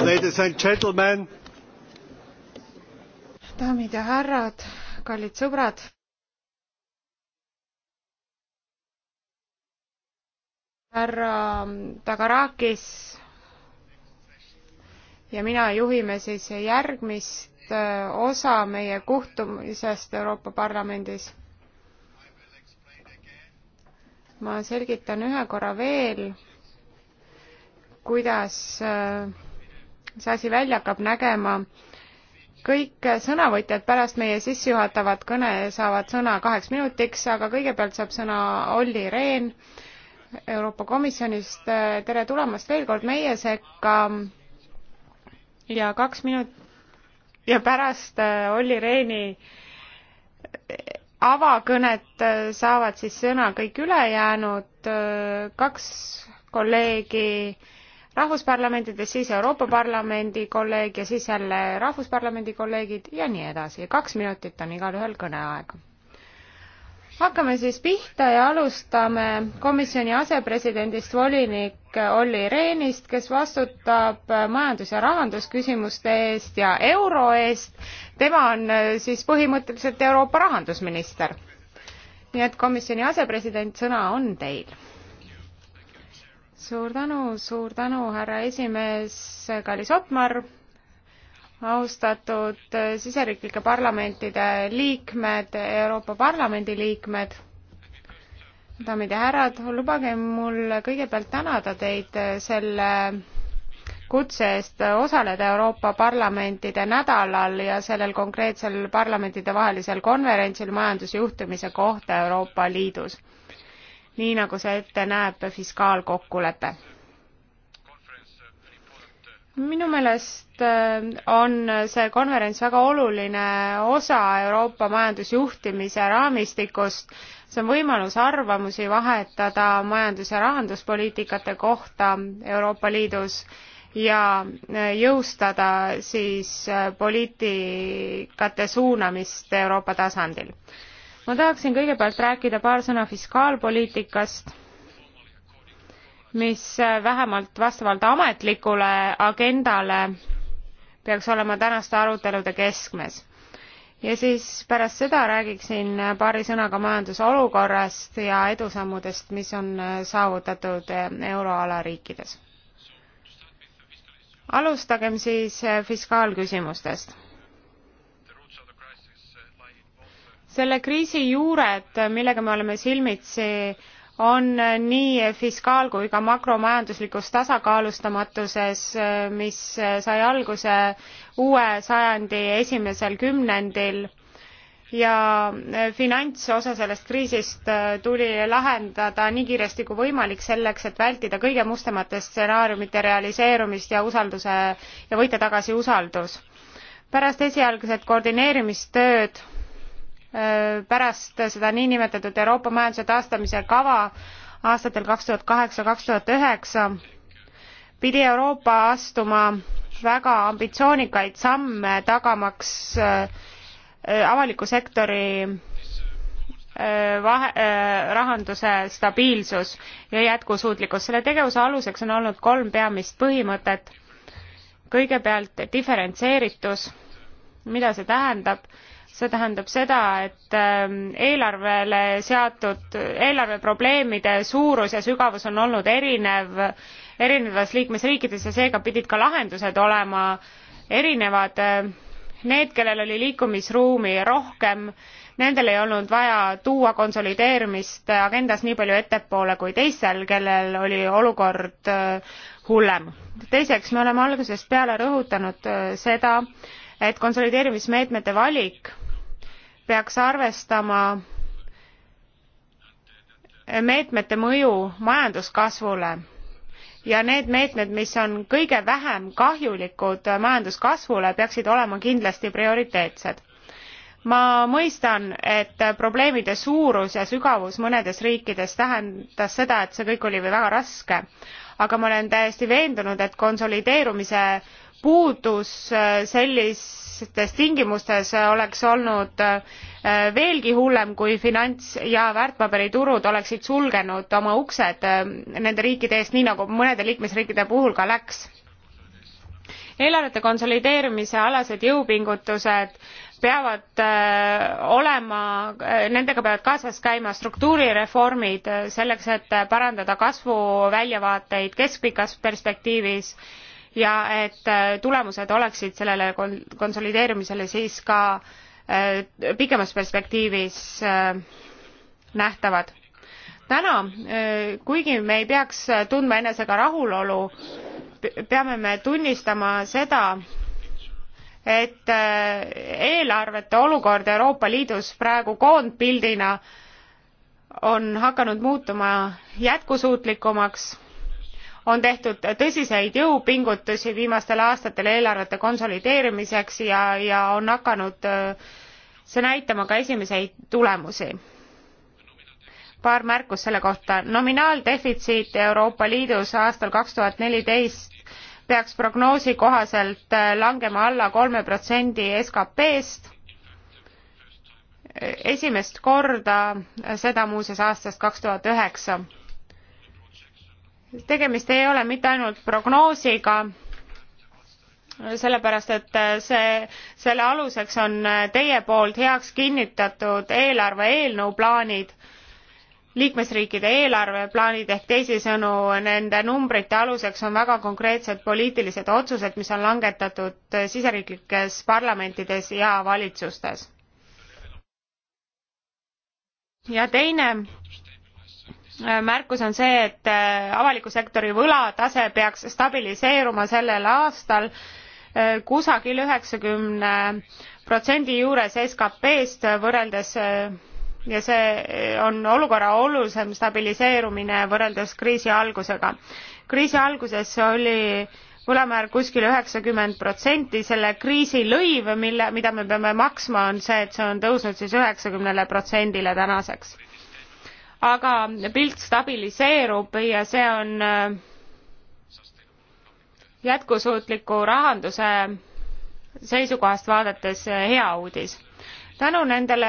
Ladies and gentlemen. daamid ja härrad, kallid sõbrad. härra Tagarakis ja mina juhime siis järgmist äh, osa meie kohtumisest Euroopa Parlamendis. ma selgitan ühe korra veel, kuidas äh, see asi välja hakkab nägema. kõik sõnavõtjad pärast meie sissejuhatavat kõne saavad sõna kaheks minutiks, aga kõigepealt saab sõna Olli Rehn Euroopa Komisjonist. tere tulemast veel kord meie sekka. ja kaks minut- ja pärast äh, Olli Rehni äh, avakõnet äh, saavad siis sõna kõik ülejäänud kaks kolleegi rahvusparlamentides, siis Euroopa Parlamendi kolleeg ja siis jälle Rahvusparlamendi kolleegid ja nii edasi. kaks minutit on igalühel kõneaega. hakkame siis pihta ja alustame komisjoni asepresidendist volinik Olli Rehnist, kes vastutab majandus- ja rahandusküsimuste eest ja euro eest. tema on äh, siis põhimõtteliselt Euroopa rahandusminister. nii et komisjoni asepresident, sõna on teil suur tänu, suur tänu, härra esimees, kallis Otmar, austatud siseriiklike parlamentide liikmed, Euroopa Parlamendi liikmed, daamid ja härrad, lubage mul kõigepealt tänada teid selle kutse eest osaleda Euroopa Parlamentide nädalal ja sellel konkreetsel parlamentidevahelisel konverentsil majandusjuhtimise kohta Euroopa Liidus nii nagu see ette näeb fiskaalkokkulepe. minu meelest äh, on see konverents väga oluline osa Euroopa majandusjuhtimise raamistikust, see on võimalus arvamusi vahetada majandus- ja rahanduspoliitikate kohta Euroopa Liidus ja äh, jõustada siis äh, poliitikate suunamist Euroopa tasandil ma tahaksin kõigepealt rääkida paar sõna fiskaalpoliitikast mis äh, vähemalt vastavalt ametlikule agendale peaks olema tänaste arutelude keskmes ja siis pärast seda räägiksin paari sõnaga majanduse olukorrast ja edusammudest mis on äh, saavutatud äh, euroala riikides alustagem siis fiskaalküsimustest selle kriisi juured, millega me oleme silmitsi, on nii fiskaal kui ka makromajanduslikus tasakaalustamatuses, mis sai alguse uue sajandi esimesel kümnendil ja finantsosa sellest kriisist tuli lahendada nii kiiresti kui võimalik selleks et vältida kõige mustemate stsenaariumite realiseerumist ja usalduse ja võita tagasi usaldus pärast esialgset koordineerimistööd Äh, pärast seda niinimetatud Euroopa majanduse taastamise kava aastatel kaks tuhat kaheksa, kaks tuhat üheksa pidi Euroopa astuma väga ambitsioonikaid samme, tagamaks äh, äh, avaliku sektori vahe, rahanduse stabiilsus ja jätkusuutlikkus. selle tegevuse aluseks on olnud kolm peamist põhimõtet. kõigepealt diferentseeritus, mida see tähendab see tähendab seda, et ähm, eelarvele seatud, eelarveprobleemide suurus ja sügavus on olnud erinev erinevates liikmesriikides ja seega pidid ka lahendused olema erinevad. Need, kellel oli liikumisruumi rohkem, nendel ei olnud vaja tuua konsolideerimist agendas nii palju ettepoole kui teistel, kellel oli olukord äh, hullem. teiseks, me oleme algusest peale rõhutanud äh, seda, et konsolideerimismeetmete valik peaks arvestama meetmete mõju majanduskasvule ja need meetmed mis on kõige vähem kahjulikud majanduskasvule peaksid olema kindlasti prioriteetsed ma mõistan et probleemide suurus ja sügavus mõnedes riikides tähendas seda et see kõik oli väga raske aga ma olen täiesti veendunud et konsolideerumise puudus äh, sellistes tingimustes äh, oleks olnud äh, veelgi hullem kui finants ja väärtpaberiturud oleksid sulgenud oma uksed nende riikide eest nii nagu mõnede liikmesriikide puhul ka läks eelarvete konsolideerimise alased jõupingutused peavad olema nendega peavad kaasas käima struktuurireformid selleks et parandada kasvuväljavaateid keskpikas perspektiivis ja et äh, tulemused oleksid sellele konsolideerumisele siis ka äh, pikemas perspektiivis äh, nähtavad. täna, kuigi me ei peaks tundma enesega rahulolu, peame me tunnistama seda, et eelarvete olukord Euroopa Liidus praegu koondpildina on hakanud muutuma jätkusuutlikumaks on tehtud tõsiseid jõupingutusi viimastel aastatel eelarvete konsolideerimiseks ja, ja on hakanud äh, see näitama ka esimeseid tulemusi. paar märkust selle kohta. nominaaldefitsiit Euroopa Liidus aastal kaks tuhat neliteist peaks prognoosi kohaselt äh, langema alla kolme protsendi SKP-st esimest korda äh, seda muuseas aastast kaks tuhat üheksa tegemist ei ole mitte ainult prognoosiga, sellepärast et see, selle aluseks on teie poolt heaks kinnitatud eelarve eelnõu plaanid, liikmesriikide eelarveplaanid ehk teisisõnu, nende numbrite aluseks on väga konkreetsed poliitilised otsused, mis on langetatud siseriiklikes parlamentides ja valitsustes. ja teine märkus on see, et äh, avaliku sektori võlatase peaks stabiliseeruma sellel aastal äh, kusagil üheksakümne protsendi juures SKP-st võrreldes äh, ja see on olukorra olulisem stabiliseerumine võrreldes kriisi algusega. kriisi alguses oli võlamäär kuskil üheksakümmend protsenti, selle kriisi lõiv, mille, mida me peame maksma, on see, et see on tõusnud siis üheksakümnele protsendile tänaseks aga pilt stabiliseerub ja see on äh, jätkusuutliku rahanduse seisukohast vaadates äh, hea uudis. tänu nendele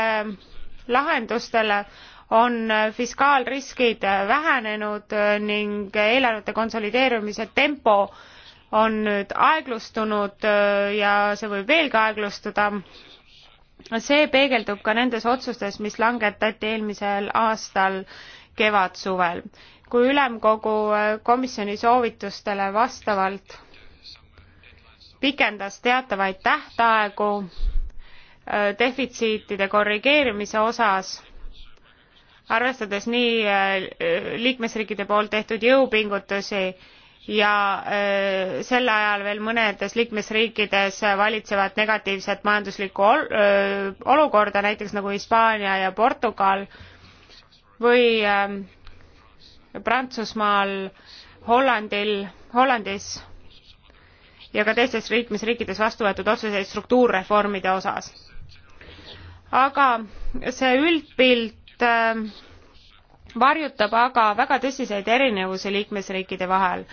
lahendustele on äh, fiskaalriskid vähenenud ning eelarvete konsolideerumise tempo on nüüd aeglustunud ja see võib veelgi aeglustuda see peegeldub ka nendes otsustes, mis langetati eelmisel aastal kevadsuvel. kui ülemkogu äh, komisjoni soovitustele vastavalt pikendas teatavaid tähtaegu äh, defitsiitide korrigeerimise osas, arvestades nii äh, liikmesriikide poolt tehtud jõupingutusi ja äh, sel ajal veel mõnedes liikmesriikides valitsevad negatiivset majanduslikku ol äh, olukorda, näiteks nagu Hispaania ja Portugal või äh, Prantsusmaal, Hollandil, Hollandis ja ka teistes liikmesriikides vastu võetud otsuseid struktuurreformide osas. aga see üldpilt varjutab aga väga tõsiseid erinevusi liikmesriikide vahel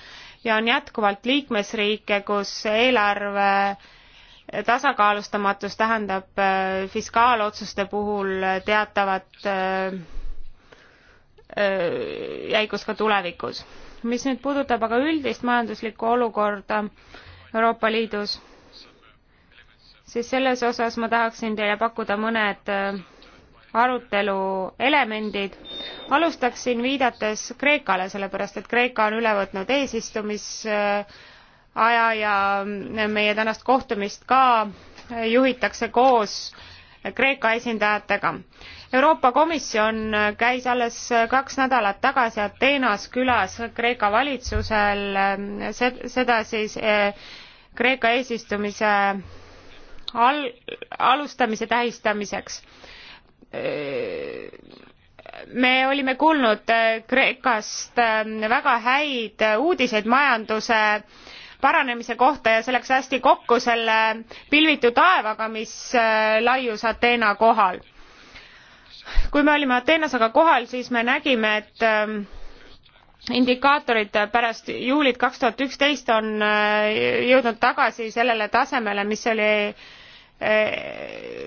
ja on jätkuvalt liikmesriike, kus eelarve tasakaalustamatus tähendab äh, fiskaalotsuste puhul teatavat äh, äh, jäigus ka tulevikus. mis nüüd puudutab aga üldist majanduslikku olukorda Euroopa Liidus, siis selles osas ma tahaksin teile pakkuda mõned arutelu elemendid. alustaksin viidates Kreekale, sellepärast et Kreeka on üle võtnud eesistumisaja ja meie tänast kohtumist ka juhitakse koos Kreeka esindajatega. Euroopa Komisjon käis alles kaks nädalat tagasi Ateenas külas Kreeka valitsusel, seda siis eh, Kreeka eesistumise al-, alustamise tähistamiseks me olime kuulnud äh, Kreekast äh, väga häid uudiseid majanduse paranemise kohta ja see läks hästi kokku selle pilvitu taevaga, mis äh, laius Ateena kohal. kui me olime Ateenas aga kohal, siis me nägime, et indikaatorid pärast juulit kaks tuhat üksteist on jõudnud tagasi sellele tasemele, mis oli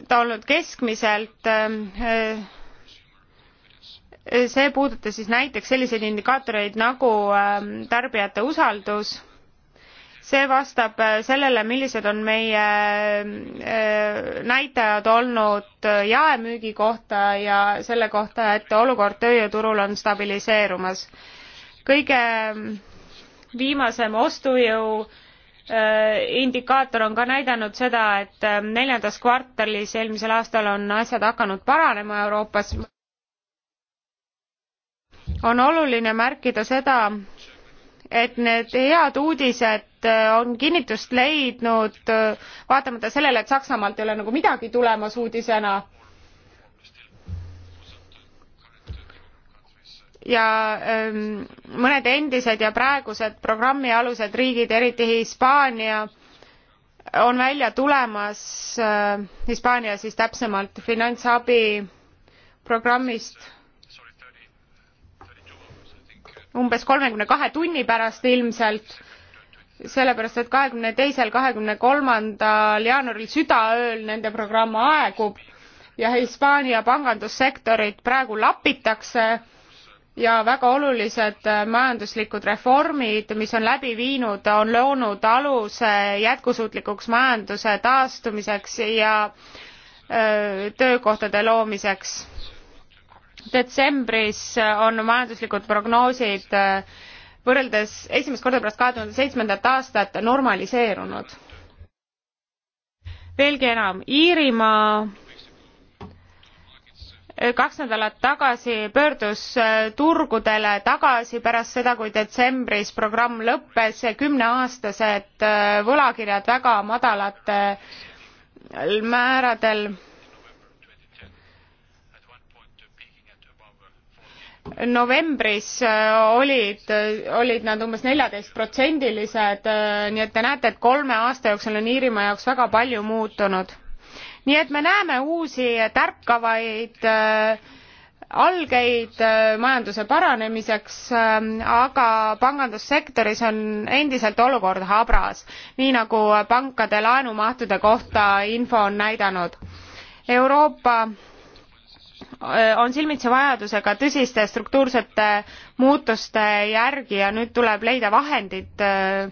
ta olnud keskmiselt äh, äh, see puudutas siis näiteks selliseid indikaatoreid nagu ähm, tarbijate usaldus see vastab äh, sellele millised on meie näitajad olnud jaemüügi kohta ja selle kohta et olukord tööjõuturul on stabiliseerumas kõige ähm, viimasem ostujõu Äh, indikaator on ka näidanud seda, et äh, neljandas kvartalis eelmisel aastal on asjad hakanud paranema Euroopas. on oluline märkida seda, et need head uudised äh, on kinnitust leidnud, vaatamata sellele, et Saksamaalt ei ole nagu midagi tulemas uudisena ja ähm, mõned endised ja praegused programmi alused riigid, eriti Hispaania, on välja tulemas, äh, Hispaania siis täpsemalt, finantsabi programmist umbes kolmekümne kahe tunni pärast ilmselt, sellepärast et kahekümne teisel, kahekümne kolmandal jaanuaril südaööl nende programm aegub ja Hispaania pangandussektorit praegu lapitakse ja väga olulised äh, majanduslikud reformid mis on läbi viinud on loonud aluse jätkusuutlikuks majanduse taastumiseks ja äh, töökohtade loomiseks detsembris äh, on majanduslikud prognoosid võrreldes esimest korda pärast kahe tuhande seitsmendat aastat normaliseerunud veelgi enam iirimaa kaks nädalat tagasi pöördus äh, turgudele tagasi pärast seda kui detsembris programm lõppes kümneaastased äh, võlakirjad väga madalatel määradel novembris äh, olid, olid nad umbes neljateistprotsendilised, nii et te näete, et kolme aasta jooksul on Iirimaa jaoks väga palju muutunud nii et me näeme uusi tärkavaid äh, algeid äh, majanduse paranemiseks, äh, aga pangandussektoris on endiselt olukord habras, nii nagu pankade laenumahtude kohta info on näidanud. Euroopa on silmitsi vajadusega tõsiste struktuursete muutuste järgi ja nüüd tuleb leida vahendid äh,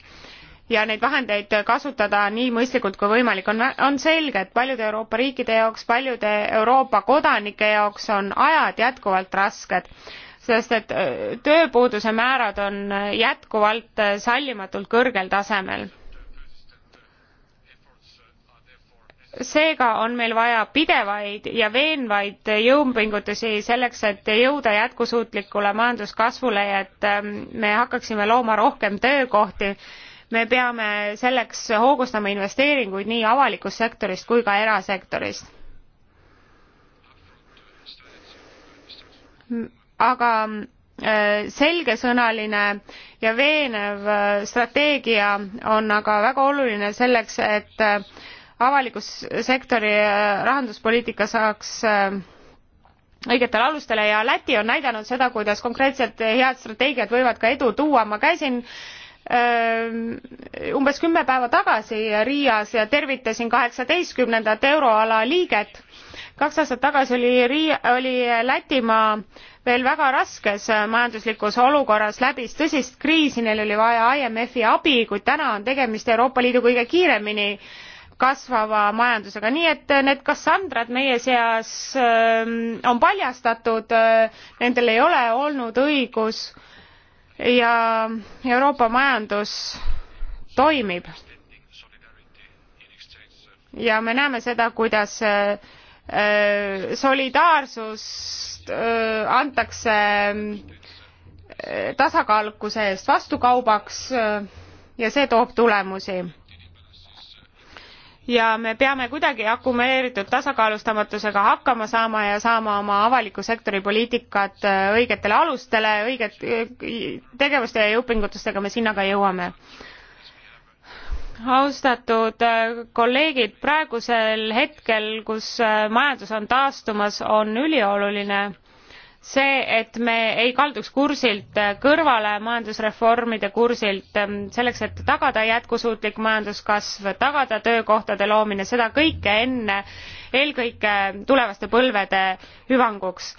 ja neid vahendeid kasutada nii mõistlikult kui võimalik. on, on selge, et paljude Euroopa riikide jaoks, paljude Euroopa kodanike jaoks on ajad jätkuvalt rasked, sest et äh, tööpuuduse määrad on jätkuvalt äh, sallimatult kõrgel tasemel. seega on meil vaja pidevaid ja veenvaid jõupingutusi selleks, et jõuda jätkusuutlikule majanduskasvule ja et ähm, me hakkaksime looma rohkem töökohti me peame selleks hoogustama investeeringuid nii avalikust sektorist kui ka erasektorist. aga äh, selgesõnaline ja veenev äh, strateegia on aga väga oluline selleks, et äh, avalikus sektori rahanduspoliitika saaks õigetele alustele ja Läti on näidanud seda, kuidas konkreetsed head strateegiad võivad ka edu tuua. ma käisin umbes kümme päeva tagasi Riias ja tervitasin kaheksateistkümnendat euroala liiget. kaks aastat tagasi oli Riia, oli Lätimaa veel väga raskes majanduslikus olukorras, läbis tõsist kriisi, neil oli vaja IMF-i abi, kuid täna on tegemist Euroopa Liidu kõige kiiremini kasvava majandusega, nii et need Kassandrad meie seas on paljastatud, nendel ei ole olnud õigus äh, ja Euroopa majandus toimib. ja me näeme seda, kuidas äh, solidaarsust äh, antakse äh, tasakaalukuse eest vastukaubaks ja see toob tulemusi ja me peame kuidagi akumuleeritud tasakaalustamatusega hakkama saama ja saama oma avaliku sektori poliitikat äh, õigetele alustele, õiget äh, tegevuste ja jõupingutustega me sinna ka jõuame. austatud äh, kolleegid, praegusel hetkel, kus majandus on taastumas, on ülioluline see, et me ei kalduks kursilt kõrvale majandusreformide kursilt, ähm, selleks, et tagada jätkusuutlik majanduskasv, tagada töökohtade loomine, seda kõike enne, eelkõige tulevaste põlvede hüvanguks.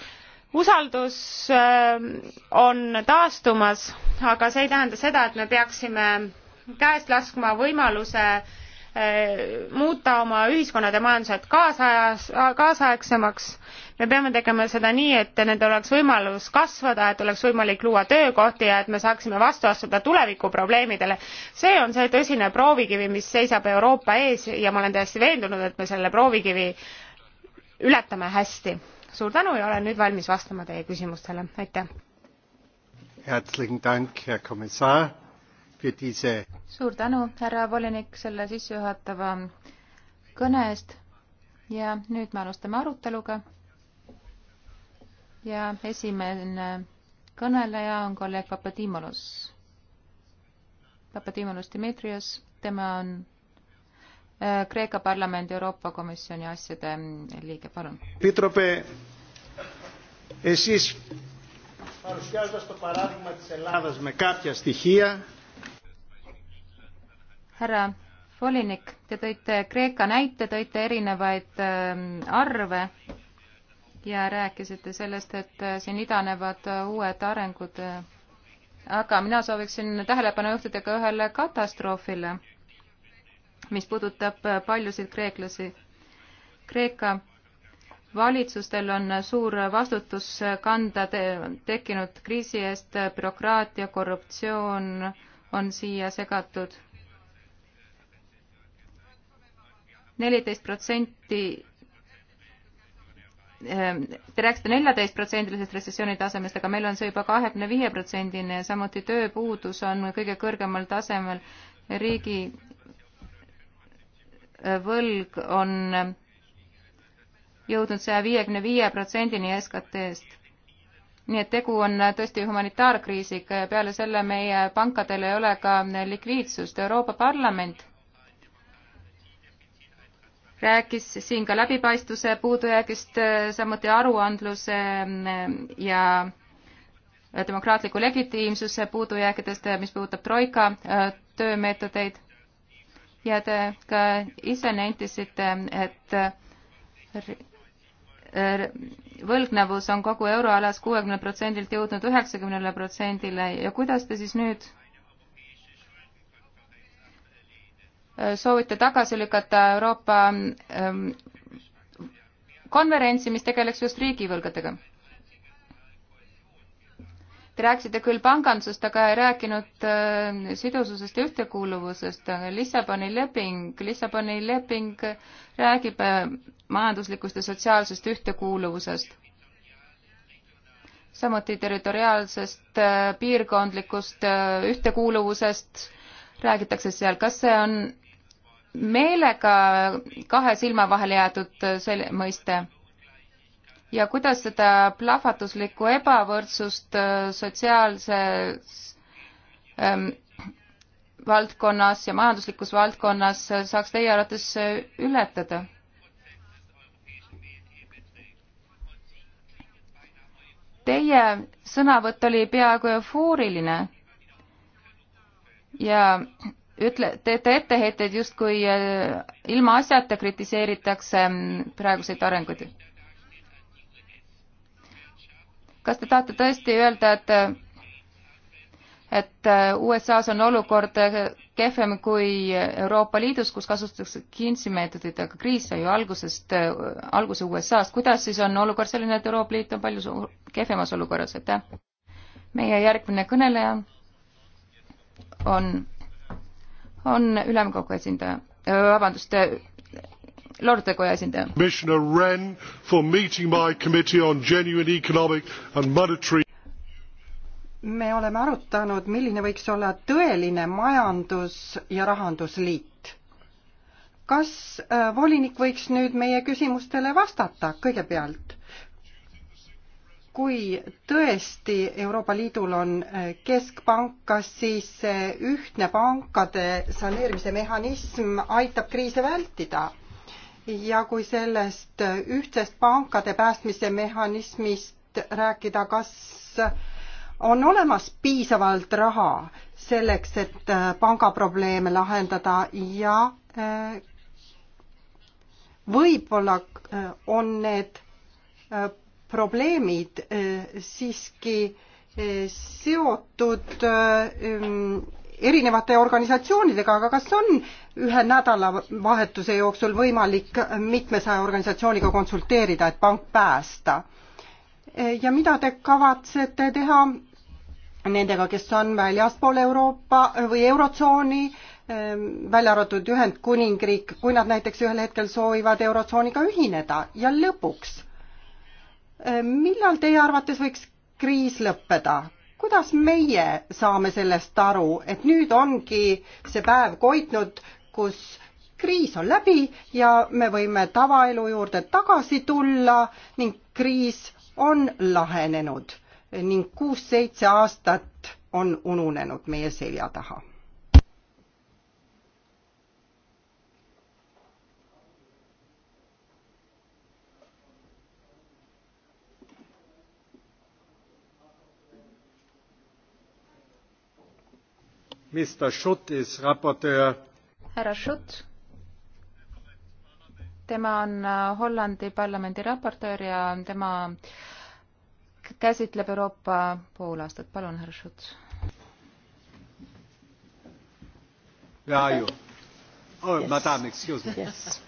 usaldus ähm, on taastumas, aga see ei tähenda seda, et me peaksime käest laskma võimaluse äh, muuta oma ühiskonnad ja majandused kaasajas, kaasaegsemaks me peame tegema seda nii et nendel oleks võimalus kasvada et oleks võimalik luua töökohti ja et me saaksime vastu astuda tuleviku probleemidele see on see tõsine proovikivi mis seisab euroopa ees ja ma olen täiesti veendunud et me selle proovikivi ületame hästi suur tänu ja olen nüüd valmis vastama teie küsimustele aitäh herzlichen dank herr kommissar für diese suur tänu härra volinik selle sissejuhatava kõne eest ja nüüd me alustame aruteluga ja esimene kõneleja on kolleeg Papadimolus. Papadimolus Dimitrios, tema on äh, Kreeka parlamendi Euroopa Komisjoni asjade liige, palun. Pitrope, siis παρουσιάζοντας το παράδειγμα της Ελλάδας με κάποια στοιχεία. Härra Volinik, te tõite Kreeka näite, tõite erinevaid ähm, arve ja rääkisite sellest, et äh, siin idanevad äh, uued arengud. Äh, aga mina sooviksin tähelepanu juhtida ka ühele katastroofile, mis puudutab paljusid kreeklasi. Kreeka valitsustel on suur vastutus kanda te tekkinud kriisi eest, bürokraatia, korruptsioon on siia segatud. neliteist protsenti Ehm, te rääkisite neljateistprotsendilisest retsessiooni tasemest, aga meil on see juba kahekümne viie protsendine ja samuti tööpuudus on kõige kõrgemal tasemel. riigi e, võlg on jõudnud saja viiekümne viie protsendini SKT-st. nii et tegu on tõesti humanitaarkriisiga ja peale selle meie pankadel ei ole ka likviidsust. Euroopa Parlament rääkis siin ka läbipaistvuse puudujäägist, samuti aruandluse mm, ja demokraatliku legitiimsuse puudujääkidest, mis puudutab Troika äh, töömeetodeid. ja te ka ise nentisite, et äh, võlgnevus on kogu euroalas kuuekümne protsendilt jõudnud üheksakümnele protsendile ja kuidas te siis nüüd Äh, soovite tagasi lükata Euroopa ähm, konverentsi, mis tegeleks just riigivõlgadega. Te rääkisite küll pangandusest, aga ei rääkinud äh, sidususest ja ühtekuuluvusest. Lissaboni leping, Lissaboni leping räägib äh, majanduslikust ja sotsiaalsest ühtekuuluvusest samuti territoriaalsest piirkondlikust ühtekuuluvusest räägitakse seal. kas see on meelega kahe silma vahele jäetud selle mõiste ja kuidas seda plahvatuslikku ebavõrdsust sotsiaalses ähm, valdkonnas ja majanduslikus valdkonnas saaks teie arvates ületada? Teie sõnavõtt oli peaaegu eufooriline ja ütle, teete etteheiteid, justkui äh, ilma asjata kritiseeritakse mm, praeguseid arenguid. kas te tahate tõesti öelda, et, et äh, USA-s on olukord äh, kehvem kui Euroopa Liidus, kus kasutatakse Kinsi meetodit, aga kriis sai ju algusest, alguse USA-st. kuidas siis on olukord selline, et Euroopa Liit on palju kehvemas olukorras, aitäh? meie järgmine kõneleja on on ülemkogu esindaja, vabandust, lordide koja esindaja. me oleme arutanud, milline võiks olla tõeline majandus- ja rahandusliit. kas volinik võiks nüüd meie küsimustele vastata kõigepealt? kui tõesti Euroopa Liidul on äh, keskpank, kas siis see äh, ühtne pankade saneerimise mehhanism aitab kriise vältida? ja kui sellest äh, ühtsest pankade päästmise mehhanismist rääkida, kas on olemas piisavalt raha selleks, et pangaprobleeme lahendada ja võib-olla on need probleemid eh, siiski eh, seotud eh, erinevate organisatsioonidega, aga kas on ühe nädalavahetuse jooksul võimalik mitmesaja organisatsiooniga konsulteerida, et pank päästa? ja mida te kavatsete teha nendega, kes on väljaspool Euroopa või Eurotsooni, välja arvatud Ühendkuningriik, kui nad näiteks ühel hetkel soovivad Eurotsooniga ühineda ja lõpuks Äh, millal teie arvates võiks kriis lõppeda? kuidas meie saame sellest aru, et nüüd ongi see päev koitnud, kus kriis on läbi ja me võime tavaelu juurde tagasi tulla ning kriis on lahenenud ning kuus-seitse aastat on ununenud meie selja taha Mr Schutt is raportöör. härra Schutt. tema on äh, Hollandi parlamendi raportöör ja tema käsitleb Euroopa poolaastat. palun, härra Schutt. Where are you? Oh, yes. madam, excuse me. Yes.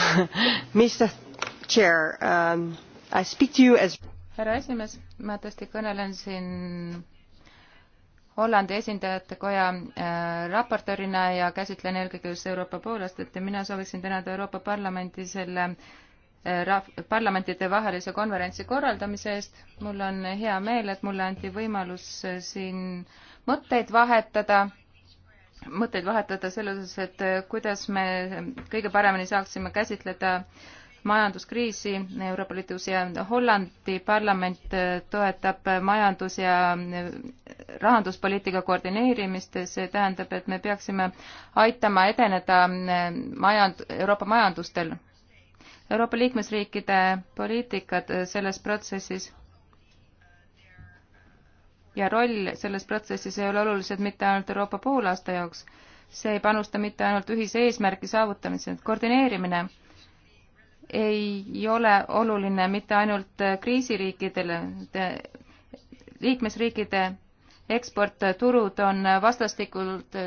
Mr Chair um,, I speak to you as härra esimees, ma tõesti kõnelen siin Hollandi esindajate koja äh, raportöörina ja käsitlen eelkõige just Euroopa poolestat ja mina sooviksin tänada Euroopa Parlamenti selle äh, parlamentide vahelise konverentsi korraldamise eest. mul on hea meel, et mulle anti võimalus äh, siin mõtteid vahetada, mõtteid vahetada selles osas, et kuidas me kõige paremini saaksime käsitleda äh, majanduskriisi Euroopa Liidus ja Hollandi parlament äh, toetab majandus- ja äh, rahanduspoliitika koordineerimist, see tähendab, et me peaksime aitama edeneda äh, majand-, Euroopa majandustel. Euroopa liikmesriikide poliitikad selles protsessis ja roll selles protsessis ei ole olulised mitte ainult Euroopa poolaasta jaoks, see ei panusta mitte ainult ühise eesmärgi saavutamisel, koordineerimine ei ole oluline mitte ainult kriisiriikidele, liikmesriikide eksportturud on vastastikult,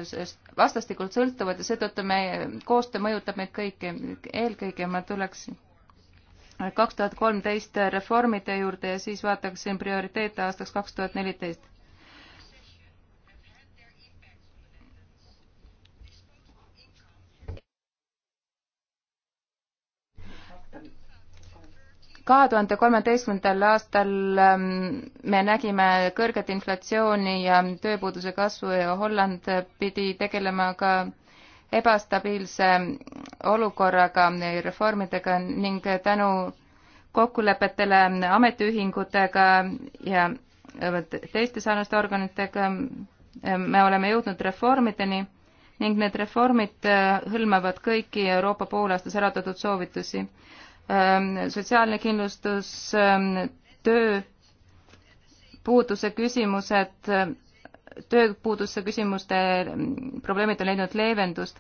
vastastikult sõltuvad ja seetõttu meie koostöö mõjutab meid kõiki. eelkõige ma tuleks kaks tuhat kolmteist reformide juurde ja siis vaataksin prioriteete aastaks kaks tuhat neliteist kahe tuhande kolmeteistkümnendal aastal ähm, me nägime kõrget inflatsiooni ja tööpuuduse kasvu ja Holland pidi tegelema ka ebastabiilse olukorraga, reformidega ning tänu kokkulepetele ametiühingutega ja äh, teiste sarnaste organitega äh, me oleme jõudnud reformideni ning need reformid äh, hõlmavad kõiki Euroopa poolaastas ära toodud soovitusi. Ähm, sotsiaalne kindlustus, ähm, töö, puuduse küsimused, ähm, tööpuuduse küsimuste probleemid on leidnud leevendust.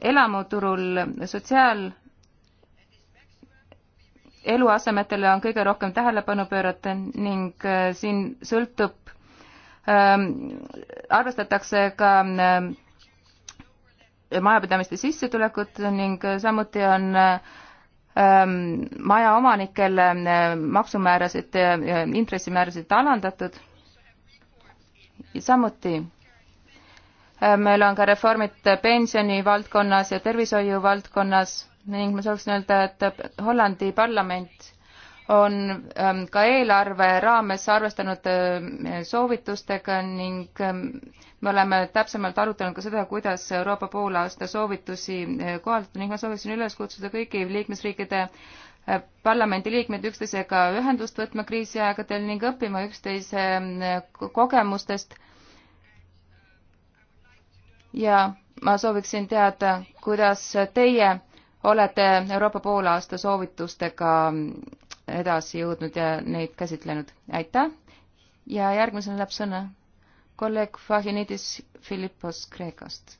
elamuturul sotsiaal eluasemetele on kõige rohkem tähelepanu pöörata ning äh, siin sõltub, arvestatakse ka Äh, majapidamiste sissetulekud ning äh, samuti on ähm, majaomanikel äh, maksumäärasid, intressimäärasid alandatud. samuti meil on ka reformid pensionivaldkonnas ja tervishoiu valdkonnas ning ma sooviksin öelda, et Hollandi parlament on ähm, ka eelarve raames arvestanud äh, soovitustega ning ähm, me oleme täpsemalt arutanud ka seda, kuidas Euroopa poolaasta soovitusi äh, kohaldada ning ma sooviksin üles kutsuda kõigi liikmesriikide äh, parlamendiliikmed üksteisega ühendust võtma kriisiaegadel ning õppima üksteise kogemustest. ja ma sooviksin teada, kuidas teie olete Euroopa poolaasta soovitustega edasi jõudnud ja neid käsitlenud. aitäh ja järgmisena läheb sõna kolleeg Fahinidis Philippos Kreekast.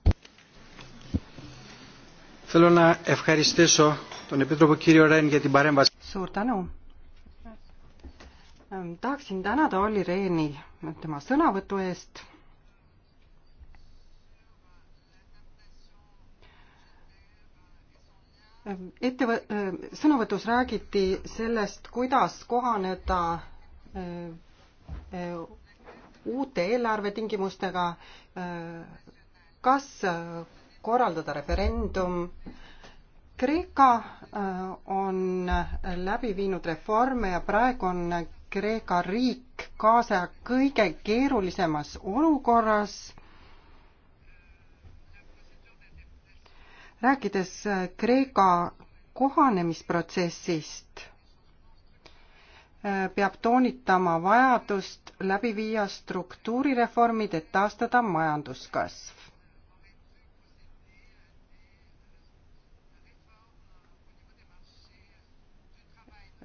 suur tänu. tahaksin tänada Olli Rehni tema sõnavõtu eest Äh, ettevõ-, äh, sõnavõtus räägiti sellest, kuidas kohaneda äh, uute eelarvetingimustega, kas korraldada referendum. Kreeka on läbi viinud reforme ja praegu on Kreeka riik kaasa kõige keerulisemas olukorras rääkides äh, Kreeka kohanemisprotsessist, äh, peab toonitama vajadust läbi viia struktuurireformid, et taastada majanduskasv.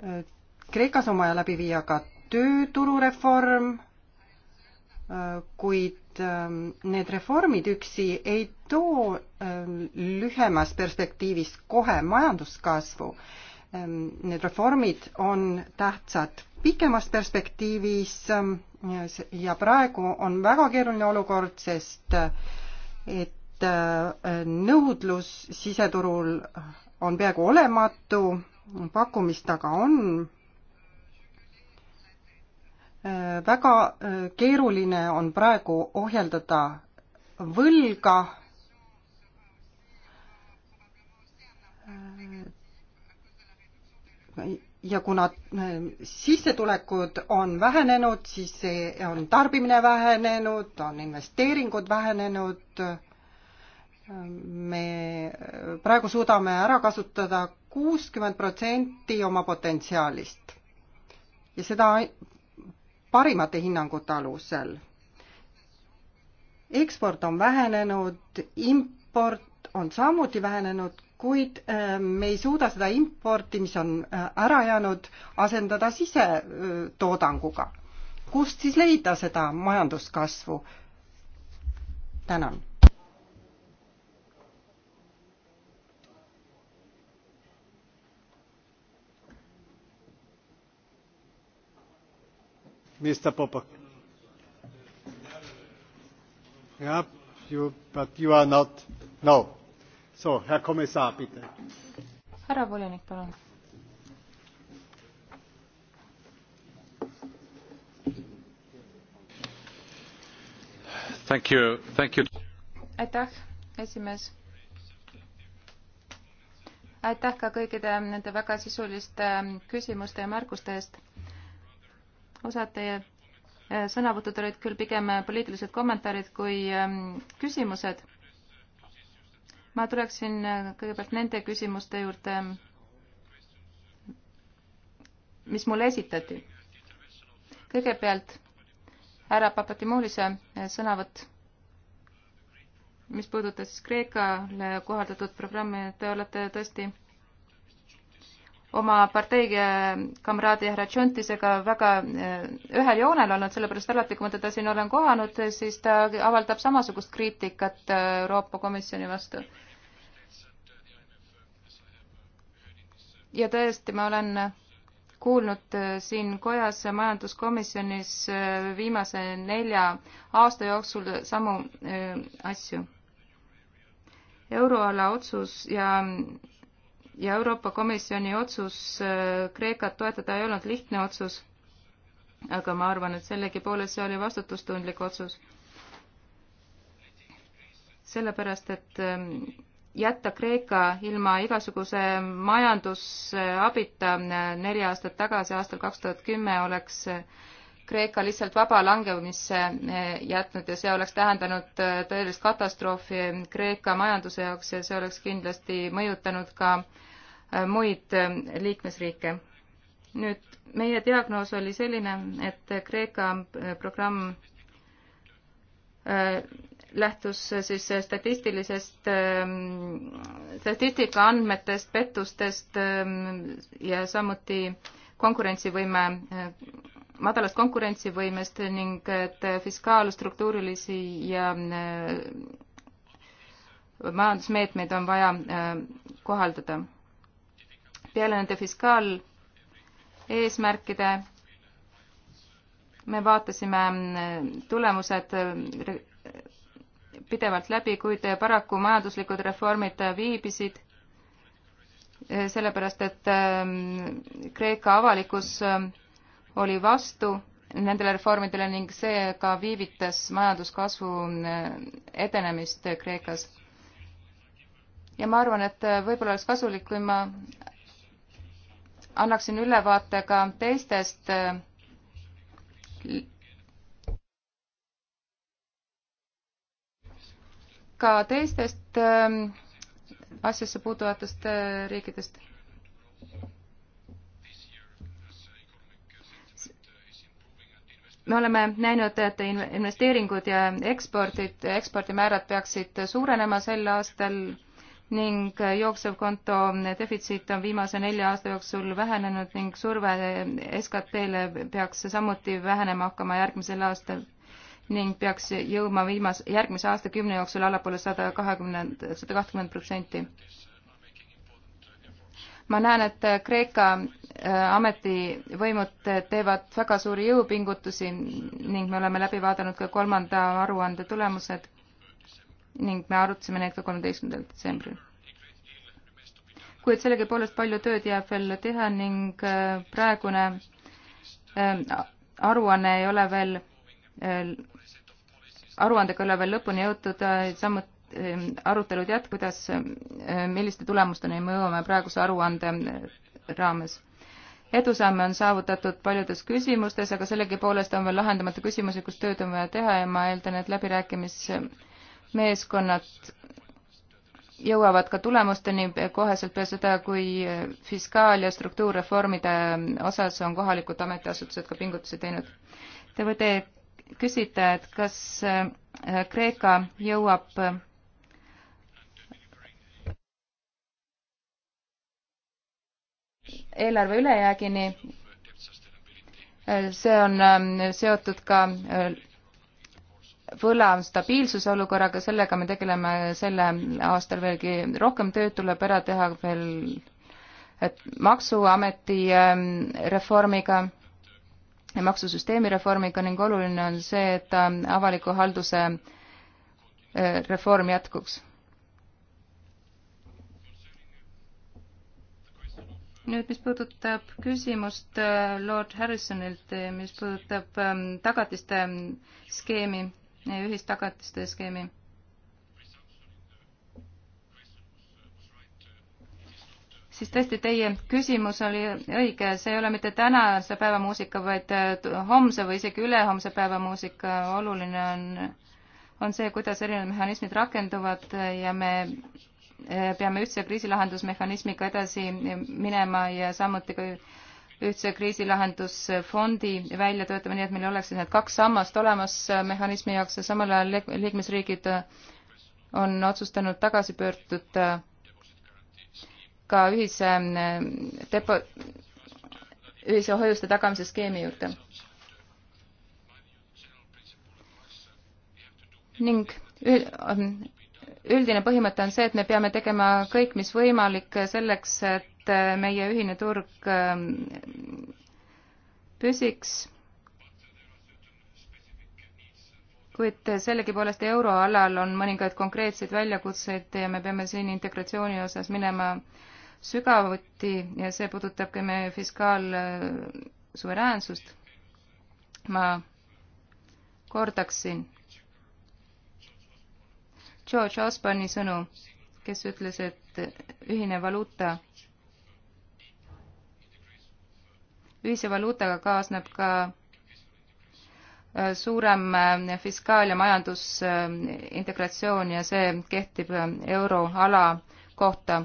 Äh, Kreekas on vaja läbi viia ka tööturureform, kuid Ähm, need reformid üksi ei too ähm, lühemas perspektiivis kohe majanduskasvu. Ähm, need reformid on tähtsad pikemas perspektiivis ja praegu on väga keeruline olukord, sest et äh, nõudlus siseturul on peaaegu olematu, pakkumist aga on väga e, keeruline on praegu ohjeldada võlga. E, ja kuna e, sissetulekud on vähenenud, siis on tarbimine vähenenud, on investeeringud vähenenud. me praegu suudame ära kasutada kuuskümmend protsenti oma potentsiaalist ja seda parimate hinnangute alusel. eksport on vähenenud, import on samuti vähenenud, kuid äh, me ei suuda seda importi, mis on äh, ära jäänud, asendada sisetoodanguga. Äh, kust siis leida seda majanduskasvu? tänan Mr. Popak. Ja, you, but you are not. No. So, Herr Kommissar, bitte. härra volinik, palun. Thank you, thank you. aitäh, esimees aitäh ka kõikide nende väga sisuliste ähm, küsimuste ja märkuste eest osad teie äh, sõnavõtud olid küll pigem äh, poliitilised kommentaarid kui ähm, küsimused. ma tuleksin äh, kõigepealt nende küsimuste juurde, ähm, mis mulle esitati. kõigepealt härra Papatimulise sõnavõtt, mis puudutas Kreekale kohaldatud programmi, te olete tõesti oma partei kamraadi härra Tšontisega väga eh, ühel joonel olnud, sellepärast alati, kui ma teda siin olen kohanud, siis ta avaldab samasugust kriitikat eh, Euroopa Komisjoni vastu. ja tõesti, ma olen kuulnud eh, siin kojas majanduskomisjonis viimase nelja aasta jooksul samu asju. euroala otsus ja ja Euroopa Komisjoni otsus äh, Kreekat toetada ei olnud lihtne otsus, aga ma arvan, et sellegipoolest see oli vastutustundlik otsus. sellepärast, et ähm, jätta Kreeka ilma igasuguse majandusabita äh, neli aastat tagasi, aastal kaks tuhat kümme, oleks äh, Kreeka lihtsalt vaba langemisse jätnud ja see oleks tähendanud tõelist katastroofi Kreeka majanduse jaoks ja see oleks kindlasti mõjutanud ka äh, Äh, muid äh, liikmesriike. nüüd meie diagnoos oli selline, et Kreeka äh, programm lähtus siis statistilisest, ähm, statistika andmetest, pettustest ähm, ja samuti konkurentsivõime, madalast konkurentsivõimest ning et fiskaalstruktuurilisi ja majandusmeetmeid on vaja kohaldada peale nende fiskaaleesmärkide me vaatasime mm, tulemused mm, pidevalt läbi, kuid paraku majanduslikud reformid viibisid, eh, sellepärast et mm, Kreeka avalikkus oli vastu nendele reformidele ning see ka viivitas majanduskasvu edenemist Kreekas. ja ma arvan, et eh, võib-olla oleks kasulik, kui ma annaksin ülevaate ka teistest ka teistest ähm, asjasse puutuvatest äh, riikidest. me oleme näinud, et investeeringud ja ekspordid, ekspordimäärad peaksid suurenema sel aastal ning jooksevkonto defitsiit on viimase nelja aasta jooksul vähenenud ning surve SKT-le peaks samuti vähenema hakkama järgmisel aastal ning peaks jõudma viimase, järgmise aastakümne jooksul allapoole sada kahekümmend, sada kakskümmend protsenti. ma näen, et Kreeka äh, ametivõimud teevad väga suuri jõupingutusi ning me oleme läbi vaadanud ka kolmanda aruande tulemused ning me arutasime neid ka kolmeteistkümnendal detsembril. kuid sellegipoolest palju tööd jääb veel teha ning äh, praegune äh, aruanne ei ole veel, äh, aruandega ei ole veel lõpuni jõutud, samuti ähm, arutelud jätkudes, milliste tulemusteni me jõuame praeguse aruande raames edusamme on saavutatud paljudes küsimustes, aga sellegipoolest on veel lahendamata küsimusi, kus tööd on vaja teha ja ma eeldan, et läbirääkimis meeskonnad jõuavad ka tulemusteni koheselt peale seda, kui fiskaal- ja struktuurreformide osas on kohalikud ametiasutused ka pingutusi teinud. Te võite küsida, et kas äh, Kreeka jõuab eelarve ülejäägini, äh, see on äh, seotud ka võla stabiilsuse olukorraga, sellega me tegeleme selle aastal veelgi rohkem tööd tuleb ära teha veel et Maksuameti ähm, reformiga ja maksusüsteemi reformiga ning oluline on see, et ähm, avaliku halduse äh, reform jätkuks. nüüd, mis puudutab küsimust äh, Lord Harrisonilt, mis puudutab ähm, tagatiste skeemi ühistagatiste skeemi. siis tõesti, teie küsimus oli õige, see ei ole mitte tänase päeva muusika, vaid äh, homse või isegi ülehomse päeva muusika. oluline on, on see, kuidas erinevad mehhanismid rakenduvad ja me äh, peame ühtse kriisilahendusmehhanismiga edasi minema ja samuti ka ühtse kriisilahendusfondi välja töötama, nii et meil oleksid need kaks sammast olemas äh, mehhanismi jaoks ja samal ajal liikmesriigid äh, on otsustanud tagasi pöörduda äh, ka ühise depo, ühise hoiuste tagamise skeemi juurde. ning üldine põhimõte on see, et me peame tegema kõik, mis võimalik selleks, et et äh, meie ühine turg ähm, püsiks, kuid sellegipoolest euroalal on mõningaid konkreetseid väljakutseid ja me peame siin integratsiooni osas minema sügavuti ja see puudutab ka meie fiskaalsuveräänsust. ma kordaksin George Osborne'i sõnu, kes ütles, et ühine valuuta ühise valuutaga kaasneb ka äh, suurem äh, fiskaal- ja majandusintegratsioon ja see kehtib äh, euroala kohta.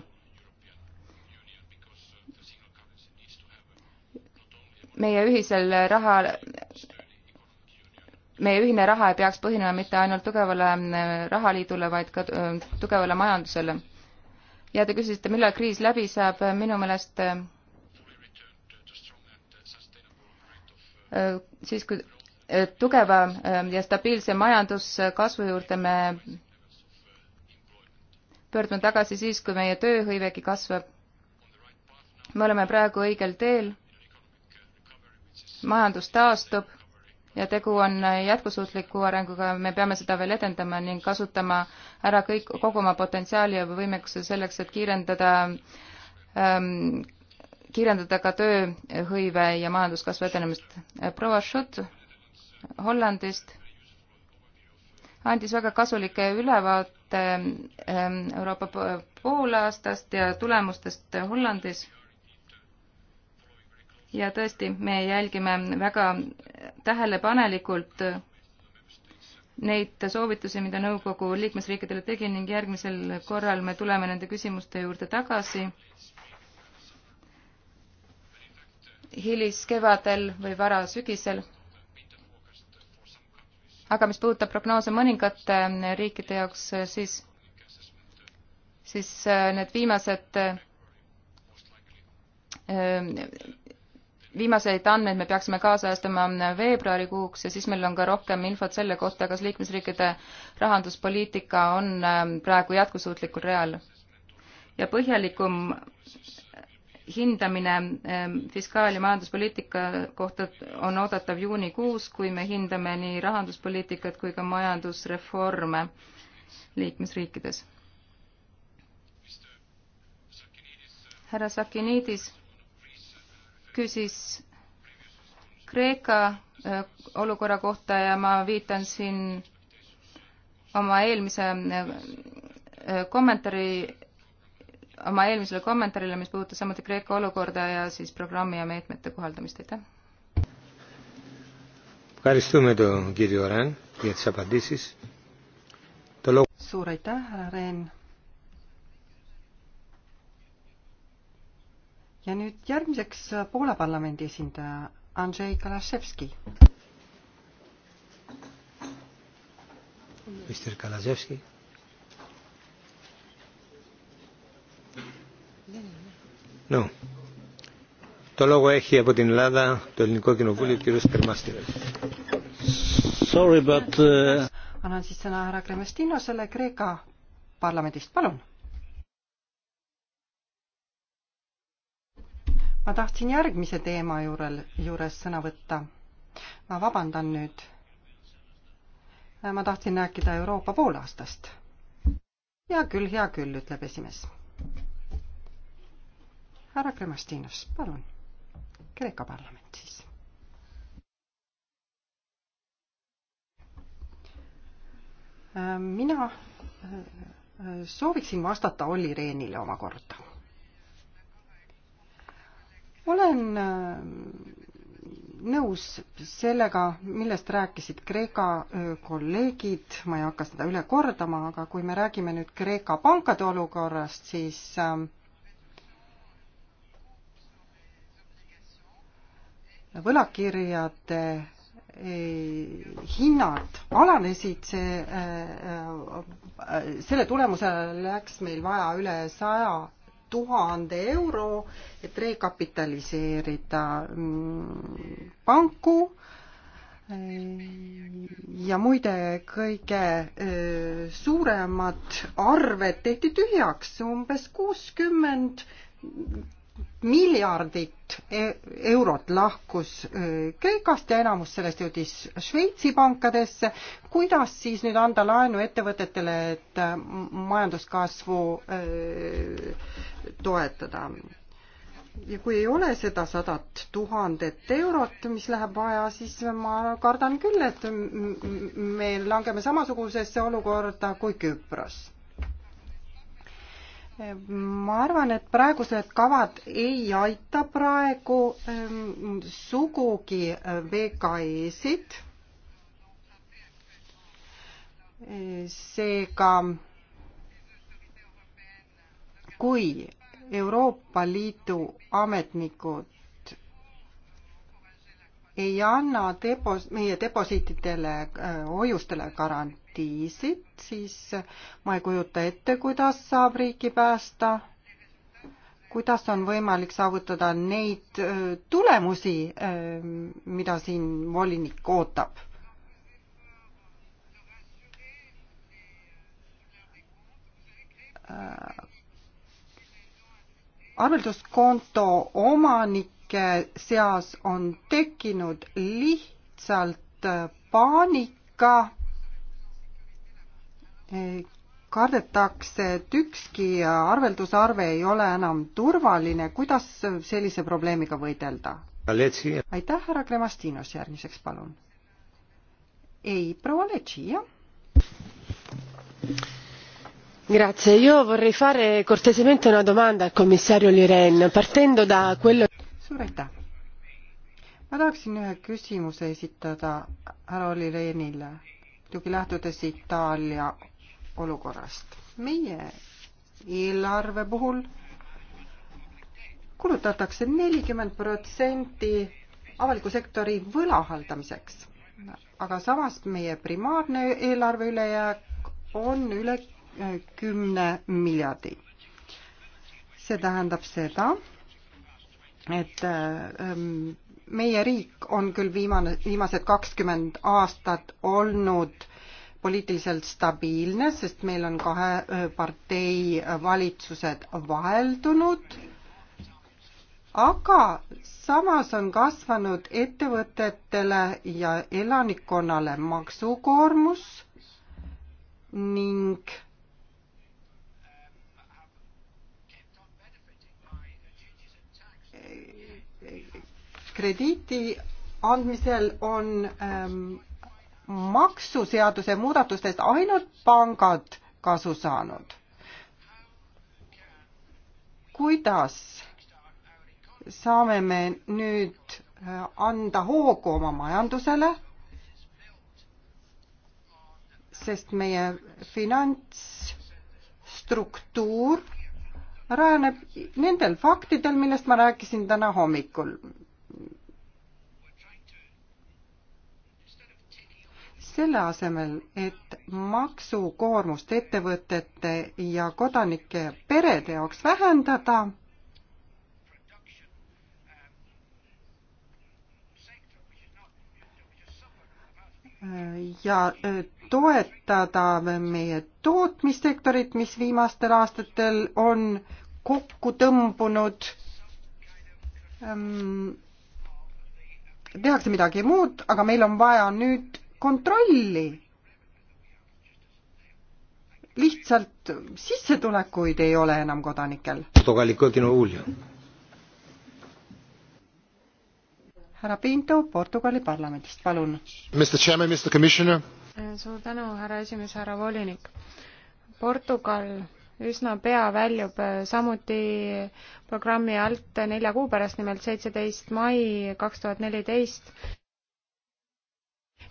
meie ühisel raha, meie ühine raha ei peaks põhinema mitte ainult tugevale rahaliidule, vaid ka tugevale majandusele. ja te küsisite, millal kriis läbi saab, minu meelest Äh, siis, kui äh, tugeva äh, ja stabiilse majanduskasvu juurde me pöördume tagasi siis, kui meie tööhõivegi kasvab. me oleme praegu õigel teel, majandus taastub ja tegu on jätkusuutliku arenguga, me peame seda veel edendama ning kasutama ära kõik, kogu oma potentsiaali ja võimekuse selleks, et kiirendada ähm, kiirendada ka tööhõive ja majanduskasvu edenemist. proua Schutt Hollandist andis väga kasulikke ülevaate ehm, Euroopa poolaastast ja tulemustest Hollandis. ja tõesti, me jälgime väga tähelepanelikult neid soovitusi, mida nõukogu liikmesriikidele tegi ning järgmisel korral me tuleme nende küsimuste juurde tagasi hiliskevadel või varasügisel. aga mis puudutab prognoose mõningate eh, riikide jaoks, eh, siis, siis eh, need viimased, viimaseid andmeid me peaksime kaasajastama veebruarikuuks ja siis meil on ka rohkem infot selle kohta, kas liikmesriikide rahanduspoliitika on praegu jätkusuutlikul real. ja põhjalikum hindamine ähm, fiskaal- ja majanduspoliitika kohta on oodatav juunikuus, kui me hindame nii rahanduspoliitikat kui ka majandusreforme liikmesriikides. härra Sakinidis küsis Kreeka äh, olukorra kohta ja ma viitan siin oma eelmise äh, äh, kommentaari oma eelmisele kommentaarile, mis puudutas samuti Kreeka olukorda ja siis programmi ja meetmete kohaldamist, aitäh. suur aitäh, härra Rehn. ja nüüd järgmiseks Poola parlamendi esindaja Andrzej Kalaševski. Mr Kalaševski No. Το λόγο έχει από την Ελλάδα το Ελληνικό Κοινοβούλιο ο κ. Κρεμάστηρα. Sorry, but... Uh... Annan siis sõna härra Kremestinasele Kreeka parlamendist. Palun. ma tahtsin järgmise teema juurel, juures sõna võtta. ma vabandan nüüd. ma tahtsin rääkida Euroopa poolaastast. hea küll, hea küll, ütleb esimees härra Kremastinos, palun, Kreeka parlament siis. Äh, mina äh, äh, sooviksin vastata Olli Rehnile omakorda. olen nõus sellega, millest rääkisid Kreeka kolleegid, ma ei hakka seda üle kordama, aga kui me räägime nüüd Kreeka pankade olukorrast, siis äh, võlakirjade eh, hinnad alanesid, see, eh, selle tulemusel läks meil vaja üle saja tuhande euro, et rekapitaliseerida mm, panku eh, ja muide, kõige suuremad arved tehti tühjaks, umbes kuuskümmend miljardit e-, eurot lahkus e, Kreekast ja enamus sellest jõudis Šveitsi pankadesse. kuidas siis nüüd anda laenu ettevõtetele, et äh, majanduskasvu äh, toetada? ja kui ei ole seda sadat tuhandet eurot, mis läheb vaja, siis ma kardan küll, et me langeme samasugusesse olukorda kui Küpros ma arvan, et praegused kavad ei aita praegu ähm, sugugi äh, VKE-sid. seega kui Euroopa Liidu ametnikud ei anna depos-, meie deposiitidele äh,, hoiustele garant-, ekspertiisid, siis ma ei kujuta ette, kuidas saab riiki päästa, kuidas on võimalik saavutada neid tulemusi, mida siin volinik ootab. arvelduskonto omanike seas on tekkinud lihtsalt paanika kardetakse, et ükski arveldusarve ei ole enam turvaline, kuidas sellise probleemiga võidelda? aitäh, härra Kremastinos, järgmiseks palun. ei, proua Letši, jah. Grazie, io vorrei fare cortesemente una domanda al commissario Liren, partendo da quello. suur aitäh. ma tahaksin ühe küsimuse esitada härra Lirenile, muidugi lähtudes Itaalia olukorrast. meie eelarve puhul kulutatakse nelikümmend protsenti avaliku sektori võla haldamiseks, aga samas meie primaarne eelarve ülejääk on üle kümne miljardi. see tähendab seda, et ähm, meie riik on küll viimane, viimased kakskümmend aastat olnud äh, poliitiliselt stabiilne, sest meil on kahe partei valitsused vaheldunud, aga samas on kasvanud ettevõtetele ja elanikkonnale maksukoormus ning krediiti andmisel on ähm, maksuseaduse muudatustest ainult pangad kasu saanud. kuidas saame me nüüd äh, anda hoogu oma majandusele, sest meie finantsstruktuur rajaneb nendel faktidel, millest ma rääkisin täna hommikul. selle asemel, et maksukoormust ettevõtete ja kodanike ja perede jaoks vähendada, ja äh, toetada meie tootmissektorit, mis viimastel aastatel on kokku tõmbunud ähm, tehakse midagi muud, aga meil on vaja nüüd kontrolli. lihtsalt sissetulekuid ei ole enam kodanikel. härra Pinto Portugali parlamendist, palun. suur tänu, härra esimees, härra volinik. Portugal üsna pea väljub äh, samuti programmi alt nelja kuu pärast, nimelt seitseteist mai kaks tuhat neliteist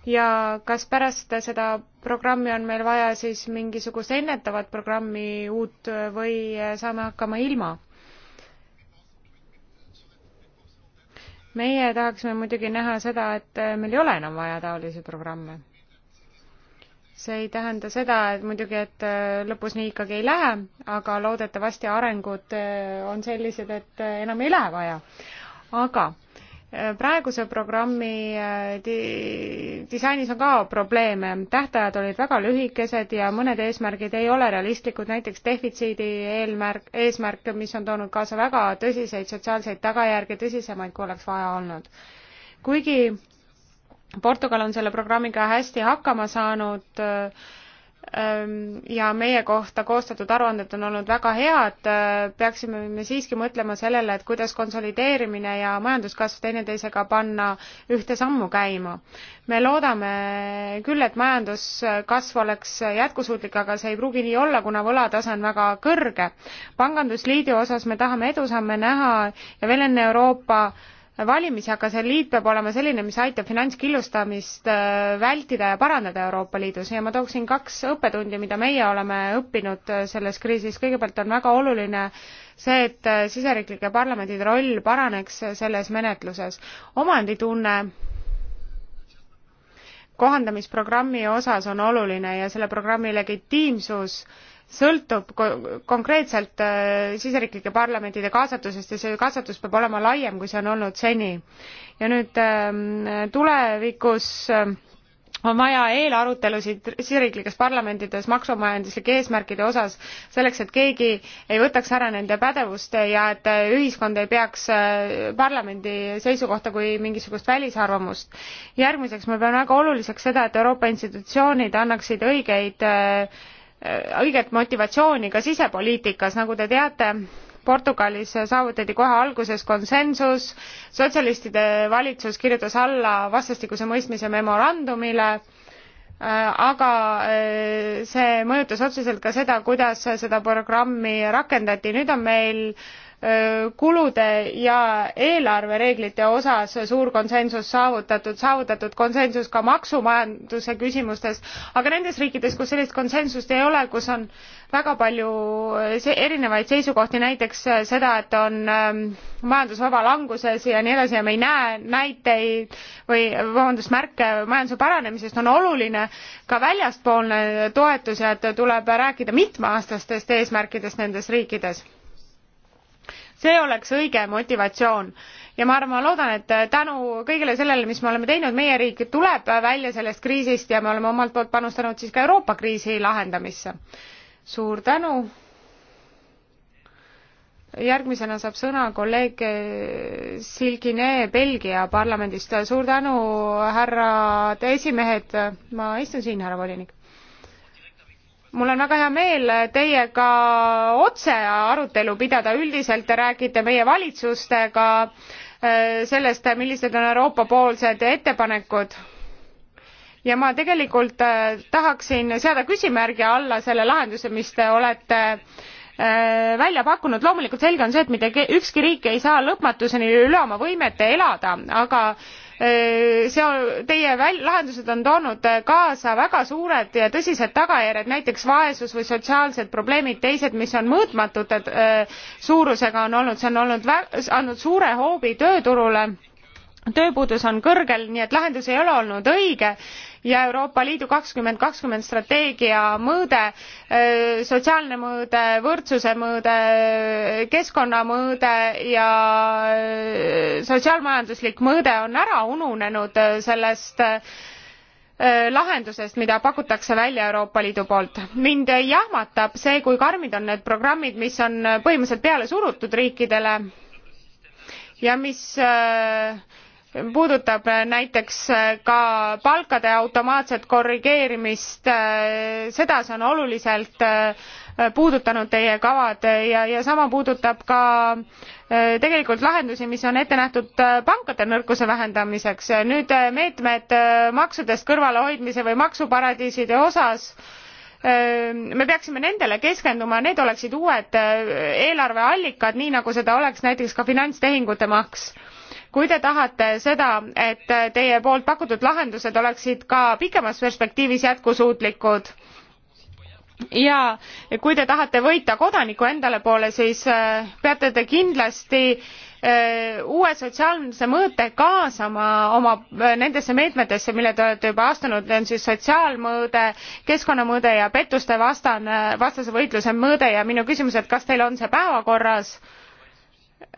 ja kas pärast seda programmi on meil vaja siis mingisugust ennetavat programmi uut või saame hakkama ilma? meie tahaksime muidugi näha seda, et meil ei ole enam vaja taolisi programme. see ei tähenda seda, et muidugi, et lõpus nii ikkagi ei lähe, aga loodetavasti arengud on sellised, et enam ei lähe vaja. aga praeguse programmi äh, di-, disainis on ka probleeme, tähtajad olid väga lühikesed ja mõned eesmärgid ei ole realistlikud, näiteks defitsiidi eelmärk, eesmärk, mis on toonud kaasa väga tõsiseid sotsiaalseid tagajärgi, tõsisemaid, kui oleks vaja olnud. kuigi Portugal on selle programmiga hästi hakkama saanud äh,, ja meie kohta koostatud aruanded on olnud väga head, peaksime me siiski mõtlema sellele, et kuidas konsolideerimine ja majanduskasv teineteisega panna ühte sammu käima. me loodame küll, et majanduskasv oleks jätkusuutlik, aga see ei pruugi nii olla, kuna võlatase on väga kõrge. pangandusliidu osas me tahame edusamme näha ja veel enne Euroopa valimisi, aga see liit peab olema selline, mis aitab finantskillustamist äh, vältida ja parandada Euroopa Liidus ja ma tooksin kaks õppetundi, mida meie oleme õppinud äh, selles kriisis. kõigepealt on väga oluline see, et äh, siseriiklike parlamendide roll paraneks selles menetluses. omanditunne kohandamisprogrammi osas on oluline ja selle programmi legitiimsus äh, sõltub konkreetselt äh, siseriiklike parlamentide kaasatusest ja see kaasatus peab olema laiem, kui see on olnud seni. ja nüüd ähm, tulevikus äh, on vaja eelarutelusid siseriiklikes parlamentides makromajanduslike eesmärkide osas selleks et keegi ei võtaks ära nende pädevust ja et äh, ühiskond ei peaks parlamendi seisukohta kui mingisugust välisarvamust. järgmiseks ma pean väga oluliseks seda et euroopa institutsioonid annaksid õigeid Äh, õiget motivatsiooni ka sisepoliitikas, nagu te teate, Portugalis saavutati kohe alguses konsensus, sotsialistide valitsus kirjutas alla vastastikuse mõistmise memorandumile, äh, aga äh, see mõjutas otseselt ka seda, kuidas seda programmi rakendati, nüüd on meil äh, kulude ja eelarvereeglite osas suur konsensus saavutatud saavutatud konsensus ka maksumajanduse küsimustes aga nendes riikides kus sellist konsensust ei ole kus on väga palju erinevaid seisukohti näiteks seda et on majandus vaba languses ja nii edasi ja me ei näe näiteid või vabandust märke majanduse paranemisest on oluline ka väljaspoolne toetus ja et tuleb rääkida mitmeaastastest eesmärkidest nendes riikides see oleks õige motivatsioon ja ma arvan, ma loodan, et tänu kõigele sellele, mis me oleme teinud, meie riik tuleb välja sellest kriisist ja me oleme omalt poolt panustanud siis ka Euroopa kriisi lahendamisse. suur tänu. järgmisena saab sõna kolleeg Silgine Belgia parlamendist. suur tänu, härrad esimehed, ma istun siin, härra volinik mul on väga hea meel teiega otse arutelu pidada, üldiselt te räägite meie valitsustega äh, sellest, millised on Euroopa poolsed ettepanekud. ja ma tegelikult äh, tahaksin seada küsimärgi alla selle lahenduse, mis te olete äh, välja pakkunud, loomulikult selge on see, et mitte ükski riik ei saa lõpmatuseni üle oma võimete elada, aga Äh, seal teie väl- lahendused on toonud äh, kaasa väga suured ja tõsised tagajärjed näiteks vaesus või sotsiaalsed probleemid teised mis on mõõtmatute äh, suurusega on olnud see on olnud vä- andnud suure hoobi tööturule tööpuudus on kõrgel nii et lahendus ei ole olnud õige ja Euroopa Liidu kakskümmend kakskümmend strateegia mõõde, sotsiaalne mõõde, võrdsuse mõõde, keskkonnamõõde ja sotsiaalmajanduslik mõõde on ära ununenud sellest lahendusest mida pakutakse välja euroopa liidu poolt. mind jahmatab see kui karmid on need programmid mis on põhimõtteliselt peale surutud riikidele ja mis äh, puudutab näiteks ka palkade automaatset korrigeerimist seda see on oluliselt äh, puudutanud teie kavad ja ja sama puudutab ka äh, tegelikult lahendusi mis on ette nähtud äh, pankade nõrkuse vähendamiseks nüüd meetmed maksudest kõrvalehoidmise või maksuparadiiside osas me peaksime nendele keskenduma need oleksid uued eelarveallikad nii nagu seda oleks näiteks ka finantstehingute maks kui te tahate seda et teie poolt pakutud lahendused oleksid ka pikemas perspektiivis jätkusuutlikud ja kui te tahate võita kodaniku endale poole siis äh, peate te kindlasti äh, uue sotsiaalse mõõte kaasama oma äh, nendesse meetmetesse mille te olete juba astunud need on siis sotsiaalmõõde keskkonnamõõde ja pettuste vastane vastase võitluse mõõde ja minu küsimus et kas teil on see päevakorras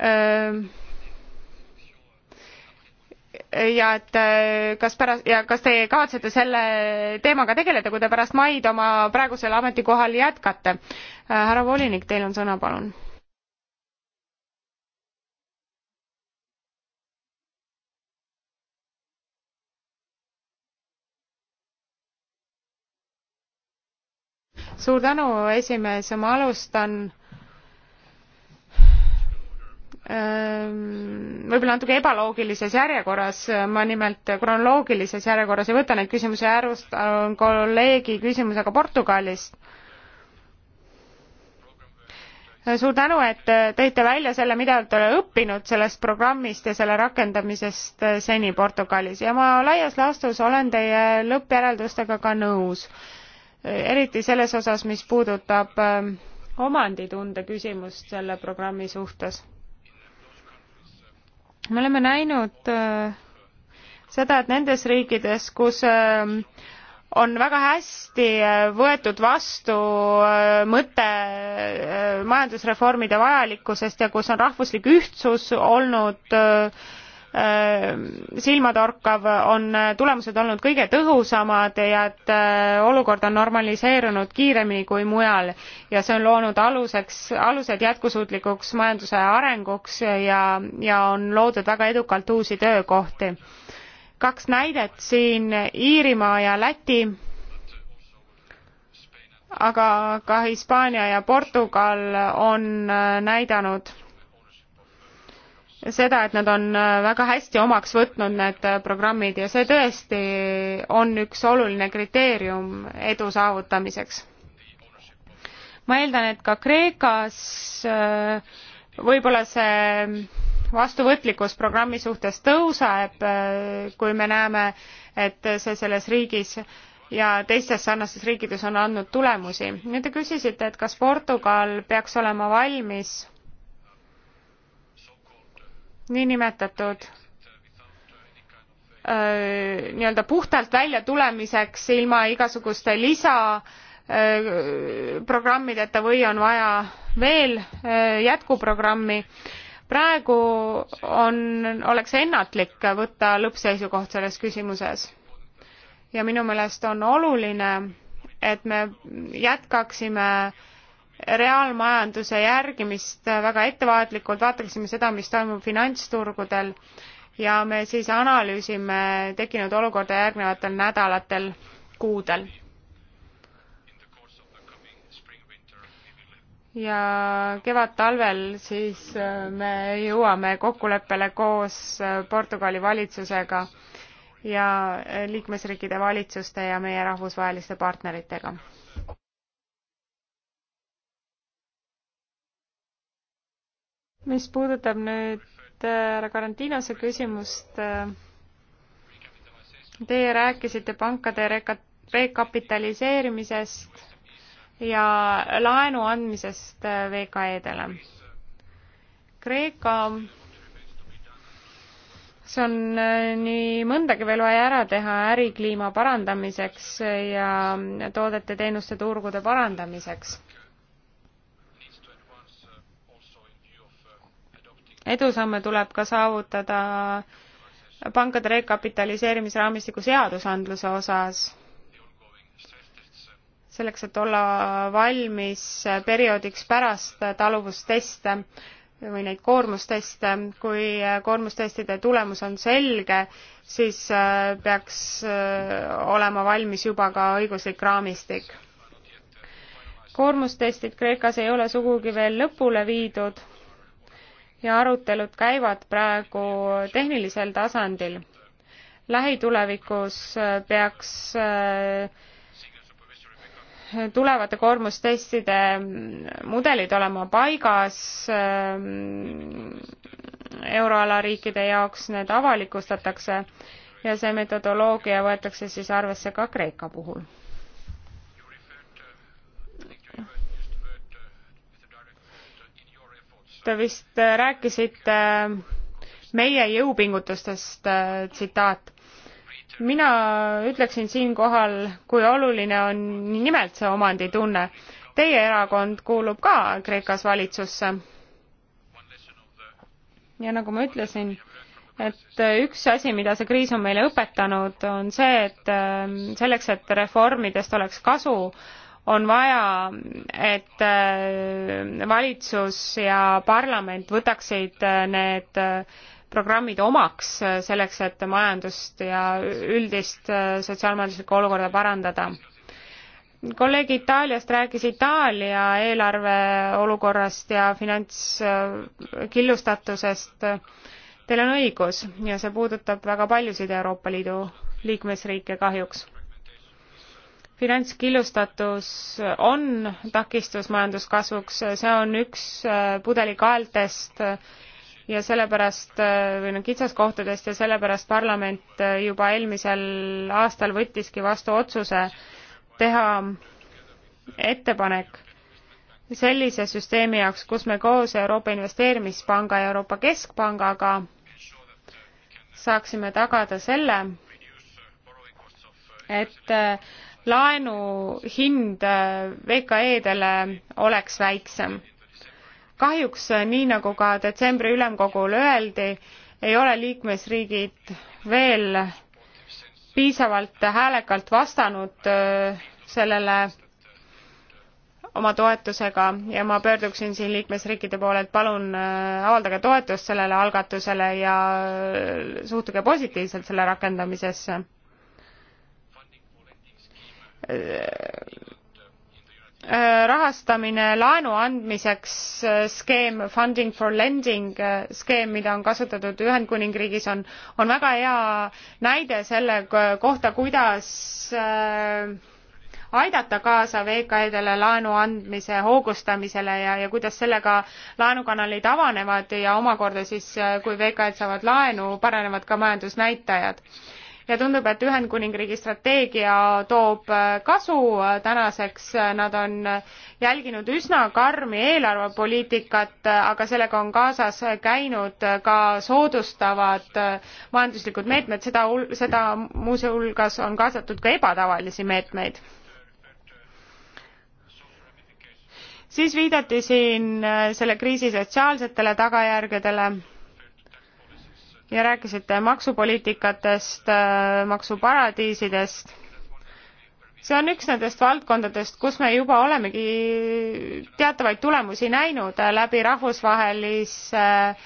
öö, ja et eh, kas pärast ja kas te kavatsete selle teemaga tegeleda, kui te pärast maid oma praegusel ametikohal jätkate? Eh, härra volinik, teil on sõna, palun. suur tänu, esimees, ma alustan Ehm, võib-olla natuke ebaloogilises järjekorras, äh, ma nimelt kronoloogilises järjekorras ei võta neid küsimusi, alustan kolleegi küsimusega Portugalist. Äh, suur tänu, et äh, tõite välja selle, mida te olete õppinud sellest programmist ja selle rakendamisest seni Portugalis ja ma laias laastus olen teie lõppjäreldustega ka nõus. eriti selles osas, mis puudutab omanditunde küsimust selle programmi suhtes me oleme näinud äh, seda, et nendes riikides, kus ähm, on väga hästi äh, võetud vastu äh, mõte majandusreformide vajalikkusest ja kus on rahvuslik ühtsus olnud Äh, silmatorkav, on äh, tulemused olnud kõige tõhusamad ja et äh, olukord on normaliseerunud kiiremini kui mujal ja see on loonud aluseks, alused jätkusuutlikuks majanduse arenguks ja, ja on loodud väga edukalt uusi töökohti. kaks näidet siin, Iirimaa ja Läti, aga ka Hispaania ja Portugal on näidanud seda, et nad on äh, väga hästi omaks võtnud need äh, programmid ja see tõesti on üks oluline kriteerium edu saavutamiseks. ma eeldan, et ka Kreekas äh, võib-olla see vastuvõtlikkus programmi suhtes tõuseb, kui me näeme, et see selles riigis ja teistes sarnastes riikides on andnud tulemusi. nüüd te küsisite, et kas Portugal peaks olema valmis niinimetatud äh, nii-öelda puhtalt välja tulemiseks ilma igasuguste lisaprogrammideta äh, või on vaja veel äh, jätkuprogrammi praegu on oleks ennatlik võtta lõppseisukoht selles küsimuses ja minu meelest on oluline et me jätkaksime äh, reaalmajanduse järgimist väga ettevaatlikult, vaataksime seda, mis toimub finantsturgudel ja me siis analüüsime tekkinud olukorda järgnevatel nädalatel, kuudel. ja kevad-talvel siis äh, me jõuame kokkuleppele koos äh, Portugali valitsusega ja äh, liikmesriikide valitsuste ja meie rahvusvaheliste partneritega mis puudutab nüüd äh, härra Karantinose küsimust, äh, teie rääkisite pankade reka-, rekapitaliseerimisest ja laenu andmisest äh, VKE-dele. Kreeka, see on nii mõndagi veel vaja ära teha ärikliima parandamiseks ja toodete-teenuste turgude parandamiseks edusamme tuleb ka saavutada pankade rekapitaliseerimisraamistiku seadusandluse osas, selleks, et olla valmis perioodiks pärast taluvusteste või neid koormusteste, kui koormustestide tulemus on selge, siis äh, peaks äh, olema valmis juba ka õiguslik raamistik. koormustestid Kreekas ei ole sugugi veel lõpule viidud ja arutelud käivad praegu tehnilisel tasandil. lähitulevikus peaks äh, tulevate koormustestide mudelid olema paigas äh, euroala riikide jaoks, need avalikustatakse ja see metodoloogia võetakse siis arvesse ka Kreeka puhul te vist äh, rääkisite äh, meie jõupingutustest, äh, tsitaat. mina ütleksin siinkohal, kui oluline on nimelt see omanditunne. Teie erakond kuulub ka Kreekas valitsusse. ja nagu ma ütlesin, et üks asi, mida see kriis on meile õpetanud, on see, et selleks, et reformidest oleks kasu, on vaja, et äh, valitsus ja parlament võtaksid äh, need äh, programmid omaks selleks, et majandust ja üldist sotsiaalmajanduslikku olukorda parandada. kolleeg Itaaliast rääkis Itaalia eelarve olukorrast ja finantskillustatusest. Teil on õigus ja see puudutab väga paljusid Euroopa Liidu liikmesriike kahjuks finantskillustatus on takistus majanduskasvuks, see on üks äh, pudelikaeltest äh, ja sellepärast äh, või noh, kitsaskohtadest ja sellepärast parlament juba eelmisel aastal võttiski vastu otsuse teha ettepanek sellise süsteemi jaoks, kus me koos Euroopa Investeerimispanga ja Euroopa Keskpangaga saaksime tagada selle, et laenu hind VKE-dele oleks väiksem. kahjuks, nii nagu ka detsembri ülemkogul öeldi, ei ole liikmesriigid veel piisavalt häälekalt vastanud äh, sellele oma toetusega ja ma pöörduksin siin liikmesriikide poole, et palun äh, avaldage toetust sellele algatusele ja äh, suhtuge positiivselt selle rakendamisesse rahastamine laenu andmiseks äh, skeem funding for lending äh, skeem mida on kasutatud ühendkuningriigis on on väga hea näide selle kohta kuidas äh, aidata kaasa VKE-dele laenu andmise hoogustamisele ja, ja kuidas sellega laenukanalid avanevad ja omakorda siis, kui VKE-d saavad laenu, paranevad ka majandusnäitajad ja tundub, et Ühendkuningriigi strateegia toob äh, kasu, äh, tänaseks äh, nad on jälginud üsna karmi eelarvepoliitikat, aga sellega on kaasas käinud ka soodustavad majanduslikud meetmed, seda, seda muuseahulgas on kaasatud ka ebatavalisi meetmeid siis viidati siin selle kriisi sotsiaalsetele tagajärgedele ja rääkisite maksupoliitikatest, äh, maksuparadiisidest. see on üks nendest valdkondadest, kus me juba olemegi teatavaid tulemusi näinud läbi rahvusvahelise äh,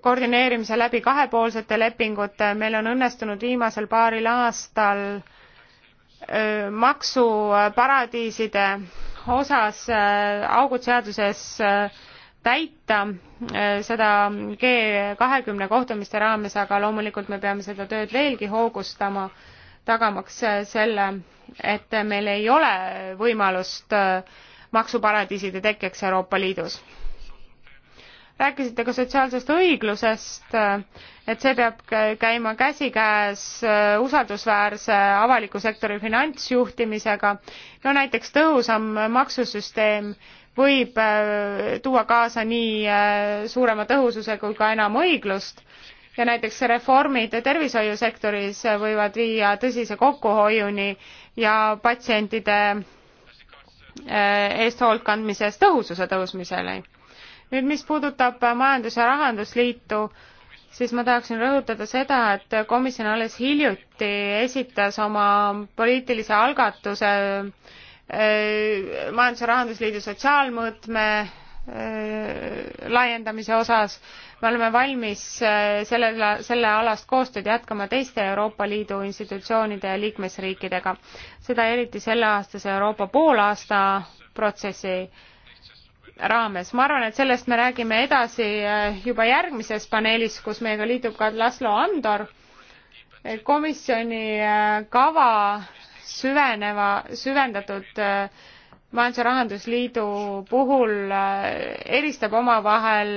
koordineerimise läbi kahepoolsete lepingute, meil on õnnestunud viimasel paaril aastal äh, maksuparadiiside osas augud seaduses täita äh, seda G kahekümne kohtumiste raames, aga loomulikult me peame seda tööd veelgi hoogustama, tagamaks äh, selle, et meil ei ole võimalust äh, maksuparadiiside tekkeks Euroopa Liidus. rääkisite ka sotsiaalsest õiglusest, et see peab käima käsikäes usaldusväärse avaliku sektori finantsjuhtimisega, no näiteks tõhusam maksusüsteem võib äh, tuua kaasa nii äh, suurema tõhususe kui ka enam õiglust ja näiteks reformid tervishoiusektoris äh, võivad viia tõsise kokkuhoiuni ja patsientide eest hoolt kandmises tõhususe tõusmisele. nüüd, mis puudutab Majandus- ja Rahandusliitu, siis ma tahaksin rõhutada seda, et komisjon alles hiljuti esitas oma poliitilise algatuse äh, Äh, majandus- ja rahandusliidu sotsiaalmõõtme äh, laiendamise osas me oleme valmis äh, selle sellealast koostööd jätkama teiste euroopa liidu institutsioonide ja liikmesriikidega seda eriti selleaastase euroopa poolaasta protsessi raames ma arvan et sellest me räägime edasi juba järgmises paneelis kus meiega liitub ka laszlo andor komisjoni kava süveneva, süvendatud äh, majandus- ja rahandusliidu puhul äh, eristab omavahel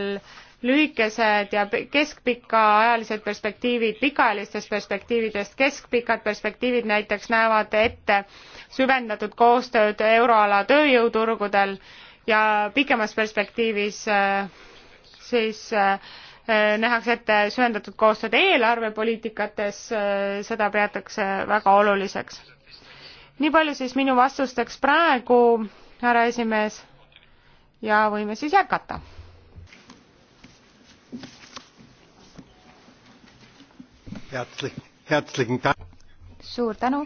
lühikesed ja keskpikaajalised perspektiivid pikaajalistest perspektiividest. keskpikad perspektiivid näiteks näevad ette süvendatud koostööd euroala tööjõuturgudel ja pikemas perspektiivis äh, siis nähakse ette süvendatud koostööd eelarvepoliitikates, seda peetakse väga oluliseks nii palju siis minu vastusteks praegu, härra esimees, ja võime siis jätkata. suur tänu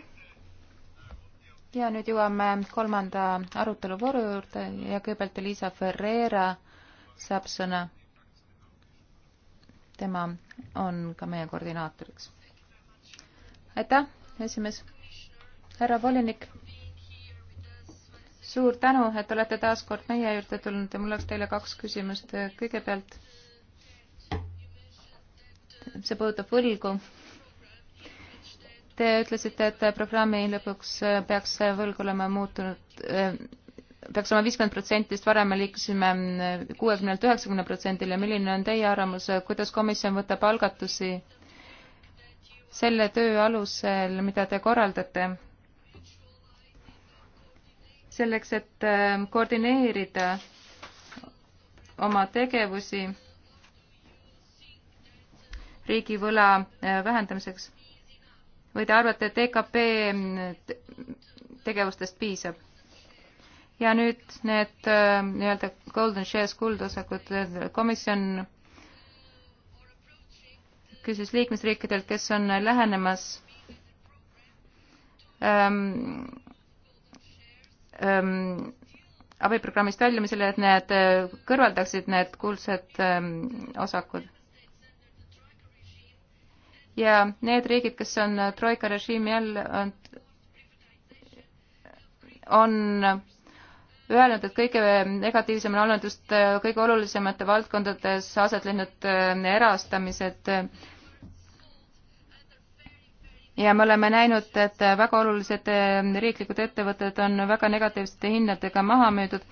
ja nüüd jõuame kolmanda aruteluvooru juurde ja kõigepealt Elisa Ferreira saab sõna. tema on ka meie koordinaatoriks. aitäh, esimees härra volinik, suur tänu, et olete taas kord meie juurde tulnud ja mul oleks teile kaks küsimust. kõigepealt, see puudutab võlgu. Te ütlesite, et programmi lõpuks peaks võlg olema muutunud peaks olema viiskümmend protsenti, sest varem me liikusime kuuekümnelt üheksakümne protsendile. milline on teie arvamus, kuidas komisjon võtab algatusi selle töö alusel, mida te korraldate selleks, et ähm, koordineerida oma tegevusi riigivõla äh, vähendamiseks? või te arvate, et EKP mm, tegevustest piisab? ja nüüd need ähm, nii-öelda golden shares kuldosakud, komisjon küsis liikmesriikidelt, kes on lähenemas ähm, ähm, abiprogrammist väljumisele, et need äh, kõrvaldaksid need kuldsed ähm, osakud. ja need riigid, kes on äh, troika režiimi all, on, on öelnud, et kõige negatiivsem on olnud just äh, kõige olulisemate valdkondades aset leidnud erastamised äh, ja me oleme näinud, et väga olulised eh, riiklikud ettevõtted on väga negatiivsete hindadega maha müüdud.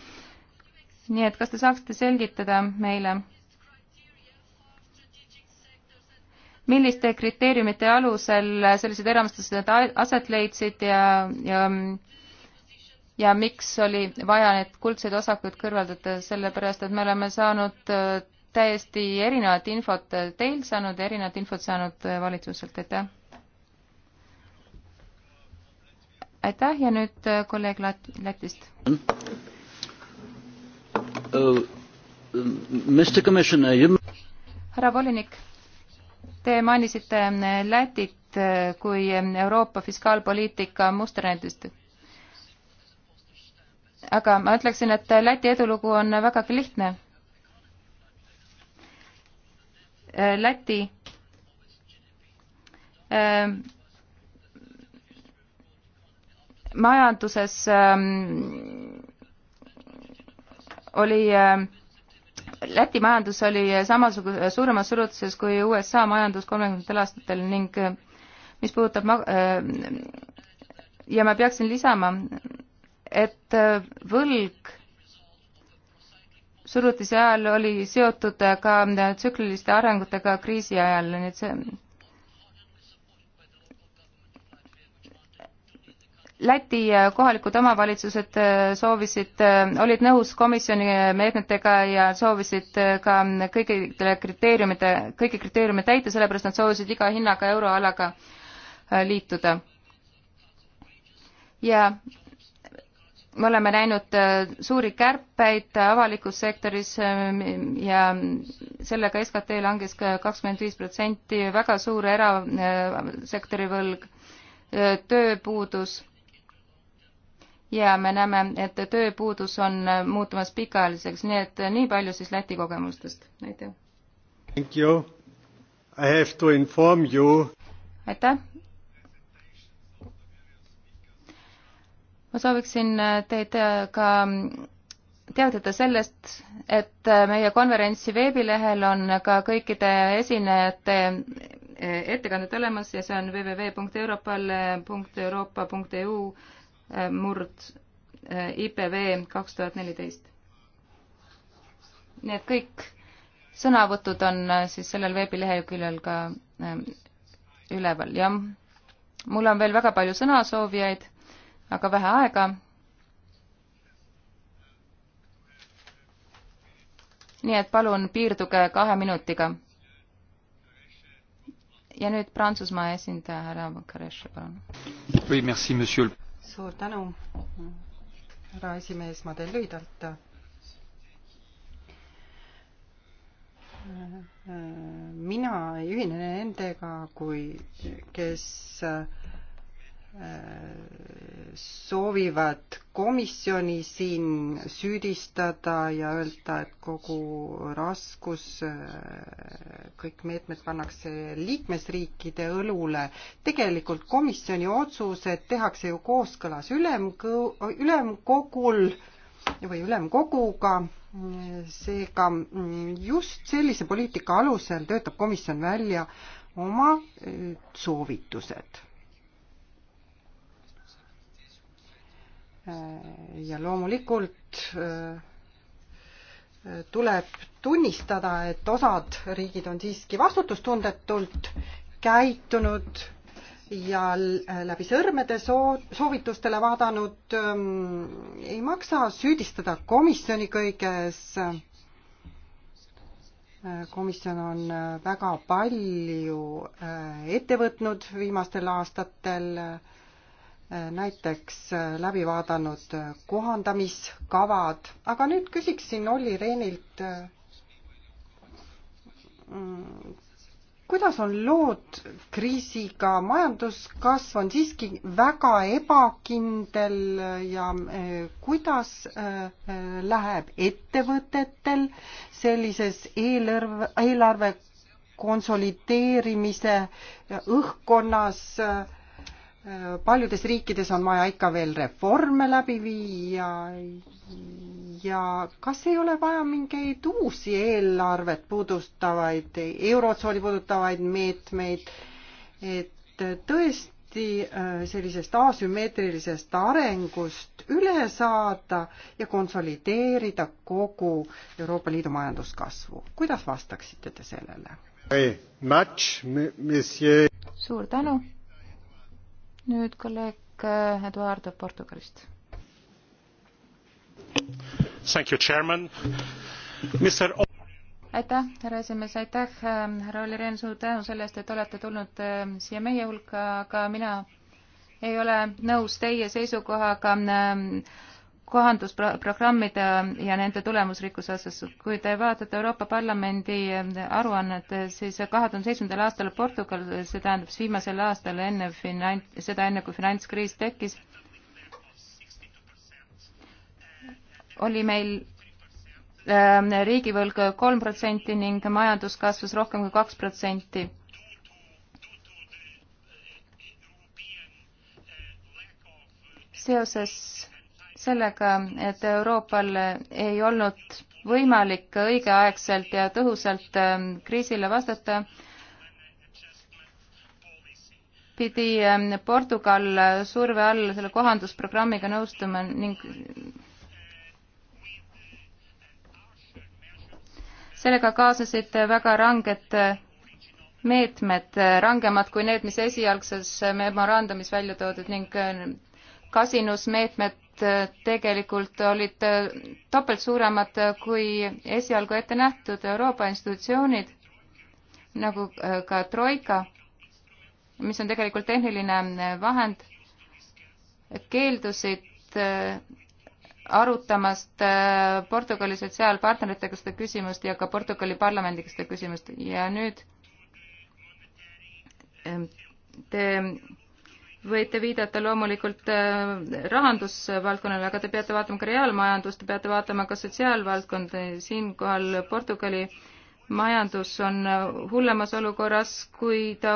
nii et kas te saaksite selgitada meile, milliste kriteeriumite alusel sellised eramistused aset leidsid ja, ja ja miks oli vaja need kuldsed osakud kõrvaldada, sellepärast et me oleme saanud eh, täiesti erinevat infot teilt saanud ja erinevat infot saanud valitsuselt, aitäh aitäh ja nüüd äh, kolleeg Lat-, Lätist. Uh, härra volinik, te mainisite äh, Lätit äh, kui Euroopa fiskaalpoliitika musternäitust. aga ma ütleksin, et Läti edulugu on vägagi lihtne. Läti majanduses ähm, oli ähm, Läti majandus oli samasuguse, suuremas surutises kui USA majandus kolmekümnendatel aastatel ning äh, mis puudutab ma-, äh, ja ma peaksin lisama, et äh, võlg surutise ajal oli seotud ka tsükliliste arengutega kriisi ajal, nii et see Läti äh, kohalikud omavalitsused äh, soovisid, äh, olid nõus komisjoni meetmetega ja soovisid ka kõigile kriteeriumide, kõiki kriteeriume täita, sellepärast nad soovisid iga hinnaga euroalaga liituda. ja me oleme näinud suuri kärpeid avalikus sektoris ja sellega SKT langes kakskümmend viis protsenti, väga suur erasektori võlg, tööpuudus ja me näeme, et tööpuudus on muutumas pikaajaliseks, nii et nii palju siis Läti kogemustest, aitäh. Thank you. I have to inform you. aitäh. ma sooviksin teid ka teatada sellest, et meie konverentsi veebilehel on ka kõikide esinejate ettekanded olemas ja see on www.europal.euroopa.eu murd äh, IPV kaks tuhat neliteist. nii et kõik sõnavõtud on äh, siis sellel veebileheküljel ka äh, üleval ja mul on veel väga palju sõnasoovijaid, aga vähe aega. nii et palun piirduge kahe minutiga. ja nüüd Prantsusmaa esindaja härra Karesh, palun suur tänu, härra esimees, ma teen lühidalt. Äh, äh, mina ei ühine nendega, kui, kes äh, Äh, soovivad komisjoni siin süüdistada ja öelda, et kogu raskus, äh, kõik meetmed pannakse liikmesriikide õlule. tegelikult komisjoni otsused tehakse ju kooskõlas ülemkõ-, ülemkogul või ülemkoguga, seega just sellise poliitika alusel töötab komisjon välja oma äh, soovitused Äh, ja loomulikult äh, tuleb tunnistada, et osad riigid on siiski vastutustundetult käitunud ja läbi sõrmede soo-, soovitustele vaadanud ähm, ei maksa süüdistada komisjoni kõiges. Äh, komisjon on väga palju äh, ette võtnud viimastel aastatel äh, Äh, näiteks äh, läbi vaadanud äh, kohandamiskavad, aga nüüd küsiksin Olli Rehnilt, mm, kuidas on lood kriisiga, majanduskasv on siiski väga ebakindel ja kuidas läheb ettevõtetel sellises eelarve, eelarve konsolideerimise õhkkonnas äh, paljudes riikides on vaja ikka veel reforme läbi viia ja kas ei ole vaja mingeid uusi eelarvet puudutavaid, eurotsooni puudutavaid meetmeid, et tõesti äh, sellisest asümmeetrilisest arengust üle saada ja konsolideerida kogu Euroopa Liidu majanduskasvu. kuidas vastaksite te sellele? suur tänu nüüd kolleeg eh, Eduardo Portugalist. aitäh, härra esimees, aitäh, eh, härra Olli Rehn, suur tänu selle eest, et olete tulnud eh, siia meie hulka, aga mina ei ole nõus teie seisukohaga äh, kohandusprogrammide ja nende tulemusrikkuse osas. kui te vaatate Euroopa Parlamendi aruannet, siis kahe tuhande seitsmendal aastal Portugal, see tähendab siis viimasel aastal enne finants, seda enne kui finantskriis tekkis, oli meil ähm, riigivõlg kolm protsenti ning majandus kasvas rohkem kui kaks protsenti seoses sellega, et Euroopal ei olnud võimalik õigeaegselt ja tõhusalt ähm, kriisile vastata, pidi ähm, Portugal surve all selle kohandusprogrammiga nõustuma ning sellega kaasasid väga ranged meetmed, rangemad kui need, mis esialgses memorandumis välja toodud ning äh, kasinusmeetmed tegelikult olid topelt suuremad kui esialgu ette nähtud Euroopa institutsioonid, nagu äh, ka Troika, mis on tegelikult tehniline äh, vahend, keeldusid äh, arutamast Portugali sotsiaalpartneritega seda küsimust ja ka Portugali parlamendiga seda küsimust ja nüüd ähm, te võite viidata loomulikult äh, rahandusvaldkonnale, aga te peate vaatama ka reaalmajandust, te peate vaatama ka sotsiaalvaldkonda, siinkohal Portugali majandus on äh, hullemas olukorras, kui ta,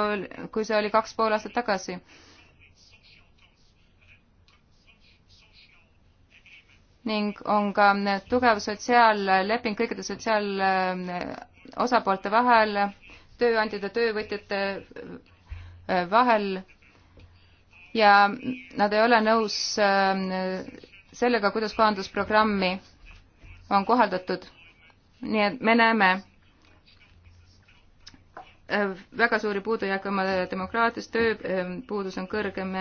kui see oli kaks pool aastat tagasi. ning on ka äh, tugev sotsiaalleping kõikide sotsiaalosapoolte vahel, tööandjate, töövõtjate vahel ja nad ei ole nõus ähm, sellega, kuidas kohandusprogrammi on kohaldatud. nii et me näeme äh, väga suuri puudujääke oma demokraatias, tööpuudus ähm, on kõrgem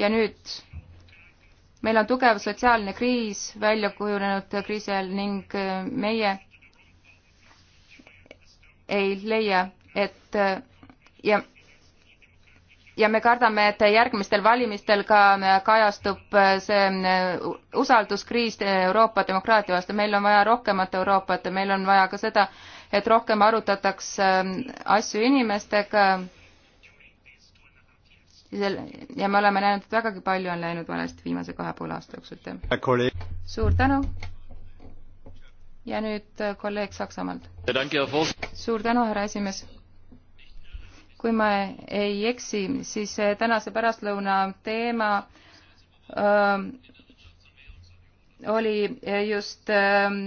ja nüüd meil on tugev sotsiaalne kriis välja kujunenud kriisi ajal ning äh, meie ei leia, et äh, ja ja me kardame, et järgmistel valimistel ka äh, kajastub äh, see äh, usalduskriis Euroopa demokraatia vastu, meil on vaja rohkemat Euroopat ja meil on vaja ka seda, et rohkem arutataks asju inimestega. ja me oleme näinud, et vägagi palju on läinud valesti viimase kahe poole aasta jooksul. suur tänu. ja nüüd kolleeg Saksamaalt. suur tänu, härra esimees kui ma ei eksi, siis tänase pärastlõuna teema öö, ähm, oli just öö, ähm,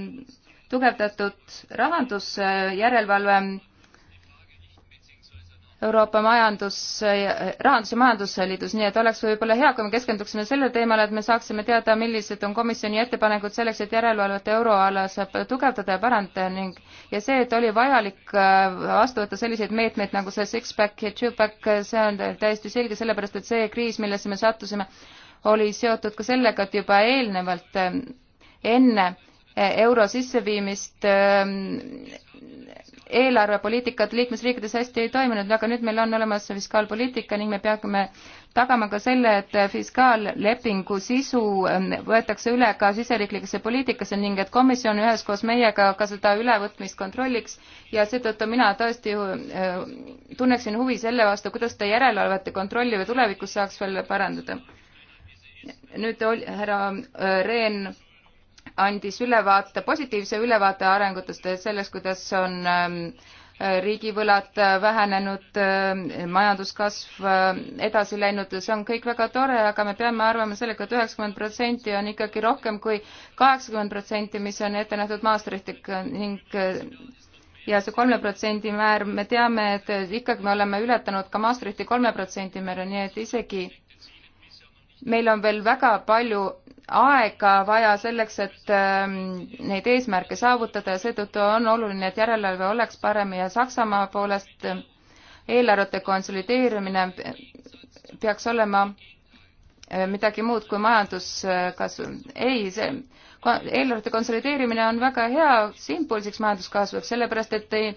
tugevdatud rahandusjärelevalve Euroopa Majandus, Rahandus- ja Majandusliidus, nii et oleks võib-olla hea, kui me keskenduksime sellele teemale, et me saaksime teada, millised on komisjoni ettepanekud selleks, et järelevalvet euroala saab tugevdada ja parandada ning ja see, et oli vajalik äh, vastu võtta selliseid meetmeid nagu see six-pack ja two-pack, see on täiesti selge, sellepärast et see kriis, millesse me sattusime, oli seotud ka sellega, et juba eelnevalt, äh, enne äh, euro sisseviimist ähm, eelarvepoliitikad liikmesriikides hästi ei toiminud, aga nüüd meil on olemas fiskaalpoliitika ning me peame tagama ka selle, et fiskaallepingu sisu ähm, võetakse üle ka siseriiklikesse poliitikasse ning et komisjon üheskoos meiega ka seda ülevõtmist kontrolliks ja seetõttu mina tõesti äh, tunneksin huvi selle vastu, kuidas seda järelevalvete kontrolli või tulevikus saaks veel parandada. nüüd härra äh, Rehn andis ülevaate, positiivse ülevaate arengutest, sellest, kuidas on ähm, riigivõlad äh, vähenenud, äh, majanduskasv äh, edasi läinud, see on kõik väga tore, aga me peame arvama sellega, et üheksakümmend protsenti on ikkagi rohkem kui kaheksakümmend protsenti, mis on ette nähtud Maastrichtik ning ja see kolme protsendi määr, me teame, et ikkagi me oleme ületanud ka Maastrichti kolme protsendi määra, nii et isegi meil on veel väga palju aega vaja selleks, et ähm, neid eesmärke saavutada ja seetõttu on oluline, et järelevalve oleks parem ja Saksamaa poolest ähm, eelarvete konsolideerimine peaks olema äh, midagi muud kui majanduskasv. ei, see eelarvete konsolideerimine on väga hea impulsiks majanduskasvuks, sellepärast et ei,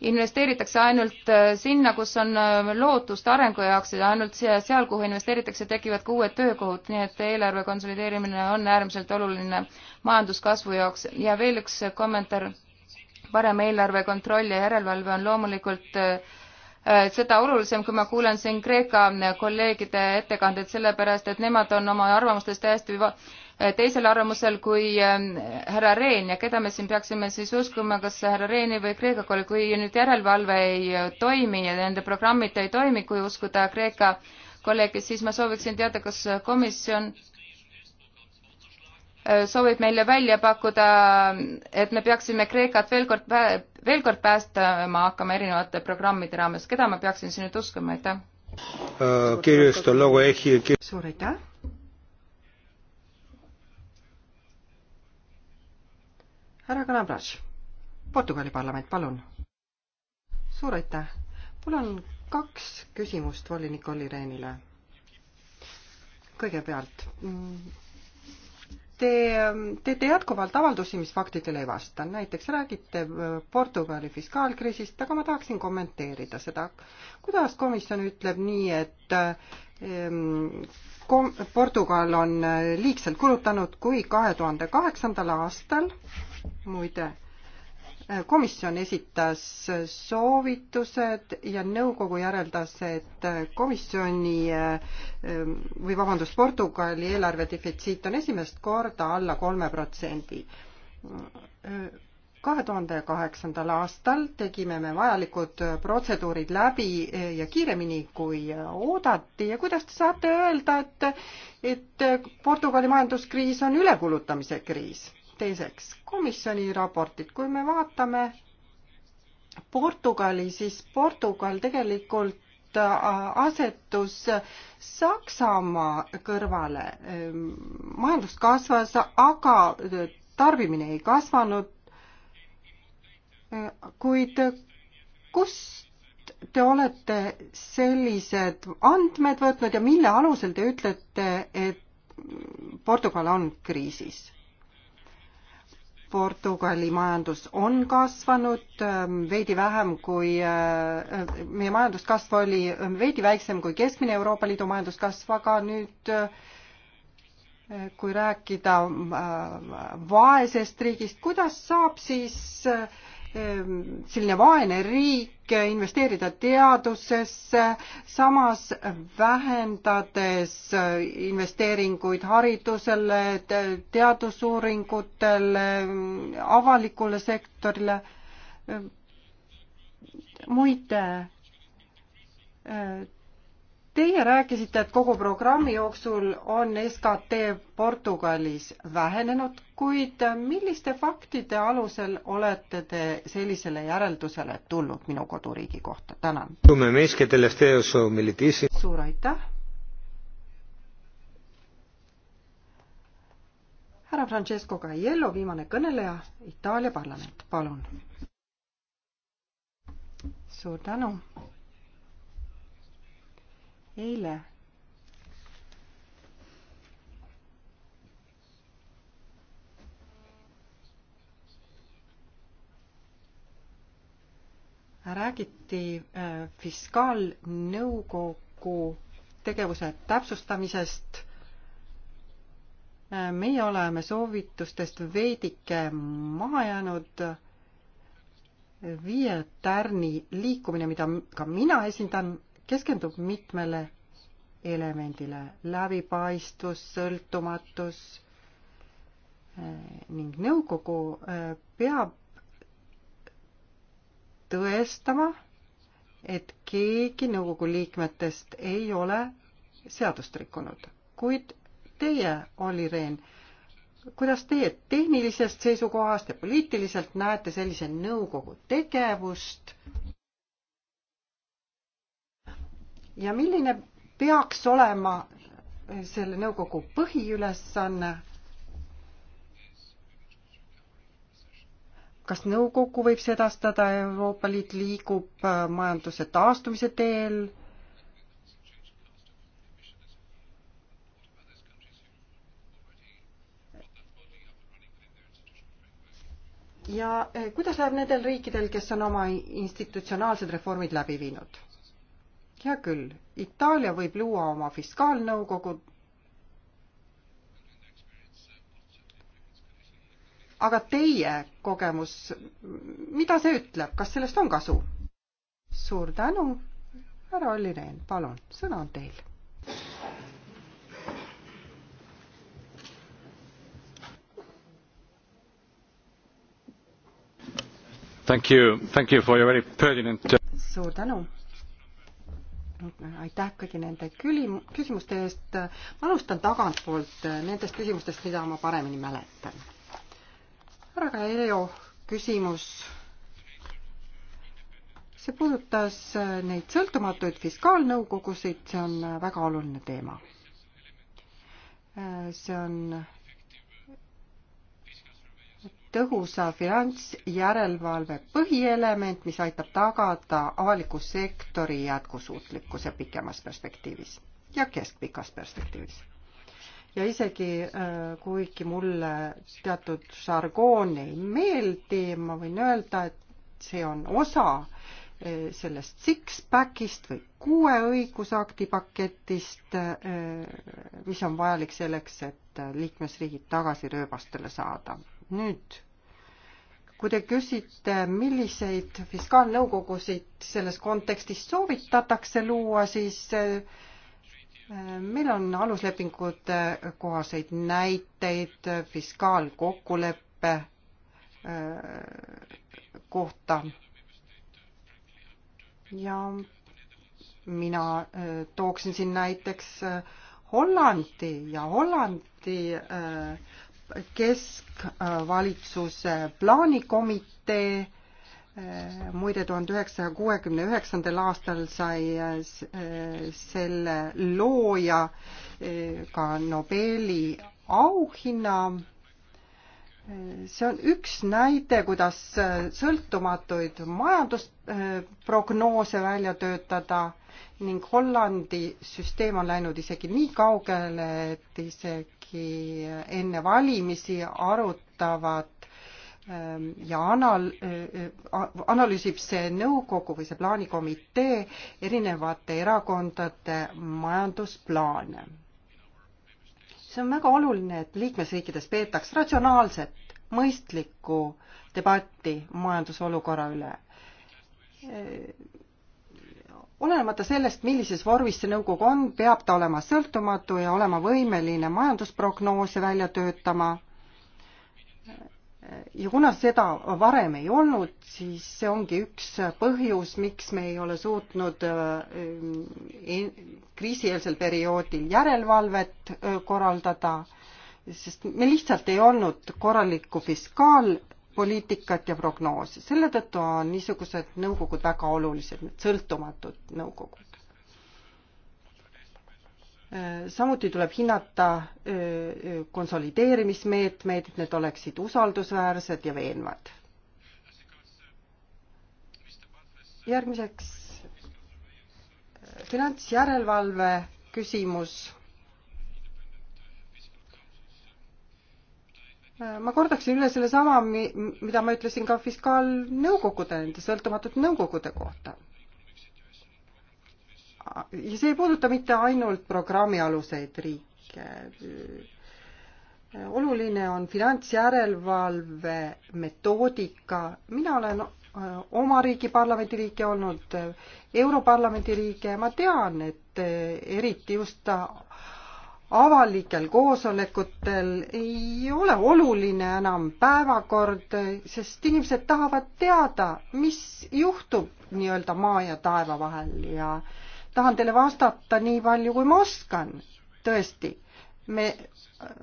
investeeritakse ainult äh, sinna, kus on äh, lootust arengu jaoks ja ainult seal, kuhu investeeritakse, tekivad ka uued töökohad, nii et eelarve konsolideerimine on äärmiselt oluline majanduskasvu jaoks ja veel üks kommentaar, parem eelarve kontroll ja järelevalve on loomulikult äh, seda olulisem, kui ma kuulen siin Kreeka kolleegide ettekandeid, sellepärast et nemad on oma arvamustes täiesti Äh, teisel arvamusel kui ähm, härra Rehn ja keda me siin peaksime siis uskuma, kas härra Rehni või Kreeka kooli, kui nüüd järelevalve ei äh, toimi ja nende programmid ei toimi, kui uskuda Kreeka kolleegi, siis ma sooviksin teada, kas komisjon äh, soovib meile välja pakkuda, et me peaksime Kreekat veel kord, veel kord päästma hakkama erinevate programmide raames, keda ma peaksin siin nüüd uskuma, aitäh? suur aitäh härra Kalabras, Portugali parlament, palun. suur aitäh. mul on kaks küsimust volinik Olli Rehnile. kõigepealt, te teete jätkuvalt avaldusi, mis faktidele ei vasta. näiteks räägite äh, Portugali fiskaalkriisist, aga ma tahaksin kommenteerida seda. kuidas komisjon ütleb nii, et ähm, Portugal on äh, liigselt kulutanud, kui kahe tuhande kaheksandal aastal muide, komisjon esitas soovitused ja nõukogu järeldas, et komisjoni eh, või vabandust, Portugali eelarve defitsiit on esimest korda alla kolme protsendi. kahe tuhande kaheksandal aastal tegime me vajalikud protseduurid läbi ja kiiremini, kui oodati ja kuidas te saate öelda, et, et Portugali majanduskriis on ülekulutamise kriis? teiseks, komisjoni raportid, kui me vaatame Portugali, siis Portugal tegelikult äh, asetus Saksamaa kõrvale. Ähm, majandus kasvas, aga äh, tarbimine ei kasvanud. Äh, kuid kust te olete sellised andmed võtnud ja mille alusel te ütlete, et Portugal on kriisis? Portugali majandus on kasvanud ähm, veidi vähem kui, äh, meie majanduskasv oli ähm, veidi väiksem kui keskmine Euroopa Liidu majanduskasv, aga nüüd äh, kui rääkida äh, vaesest riigist, kuidas saab siis äh, Ehm, selline vaene riik, investeerida teadusesse, samas vähendades äh, investeeringuid haridusele, teadusuuringutele, avalikule sektorile. Ehm, muide, äh, Teie rääkisite, et kogu programmi jooksul on SKT Portugalis vähenenud, kuid milliste faktide alusel olete te sellisele järeldusele tulnud minu koduriigi kohta? tänan. suur aitäh. härra Francesco Caiello, viimane kõneleja, Itaalia parlament, palun. suur tänu eile räägiti äh, fiskaalnõukogu tegevuse täpsustamisest. Äh, meie oleme soovitustest veidike maha jäänud. viie tärni liikumine, mida ka mina esindan, keskendub mitmele elemendile, läbipaistvus, sõltumatus eh, ning nõukogu eh, peab tõestama, et keegi nõukogu liikmetest ei ole seadust rikkunud. kuid teie, Olli Rehn, kuidas teie tehnilisest seisukohast ja poliitiliselt näete sellise nõukogu tegevust? ja milline peaks olema selle nõukogu põhiülesanne? kas nõukogu võib sedastada, Euroopa Liit liigub äh, majanduse taastumise teel? ja äh, kuidas läheb nendel riikidel, kes on oma institutsionaalsed reformid läbi viinud? hea küll, Itaalia võib luua oma fiskaalnõukogu, aga teie kogemus, mida see ütleb, kas sellest on kasu? suur tänu, härra Olli Rehn, palun, sõna on teil. Thank you, thank you for your very pertinent suur tänu aitäh kõigi nende küli-, küsimuste eest. ma alustan tagantpoolt nendest küsimustest, mida ma paremini mäletan. härra Kaeljo küsimus, see puudutas neid sõltumatuid fiskaalnõukogusid, see on väga oluline teema. see on tõhusa finantsjärelevalve põhielement, mis aitab tagada avaliku sektori jätkusuutlikkuse pikemas perspektiivis ja keskpikas perspektiivis. ja isegi äh, kuigi mulle teatud žargoon ei meeldi, ma võin öelda, et see on osa äh, sellest six-packist või kuue õigusakti paketist, äh, mis on vajalik selleks, et liikmesriigid tagasi rööbastele saada. nüüd kui te küsite, milliseid fiskaalnõukogusid selles kontekstis soovitatakse luua, siis äh, meil on aluslepingute kohaseid näiteid fiskaalkokkuleppe äh, kohta. ja mina äh, tooksin siin näiteks Hollandi ja Hollandi äh, keskvalitsuse plaanikomitee. Eh, muide, tuhande üheksasaja kuuekümne üheksandal aastal sai eh, selle looja eh, ka Nobeli auhinna see on üks näide, kuidas sõltumatuid majandusprognoose välja töötada ning Hollandi süsteem on läinud isegi nii kaugele, et isegi ikkagi enne valimisi arutavad ähm, ja anal-, äh, äh, analüüsib see nõukogu või see plaanikomitee erinevate erakondade majandusplaane. see on väga oluline, et liikmesriikides peetaks ratsionaalset, mõistlikku debatti majandusolukorra üle äh, olenemata sellest, millises vormis see nõukogu on, peab ta olema sõltumatu ja olema võimeline majandusprognoose välja töötama. ja kuna seda varem ei olnud, siis see ongi üks põhjus, miks me ei ole suutnud äh, kriisieelsel perioodil järelevalvet äh, korraldada, sest meil lihtsalt ei olnud korralikku fiskaal- poliitikat ja prognoosi. selle tõttu on niisugused nõukogud väga olulised, need sõltumatud nõukogud. samuti tuleb hinnata konsolideerimismeetmeid, et need oleksid usaldusväärsed ja veenvad. järgmiseks finantsjärelevalve küsimus ma kordaksin üle sellesama, mida ma ütlesin ka fiskaalnõukogude, nende sõltumatute nõukogude kohta. ja see ei puuduta mitte ainult programmialuseid riike. oluline on finantsjärelevalve metoodika, mina olen äh, oma riigi parlamendi liige olnud, äh, Europarlamendi liige, ma tean, et äh, eriti just avalikel koosolekutel ei ole oluline enam päevakord, sest inimesed tahavad teada, mis juhtub nii-öelda maa ja taeva vahel ja tahan teile vastata nii palju, kui ma oskan. tõesti, me äh,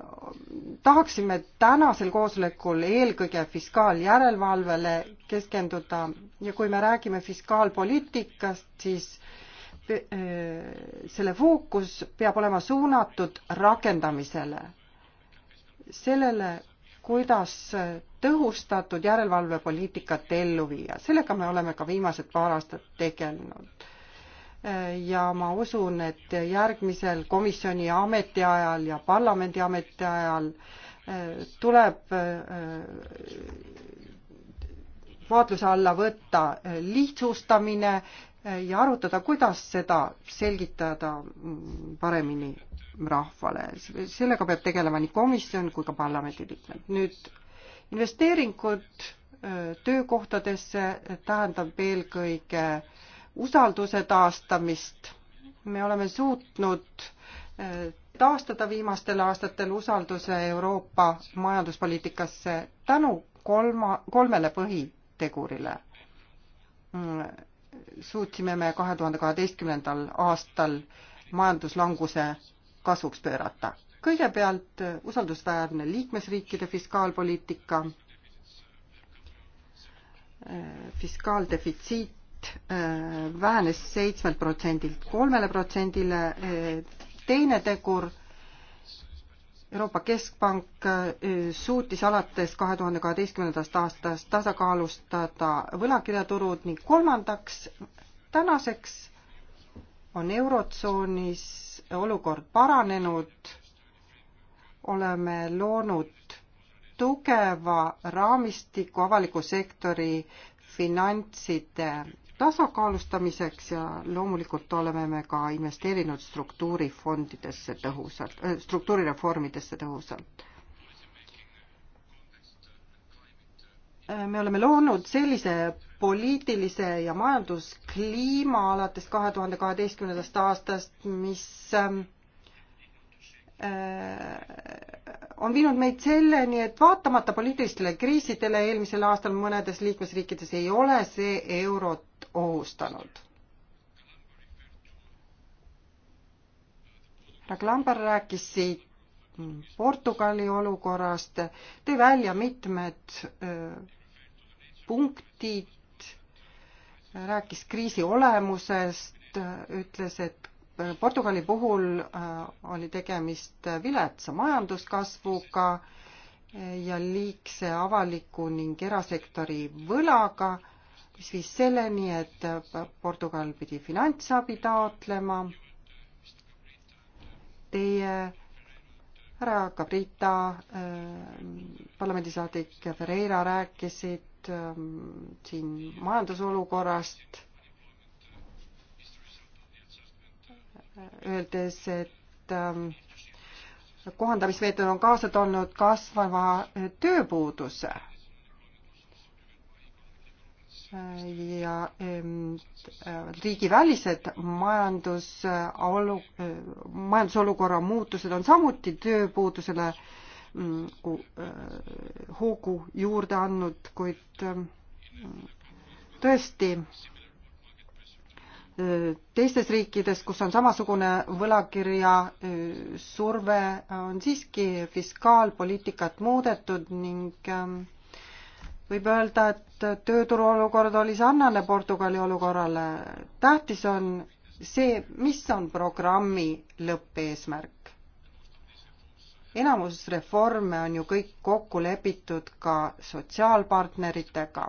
tahaksime tänasel koosolekul eelkõige fiskaaljärelevalvele keskenduda ja kui me räägime fiskaalpoliitikast, siis äh, Äh, selle fookus peab olema suunatud rakendamisele, sellele, kuidas tõhustatud järelevalvepoliitikat ellu viia. sellega me oleme ka viimased paar aastat tegelenud. Äh, ja ma usun, et järgmisel komisjoni ametiajal ja parlamendi ametiajal äh, tuleb vaatluse alla võtta lihtsustamine, Eh, ja arutada, kuidas seda selgitada mm, paremini rahvale. sellega peab tegelema nii komisjon kui ka parlamendiliikmed. nüüd investeeringud eh, töökohtadesse tähendab eelkõige usalduse taastamist. me oleme suutnud eh, taastada viimastel aastatel usalduse Euroopa majanduspoliitikasse tänu kolma, kolmele põhitegurile mm, suutsime me kahe tuhande kaheteistkümnendal aastal majanduslanguse kasvuks pöörata. kõigepealt usaldusväärne liikmesriikide fiskaalpoliitika, fiskaaldefitsiit äh, vähenes seitsmelt protsendilt kolmele protsendile, äh, teine tegur Euroopa Keskpank eh, suutis alates kahe tuhande kaheteistkümnendast aastast tasakaalustada võlakirjaturud ning kolmandaks, tänaseks on Eurotsoonis olukord paranenud, oleme loonud tugeva raamistiku avaliku sektori finantside tasakaalustamiseks ja loomulikult oleme me ka investeerinud struktuurifondidesse tõhusalt, äh, struktuurireformidesse tõhusalt. Äh, me oleme loonud sellise poliitilise ja majanduskliima alates kahe tuhande kaheteistkümnendast aastast, mis ähm, äh, on viinud meid selleni, et vaatamata poliitilistele kriisidele eelmisel aastal mõnedes liikmesriikides ei ole see eurot ohustanud. härra Klamber rääkis siit Portugali olukorrast, tõi välja mitmed äh, punktid, rääkis kriisi olemusest, ütles, et Portugali puhul äh, oli tegemist viletsa majanduskasvuga ja liigse avaliku ning erasektori võlaga mis viis selleni, et Portugal pidi finantsabi taotlema. Teie härra Cabrita äh,, parlamendisaadik Ferreira rääkisid äh, siin majandusolukorrast, öeldes, et äh, kohandamismeetod on kaasa toonud kasvava tööpuuduse ja riigivälised majandus, majandusolukorra muutused on samuti tööpuudusele mm, äh, hoogu juurde andnud, kuid ähm, tõesti äh, teistes riikides, kus on samasugune võlakirja äh, surve, on siiski fiskaalpoliitikat muudetud ning ähm, võib öelda, et tööturu olukord oli sarnane Portugali olukorrale. tähtis on see, mis on programmi lõppeesmärk. enamus reforme on ju kõik kokku lepitud ka sotsiaalpartneritega.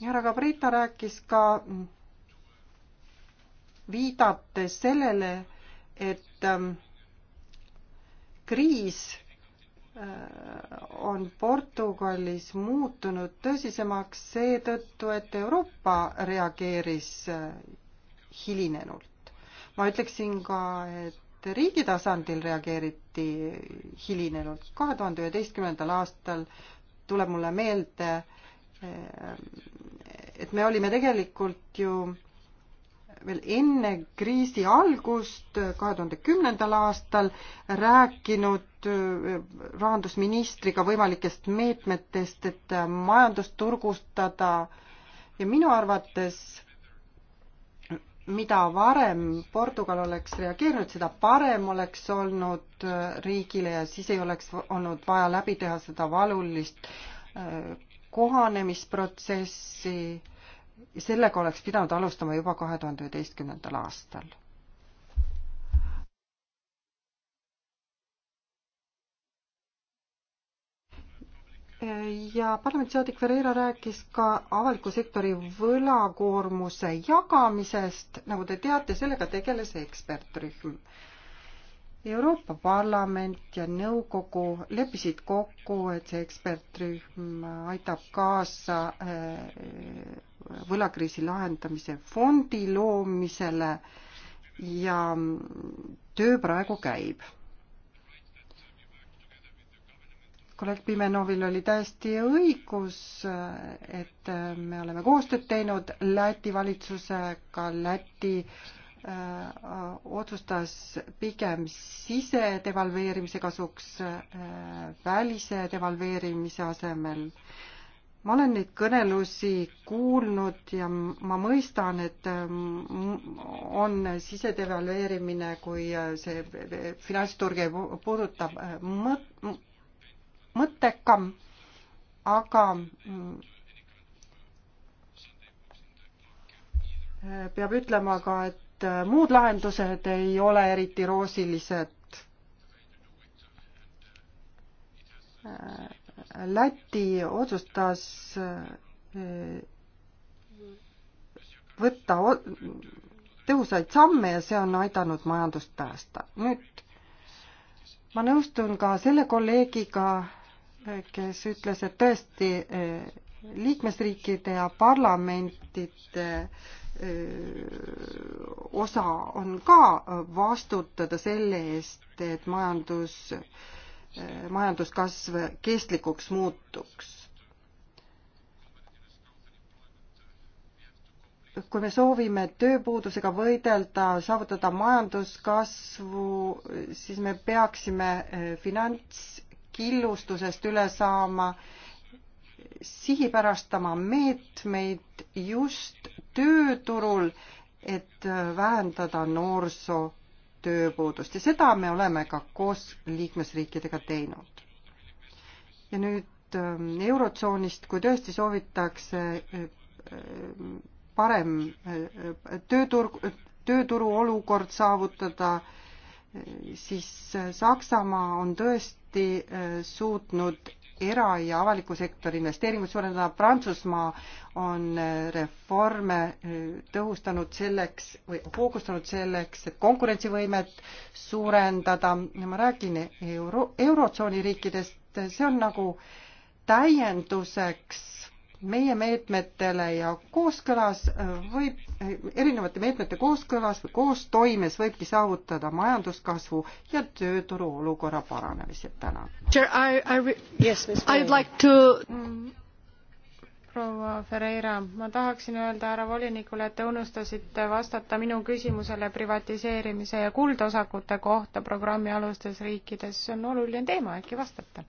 härra Gabrita rääkis ka, viidates sellele, et ähm, kriis Äh, on Portugalis muutunud tõsisemaks seetõttu, et Euroopa reageeris äh, hilinenult. ma ütleksin ka, et riigi tasandil reageeriti hilinenult. kahe tuhande üheteistkümnendal aastal tuleb mulle meelde, äh, et me olime tegelikult ju veel enne kriisi algust, kahe tuhande kümnendal aastal, rääkinud äh, rahandusministriga võimalikest meetmetest, et äh, majandust turgustada ja minu arvates mida varem Portugal oleks reageerinud, seda parem oleks olnud äh, riigile ja siis ei oleks olnud vaja läbi teha seda valulist kohanemisprotsessi sellega oleks pidanud alustama juba kahe tuhande üheteistkümnendal aastal. ja parlamendisaadik Ferreira rääkis ka avaliku sektori võlakoormuse jagamisest, nagu te teate, sellega tegeles ekspertrühm Euroopa Parlament ja nõukogu leppisid kokku, et see ekspertrühm aitab kaasa eh, võlakriisi lahendamise fondi loomisele ja töö praegu käib. kolleeg Pimenovil oli täiesti õigus, et me oleme koostööd teinud Läti valitsusega, Läti äh, otsustas pigem sisedevalveerimise kasuks äh, välise devalveerimise asemel äh, ma olen neid kõnelusi kuulnud ja ma mõistan, et mm, on sisedevalueerimine, kui äh, see äh, finantsturg ei puuduta äh, mõt-, mõttekam, aga mm, peab ütlema ka, et muud lahendused ei ole eriti roosilised Läti otsustas eh, võtta tõhusaid samme ja see on aidanud majandust päästa. nüüd ma nõustun ka selle kolleegiga, kes ütles, et tõesti eh, liikmesriikide ja parlamentide eh, osa on ka vastutada selle eest, et majandus Äh, majanduskasv kestlikuks muutuks. kui me soovime tööpuudusega võidelda, saavutada majanduskasvu, siis me peaksime äh, finantskillustusest üle saama, sihipärastama meetmeid just tööturul, et äh, vähendada noorsoo tööpuudust ja seda me oleme ka koos liikmesriikidega teinud. ja nüüd ähm, Eurotsoonist, kui tõesti soovitakse äh, äh, parem äh, tööturg, tööturu olukord saavutada, siis Saksamaa on tõesti suutnud era- ja avaliku sektori investeeringuid suurendada. Prantsusmaa on äh, reforme äh, tõhustanud selleks või hoogustanud selleks, et konkurentsivõimet suurendada. ma räägin euro, eurotsooni riikidest, see on nagu täienduseks meie meetmetele ja kooskõlas võib, erinevate meetmete kooskõlas või koostoimes võibki saavutada majanduskasvu ja tööturu olukorra paranemise. tänan. Mm, proua Ferreira, ma tahaksin öelda härra volinikule, et te unustasite vastata minu küsimusele privatiseerimise ja kuldosakute kohta programmi alustes riikides. see on oluline teema, äkki vastate?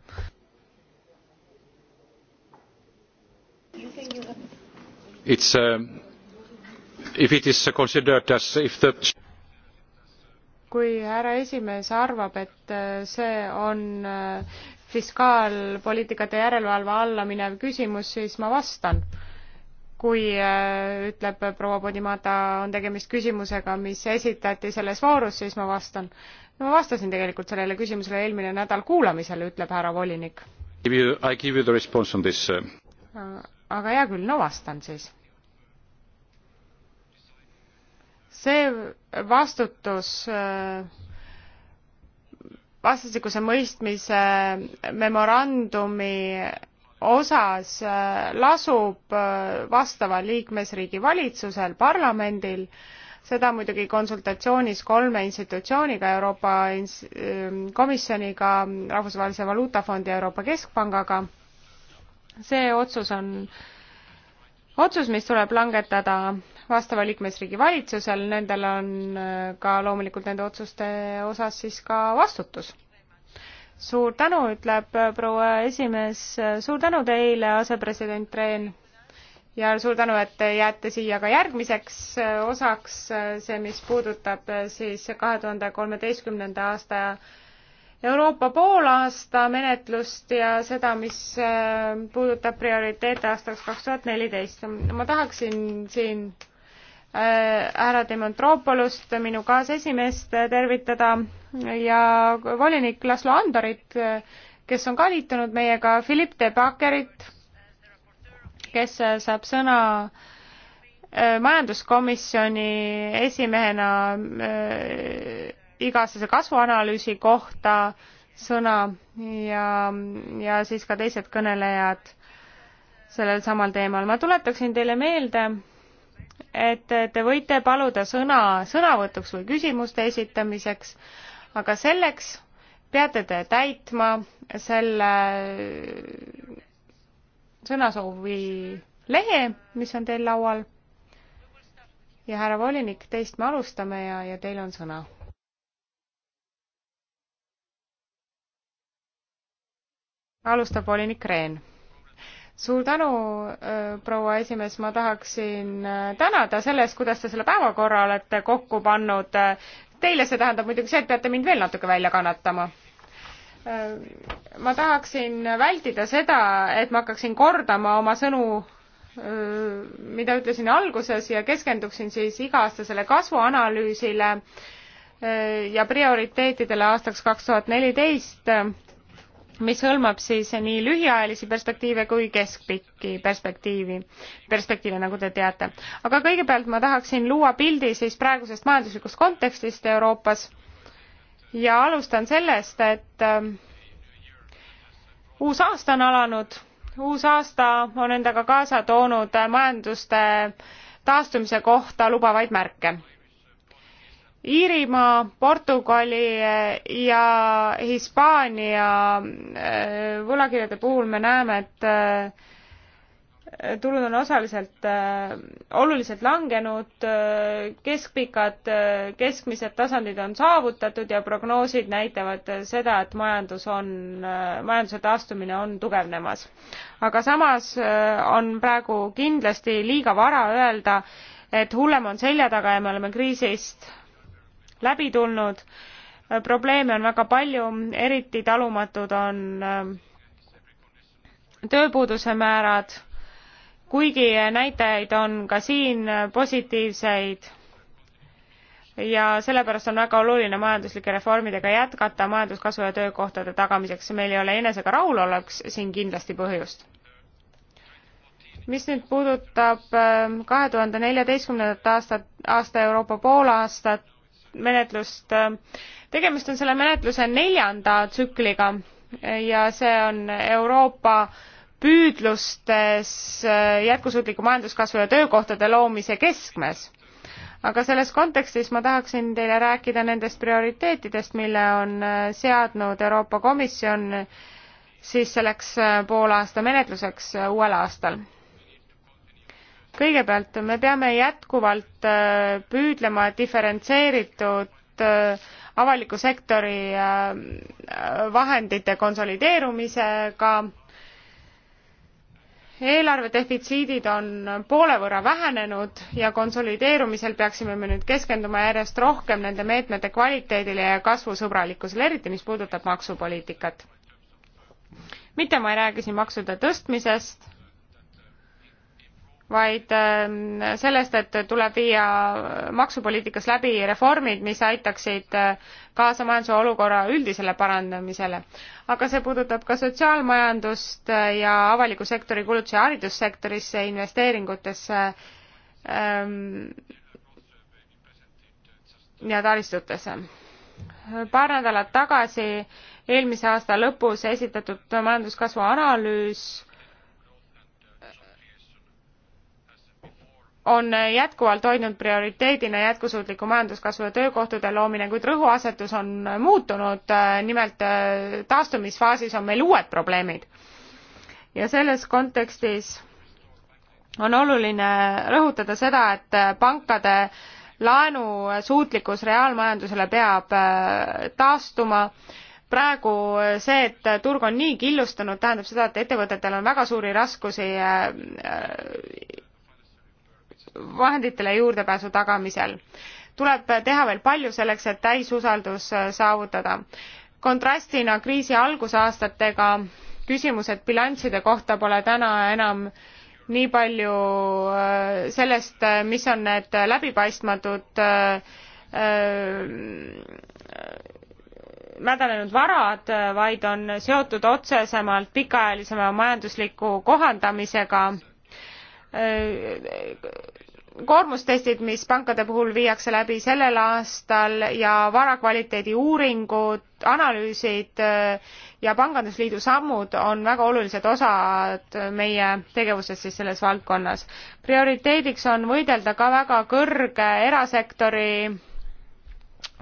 It's, um, if it is considered as if the kui härra esimees arvab, et äh, see on äh, fiskaalpoliitikate järelevalve alla minev küsimus, siis ma vastan. kui äh, ütleb proua Podimata, on tegemist küsimusega, mis esitati selles voorus, siis ma vastan. ma vastasin tegelikult sellele küsimusele eelmine nädal kuulamisel, ütleb härra volinik. I give you the response on this aga hea küll, no vastan siis. see vastutus äh, vastastikuse mõistmise memorandumi osas äh, lasub äh, vastava liikmesriigi valitsusel, parlamendil, seda muidugi konsultatsioonis kolme institutsiooniga, Euroopa Komisjoniga, Rahvusvahelise Valuutafondi ja Euroopa Keskpangaga see otsus on otsus, mis tuleb langetada vastava liikmesriigi valitsusel, nendel on äh, ka loomulikult nende otsuste osas siis ka vastutus. suur tänu, ütleb äh, proua esimees, suur tänu teile, asepresident Rehn ja suur tänu, et te jääte siia ka järgmiseks äh, osaks, see, mis puudutab siis kahe tuhande kolmeteistkümnenda aasta Euroopa poolaasta menetlust ja seda, mis äh, puudutab prioriteete aastaks kaks tuhat neliteist. ma tahaksin siin äh, härra Demontroopolust, minu kaasesimeest äh, tervitada ja volinik Laslo Andorit, kes on ka liitunud meiega, Philipp de Bakkerit, kes saab sõna majanduskomisjoni esimehena iga-aastase kasvuanalüüsi kohta sõna ja, ja siis ka teised kõnelejad sellel samal teemal. ma tuletaksin teile meelde, et te võite paluda sõna sõnavõtuks või küsimuste esitamiseks, aga selleks peate te täitma selle sõnasoovi lehe, mis on teil laual. ja härra volinik, teist me alustame ja, ja teil on sõna alustab volinik Rehn suur tänu, äh, proua esimees, ma tahaksin äh, tänada selle eest, kuidas te selle päevakorra olete kokku pannud. Teile see tähendab muidugi see, et peate mind veel natuke välja kannatama. Äh, ma tahaksin vältida seda, et ma hakkaksin kordama oma sõnu, mida ütlesin alguses ja keskenduksin siis iga-aastasele kasvuanalüüsile ja prioriteetidele aastaks kaks tuhat neliteist mis hõlmab siis nii lühiajalisi perspektiive kui keskpikki perspektiivi, perspektiive, nagu te teate. aga kõigepealt ma tahaksin luua pildi siis praegusest majanduslikust kontekstist Euroopas ja alustan sellest, et ähm, uus aasta on alanud, uus aasta on endaga kaasa toonud majanduste taastumise kohta lubavaid märke Iirimaa, Portugali eh, ja Hispaania eh, võlakirjade puhul me näeme, et eh, tulud on osaliselt oluliselt langenud, keskpikad, keskmised tasandid on saavutatud ja prognoosid näitavad seda, et majandus on, majanduse taastumine on tugevnemas. aga samas on praegu kindlasti liiga vara öelda, et hullem on selja taga ja me oleme kriisist läbi tulnud. probleeme on väga palju, eriti talumatud on äh, tööpuuduse määrad, kuigi näitajaid on ka siin positiivseid ja sellepärast on väga oluline majanduslike reformidega jätkata majanduskasvu ja töökohtade tagamiseks. meil ei ole enesega rahul oleks siin kindlasti põhjust. mis nüüd puudutab äh, kahe tuhande neljateistkümnendat aastat, aasta Euroopa poolaastat, menetlust. tegemist on selle menetluse neljanda tsükliga ja see on Euroopa püüdlustes jätkusuutliku majanduskasvu ja töökohtade loomise keskmes. aga selles kontekstis ma tahaksin teile rääkida nendest prioriteetidest, mille on seadnud Euroopa Komisjon siis selleks poolaasta menetluseks uuel aastal kõigepealt me peame jätkuvalt äh, püüdlema diferentseeritud äh, avaliku sektori äh, vahendite konsolideerumisega eelarvedefitsiidid on poole võrra vähenenud ja konsolideerumisel peaksime me nüüd keskenduma järjest rohkem nende meetmete kvaliteedile ja kasvusõbralikkusele eriti mis puudutab maksupoliitikat mitte ma ei räägi siin maksude tõstmisest vaid ähm, sellest, et tuleb viia maksupoliitikas läbi reformid, mis aitaksid äh, kaasa majanduse olukorra üldisele parandamisele. aga see puudutab ka sotsiaalmajandust äh, ja avaliku sektori kulutusi haridussektorisse, investeeringutesse ähm, ja taristutesse. paar nädalat tagasi, eelmise aasta lõpus esitatud majanduskasvu analüüs on jätkuvalt hoidnud prioriteedina jätkusuutliku majanduskasvu ja töökohtade loomine, kuid rõhuasetus on muutunud, äh, nimelt äh, taastumisfaasis on meil uued probleemid. ja selles kontekstis on oluline rõhutada seda, et äh, pankade laenusuutlikkus reaalmajandusele peab taastuma praegu see, et turg on nii killustunud, tähendab seda, et ettevõtetel on väga suuri raskusi vahenditele juurdepääsu tagamisel. tuleb teha veel palju selleks, et täisusaldus äh, saavutada. kontrastina kriisi algusaastatega küsimused bilansside kohta pole täna enam nii palju äh, sellest, äh, mis on need läbipaistmatud mädanenud varad, vaid on seotud otsesemalt pikaajalisema majandusliku kohandamisega koormustestid, mis pankade puhul viiakse läbi sellel aastal ja varakvaliteedi uuringud, analüüsid äh, ja pangandusliidu sammud on väga olulised osad meie tegevusest siis selles valdkonnas. prioriteediks on võidelda ka väga kõrge erasektori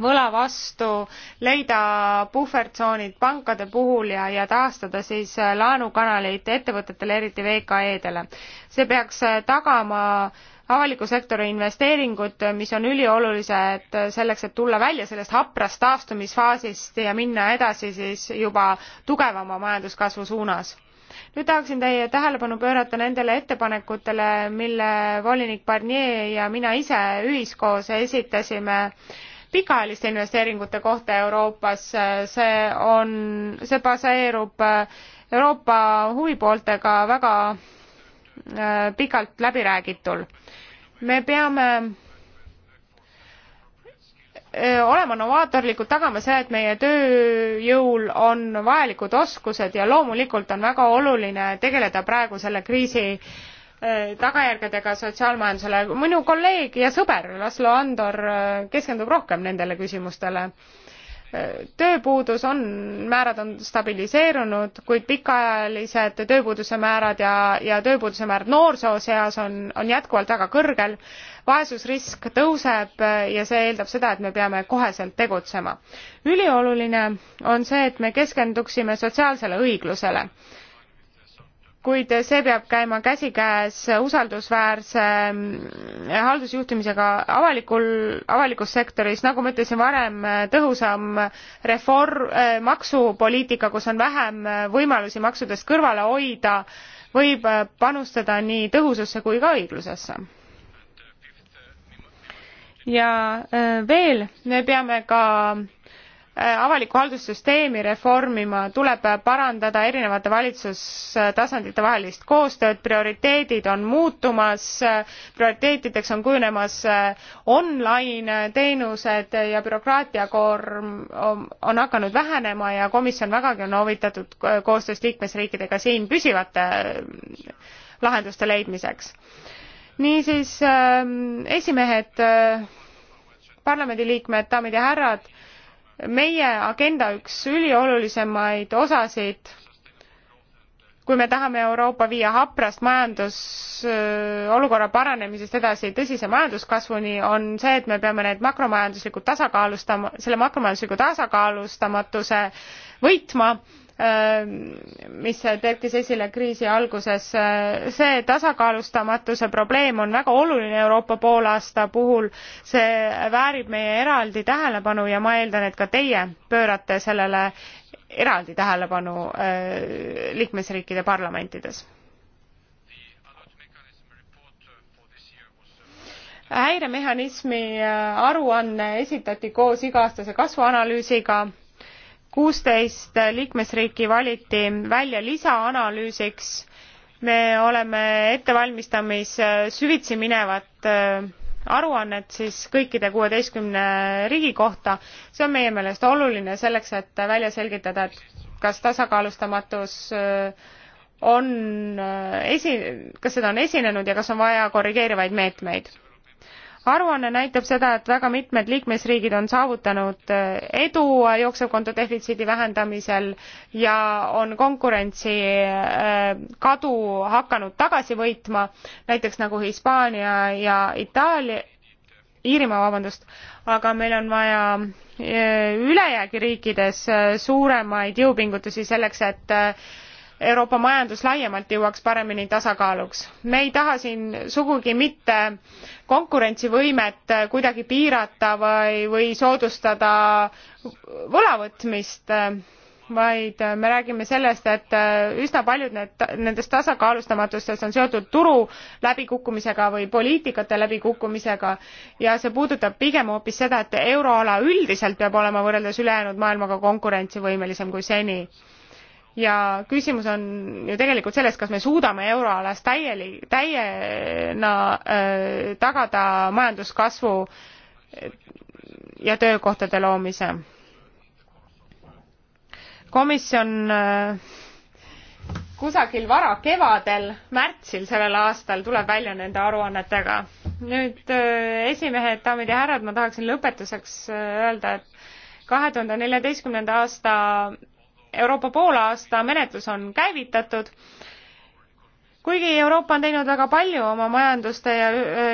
võla vastu, leida puhvertsoonid pankade puhul ja, ja taastada siis laenukanalid ettevõtetele, eriti VKE-dele. see peaks tagama äh, avaliku sektori investeeringud, mis on üliolulised selleks, et tulla välja sellest haprast taastumisfaasist ja minna edasi siis juba tugevama majanduskasvu suunas nüüd tahaksin teie tähelepanu pöörata nendele ettepanekutele, mille volinik Barnier ja mina ise ühiskoos esitasime pikaajaliste investeeringute kohta Euroopas, see on, see baseerub Euroopa huvipooltega väga Äh, pikalt läbiräägitul. me peame äh, olema novaatorlikud, tagama selle, et meie tööjõul on vajalikud oskused ja loomulikult on väga oluline tegeleda praegu selle kriisi äh, tagajärgedega sotsiaalmajandusele. minu kolleeg ja sõber Laslo Andor keskendub rohkem nendele küsimustele tööpuudus on, määrad on stabiliseerunud, kuid pikaajalised tööpuuduse määrad ja, ja tööpuuduse määrad noorsoo seas on, on jätkuvalt väga kõrgel. vaesusrisk tõuseb ja see eeldab seda, et me peame koheselt tegutsema. ülioluline on see, et me keskenduksime sotsiaalsele õiglusele kuid see peab käima käsikäes usaldusväärse mm, haldusjuhtimisega avalikul, avalikus sektoris, nagu ma ütlesin varem, tõhusam reform, äh, maksupoliitika, kus on vähem äh, võimalusi maksudest kõrvale hoida, võib äh, panustada nii tõhususse kui ka õiglusesse. ja veel me peame ka Äh, avalikku haldussüsteemi reformima tuleb parandada erinevate valitsustasandite vahelist koostööd prioriteedid on muutumas prioriteetideks on kujunemas äh, online teenused ja bürokraatiakoorm on hakanud vähenema ja komisjon vägagi on huvitatud koostööst liikmesriikidega siin püsivate äh, lahenduste leidmiseks niisiis ähm, esimehed parlamendiliikmed daamid ja härrad meie agenda üks üliolulisemaid osasid kui me tahame Euroopa viia haprast majandusolukorra paranemisest edasi tõsise majanduskasvuni, on see, et me peame need makromajanduslikud tasakaalustama, selle makromajandusliku tasakaalustamatuse võitma Ähm, mis kerkis esile kriisi alguses. Äh, see tasakaalustamatuse probleem on väga oluline Euroopa poolaasta puhul, see väärib meie eraldi tähelepanu ja ma eeldan, et ka teie pöörate sellele eraldi tähelepanu äh, liikmesriikide parlamentides. häiremehhanismi äh, aruanne esitati koos iga-aastase kasvuanalüüsiga kuusteist liikmesriiki valiti välja lisaanalüüsiks me oleme ettevalmistamis äh, süvitsi minevat äh, aruannet siis kõikide kuueteistkümne riigi kohta see on meie meelest oluline selleks et välja selgitada et kas tasakaalustamatus äh, on esi- kas seda on esinenud ja kas on vaja korrigeerivaid meetmeid aruanne näitab seda, et väga mitmed liikmesriigid on saavutanud äh, edu jooksevkonto defitsiidi vähendamisel ja on konkurentsi äh, kadu hakanud tagasi võitma, näiteks nagu Hispaania ja Itaalia, Iirimaa, vabandust, aga meil on vaja äh, ülejäägi riikides suuremaid jõupingutusi selleks, et Euroopa majandus laiemalt jõuaks paremini tasakaaluks. me ei taha siin sugugi mitte konkurentsivõimet kuidagi piirata või, või soodustada võlavõtmist, vaid me räägime sellest, et üsna paljud need, nendest tasakaalustamatustest on seotud turu läbikukkumisega või poliitikate läbikukkumisega ja see puudutab pigem hoopis seda, et euroala üldiselt peab olema võrreldes ülejäänud maailmaga konkurentsivõimelisem kui seni ja küsimus on ju tegelikult selles, kas me suudame euroalas täieli, täiena äh, tagada majanduskasvu äh, ja töökohtade loomise. komisjon äh, kusagil varakevadel, märtsil sellel aastal tuleb välja nende aruannetega. nüüd äh, esimehed, daamid ja härrad, ma tahaksin lõpetuseks äh, öelda, et kahe tuhande neljateistkümnenda aasta Euroopa poolaasta menetlus on käivitatud. kuigi Euroopa on teinud väga palju oma majanduste ja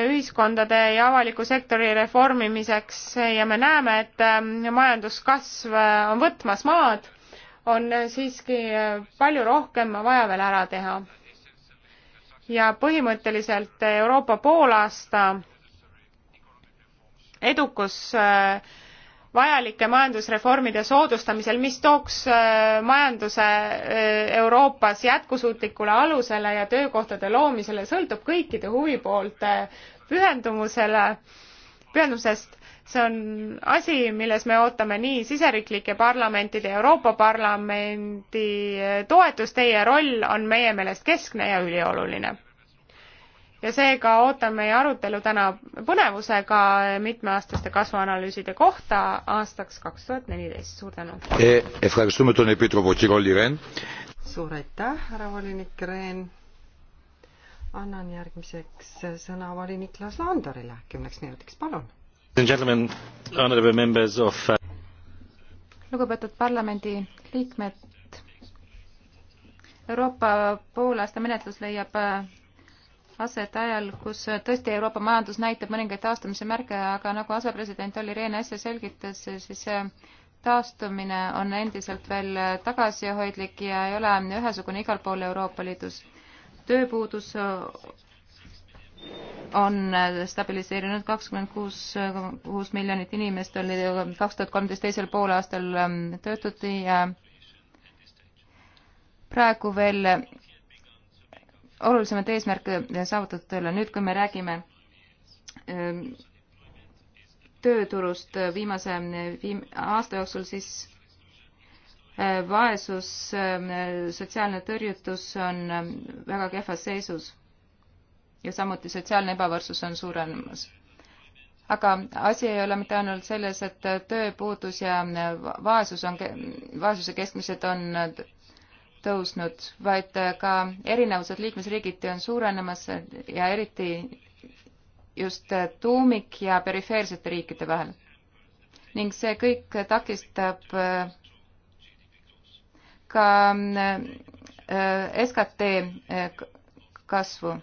ühiskondade ja avaliku sektori reformimiseks ja me näeme, et ähm, majanduskasv äh, on võtmas maad, on äh, siiski äh, palju rohkem vaja veel ära teha. ja põhimõtteliselt Euroopa poolaasta edukus äh, vajalike majandusreformide soodustamisel, mis tooks äh, majanduse äh, Euroopas jätkusuutlikule alusele ja töökohtade loomisele, sõltub kõikide huvipoolte pühendumusele, pühendumusest. see on asi, milles me ootame nii siseriiklike parlamentide, Euroopa Parlamendi äh, toetust, teie roll on meie meelest keskne ja ülioluline ja seega ootan meie arutelu täna põnevusega mitmeaastaste kasvuanalüüside kohta aastaks kaks tuhat neliteist. suur tänu! E, e suur aitäh, härra volinik Rehn! annan järgmiseks sõna volinik Las Landorile kümneks minutiks, palun. Uh, lugupeetud parlamendi liikmed, Euroopa poolaasta menetlus leiab uh, aset ajal, kus tõesti Euroopa majandus näitab mõningaid taastumise märke, aga nagu asepresident Olli Rehn äsja selgitas, siis taastumine on endiselt veel tagasihoidlik ja ei ole ühesugune igal pool Euroopa Liidus. tööpuudus on stabiliseerinud kakskümmend kuus, kuus miljonit inimest oli kaks tuhat kolmteist teisel poolaastal ähm, töötuti ja praegu veel olulisemat eesmärke saavutatud ei ole. nüüd, kui me räägime ähm, tööturust äh, viimase äh, viim-, aasta jooksul, siis äh, vaesus, ähm, sotsiaalne tõrjutus on ähm, väga kehvas seisus ja samuti sotsiaalne ebavõrdsus on suurenemas. aga asi ei ole mitte ainult selles, et tööpuudus ja vaesus on, vaesuse keskmised on tõusnud, vaid äh, ka erinevused liikmesriigiti on suurenemas ja eriti just äh, tuumik- ja perifeersete riikide vahel. ning see kõik takistab äh, ka SKT kasvu.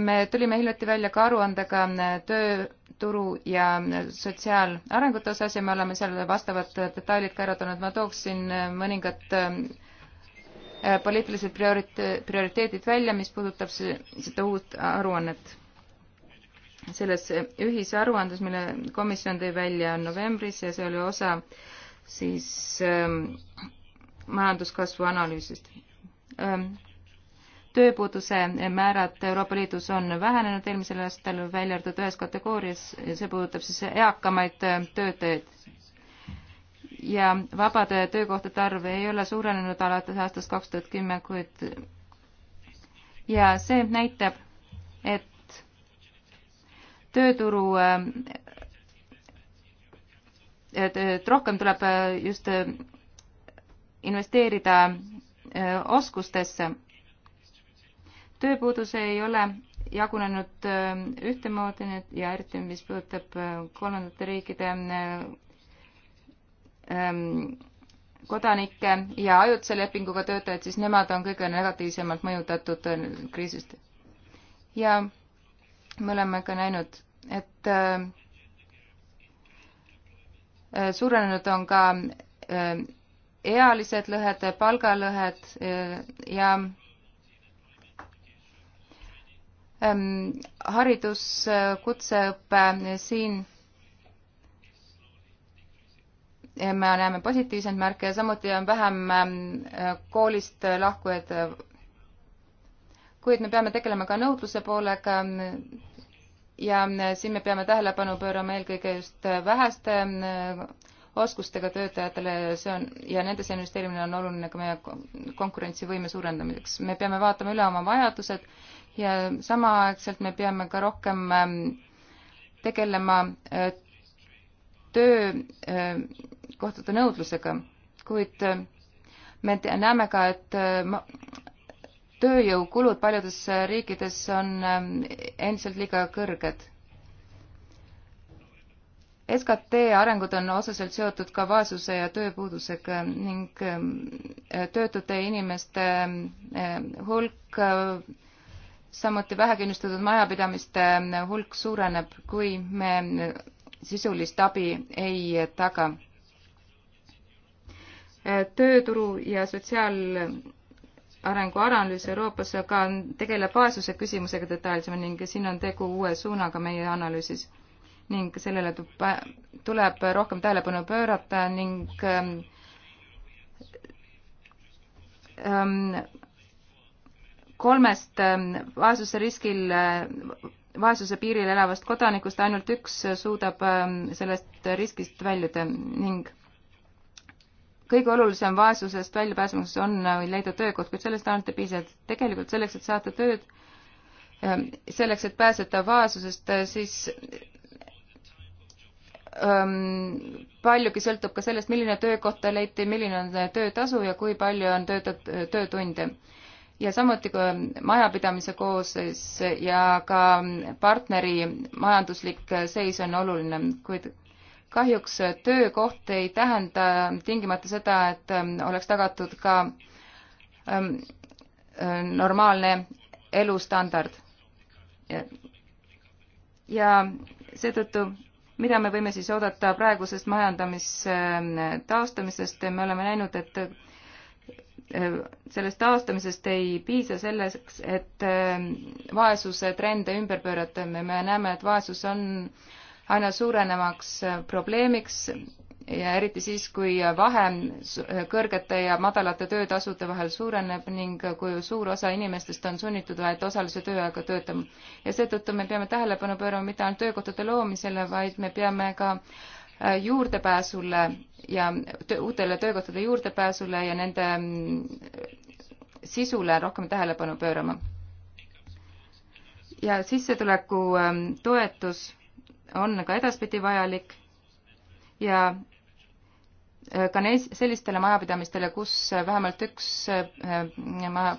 me tulime hiljuti välja ka aruandega töö turu ja sotsiaalarengute osas ja me oleme seal vastavad detailid ka ära toonud. ma tooksin mõningad äh, poliitilised priorite-, prioriteedid välja, mis puudutab seda uut aruannet. selles ühisaruandes, mille komisjon tõi välja novembris ja see oli osa siis ähm, majanduskasvu analüüsist ähm, tööpuuduse määrad Euroopa Liidus on vähenenud eelmisel aastal välja arvatud ühes kategoorias, see puudutab siis eakamaid töötajaid. ja vabade töökohtade arv ei ole suurenenud alates aastast kaks tuhat kümme, kuid ja see näitab, et tööturu et, et rohkem tuleb just investeerida äh, oskustesse tööpuudus ei ole jagunenud äh, ühtemoodi nüüd ja eriti, mis puudutab äh, kolmandate riikide äh, ähm, kodanikke ja ajutise lepinguga töötajaid, siis nemad on kõige negatiivsemalt mõjutatud kriisist. ja me oleme ka näinud, et suurenenud on ka ealised lõhed, palgalõhed ja Ehm, haridus, eh, kutseõpe eh, siin eh, me näeme positiivseid märke ja samuti on vähem ehm, koolist lahkujaid. kuid me peame tegelema ka nõudluse poolega ehm, ja siin me peame tähelepanu pöörama eelkõige just väheste oskustega töötajatele ja see on, ja nendesse investeerimine on oluline ka meie konkurentsivõime suurendamiseks. me peame vaatama üle oma vajadused ja samaaegselt me peame ka rohkem ähm, tegelema äh, töökohtade äh, nõudlusega, kuid äh, me näeme ka, et tööjõukulud paljudes riikides on ähm, endiselt liiga kõrged. SKT arengud on otseselt seotud ka vaesuse ja tööpuudusega ning ähm, töötute inimeste hulk samuti vähekindlustatud majapidamiste hulk suureneb, kui me sisulist abi ei taga. tööturu ja sotsiaalarengu analüüs Euroopas aga tegeleb vaesuse küsimusega detailsemalt ning siin on tegu uue suunaga meie analüüsis ning sellele tuleb rohkem tähelepanu pöörata ning ähm, ähm kolmest ähm, vaesuse riskil, äh, vaesuse piiril elavast kodanikust ainult üks äh, suudab ähm, sellest riskist väljuda ning kõige olulisem vaesusest väljapääsmiseks on äh, leida töökoht, kuid sellest ainult ei piisa, et tegelikult selleks, et saada tööd, ähm, selleks, et pääseda vaesusest, siis ähm, paljugi sõltub ka sellest, milline töökoht leiti, milline on töötasu ja kui palju on töötat-, töötunde ja samuti ka majapidamise koosseis ja ka partneri majanduslik seis on oluline, kuid kahjuks töökoht ei tähenda tingimata seda, et ähm, oleks tagatud ka ähm, äh, normaalne elustandard. ja, ja seetõttu, mida me võime siis oodata praegusest majandamis ähm, taastamisest, me oleme näinud, et sellest taastamisest ei piisa selleks, et ähm, vaesuse trende ümber pöörata. me näeme, et vaesus on aina suurenevaks äh, probleemiks ja eriti siis, kui vahe äh, kõrgete ja madalate töötasude vahel suureneb ning kui suur osa inimestest on sunnitud vaid osalise tööajaga töötama. ja seetõttu me peame tähelepanu pöörama mitte ainult töökohtade loomisele, vaid me peame ka äh, Äh, juurdepääsule ja uutele töökohtade juurdepääsule ja nende mm, sisule rohkem tähelepanu pöörama. ja sissetuleku ähm, toetus on ka edaspidi vajalik ja äh, ka neis, sellistele majapidamistele, kus äh, vähemalt üks maja,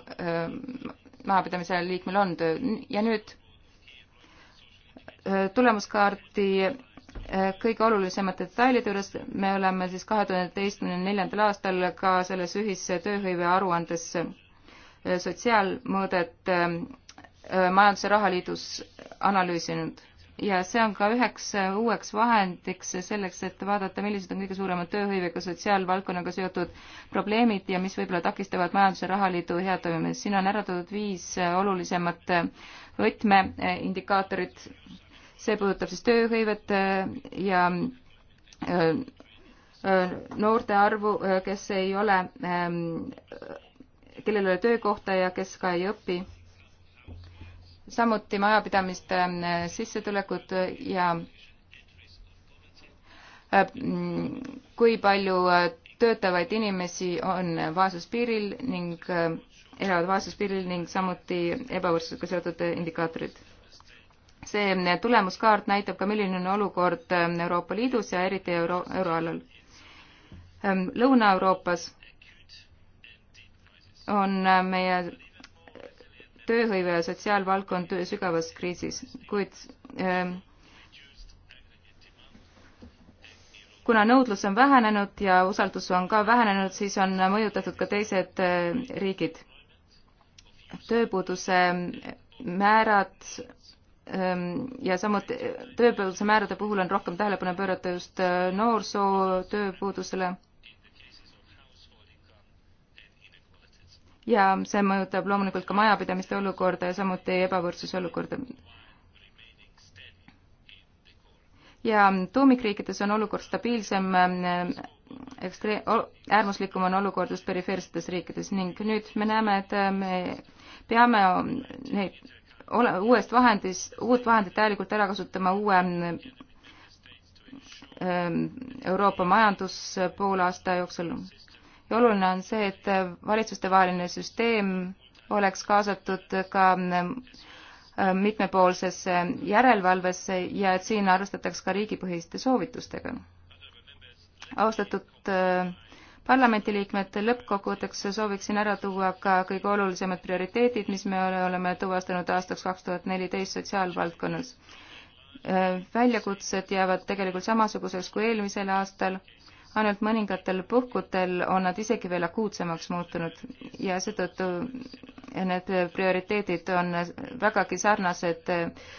majapidamise liikmel on töö ja nüüd tulemuskaardi kõige olulisemate detailide juures. me oleme siis kahe tuhande teistkümne neljandal aastal ka selles ühisse tööhõive aruandes äh, sotsiaalmõõdet äh, majandus- ja rahaliidus analüüsinud ja see on ka üheks äh, uueks vahendiks selleks, et vaadata, millised on kõige suuremad tööhõivega sotsiaalvaldkonnaga seotud probleemid ja mis võib-olla takistavad majanduse rahaliidu head toimimist. siin on ära toodud viis olulisemat võtmeindikaatorit see puudutab siis tööhõivet äh, ja äh, äh, noorte arvu, kes ei ole, ähm, kellel ei ole töökohta ja kes ka ei õpi. samuti majapidamiste sissetulekud ja kui palju töötavaid inimesi on vaesuspiiril ning elavad vaesuspiiril ning samuti ebavõrdsusega seotud indikaatorid see eh, tulemuskaart näitab ka, milline on olukord eh, Euroopa Liidus ja eriti euro, euroalal. Eh, Lõuna-Euroopas on meie tööhõive ja sotsiaalvaldkond sügavas kriisis, kuid kuna nõudlus on vähenenud ja usaldus on ka vähenenud, siis on mõjutatud ka teised riigid. tööpuuduse määrad Ehm, ja samuti eh, tööpuuduse määrade puhul on rohkem tähelepanu pöörata just eh, noorsoo tööpuudusele. ja see mõjutab loomulikult ka majapidamiste olukorda ja samuti ebavõrdsuse olukorda. ja tuumikriikides on olukord stabiilsem, eh, ekstre-, äärmuslikum on olukord just perifeersetes riikides ning nüüd me näeme, et me peame neid ole, uuest vahendist, uut vahendit täielikult ära kasutama uue ähm, Euroopa majandus poole aasta jooksul. ja oluline on see, et valitsustevaheline süsteem oleks kaasatud ka ähm, mitmepoolsesse järelevalvesse ja et siin arvestataks ka riigipõhiste soovitustega. austatud äh, parlamendiliikmed, lõppkokkuvõtteks sooviksin ära tuua ka kõige olulisemad prioriteedid, mis me oleme tuvastanud aastaks kaks tuhat neliteist sotsiaalvaldkonnas. Äh, väljakutsed jäävad tegelikult samasuguseks kui eelmisel aastal, ainult mõningatel puhkudel on nad isegi veel akuutsemaks muutunud ja seetõttu need prioriteedid on vägagi sarnased äh,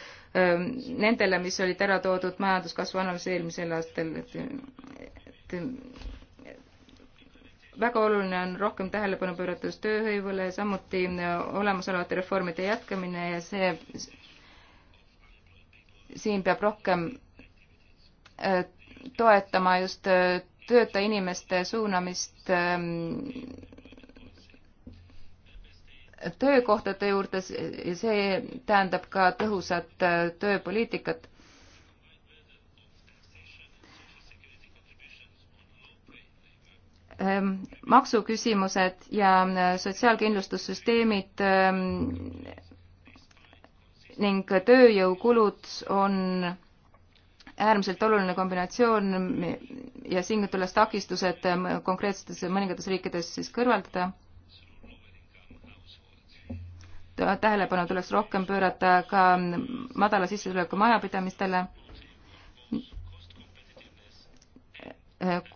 nendele, mis olid ära toodud majanduskasvu analüüsis eelmisel aastal, et, et väga oluline on rohkem tähelepanu pöörata just tööhõivule, samuti olemasolevate reformide jätkamine ja see, siin peab rohkem äh, toetama just äh, tööta inimeste suunamist ähm, töökohtade juurde, see tähendab ka tõhusat äh, tööpoliitikat. Ehm, maksuküsimused ja äh, sotsiaalkindlustussüsteemid ehm, ning tööjõukulud on äärmiselt oluline kombinatsioon ja siin tuleks takistused ehm, konkreetsetes mõningates riikides siis kõrvaldada. tähelepanu tuleks rohkem pöörata ka madala sissetuleku majapidamistele.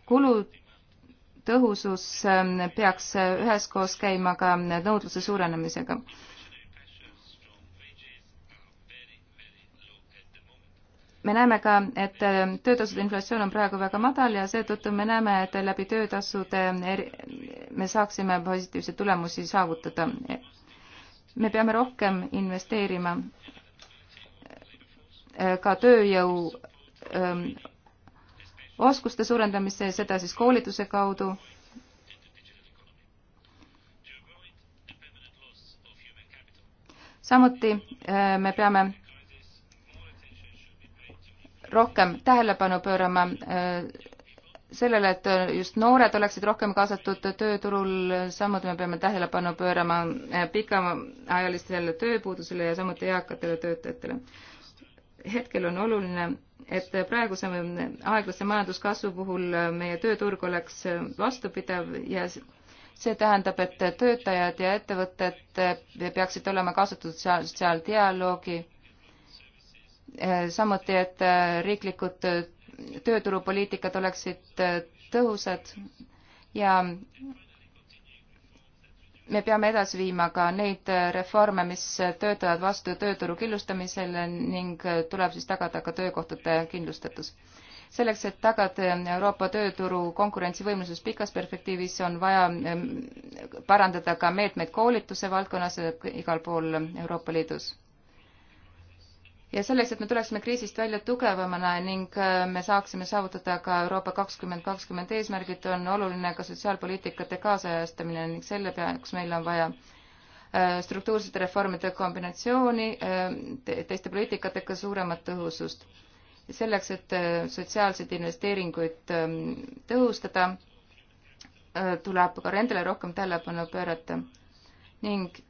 kulud tõhusus ähm, peaks äh, üheskoos käima ka nõudluse suurenemisega. me näeme ka, et äh, töötasude inflatsioon on praegu väga madal ja seetõttu me näeme, et läbi töötasude me saaksime positiivseid tulemusi saavutada. me peame rohkem investeerima äh, ka tööjõu ähm, oskuste suurendamisse ja seda siis koolituse kaudu. samuti äh, me peame rohkem tähelepanu pöörama äh, sellele, et just noored oleksid rohkem kaasatud tööturul, samuti me peame tähelepanu pöörama äh, pikaajalistele tööpuudusele ja samuti eakatele töötajatele hetkel on oluline, et praeguse aeglase majanduskasvu puhul meie tööturg oleks vastupidav ja see tähendab, et töötajad ja ettevõtted peaksid olema kaasatud sotsiaaldialoogi, samuti, et riiklikud tööturupoliitikad oleksid tõhusad ja me peame edasi viima ka neid äh, reforme, mis töötavad vastu tööturu killustamisele ning äh, tuleb siis tagada ka töökohtade kindlustatus. selleks, et tagada Euroopa tööturu konkurentsivõimelisus pikas perspektiivis, on vaja ähm, parandada ka meetmeid koolituse valdkonnas igal pool Euroopa Liidus ja selleks, et me tuleksime kriisist välja tugevamana ning äh, me saaksime saavutada ka Euroopa kakskümmend kakskümmend eesmärgid, on oluline ka sotsiaalpoliitikate kaasajastamine ning selle peaks meil on vaja äh, struktuursete reformide kombinatsiooni, äh, teiste poliitikatega suuremat tõhusust. selleks, et sotsiaalseid investeeringuid ähm, tõhustada, tuleb ka rendile rohkem tähelepanu pöörata ning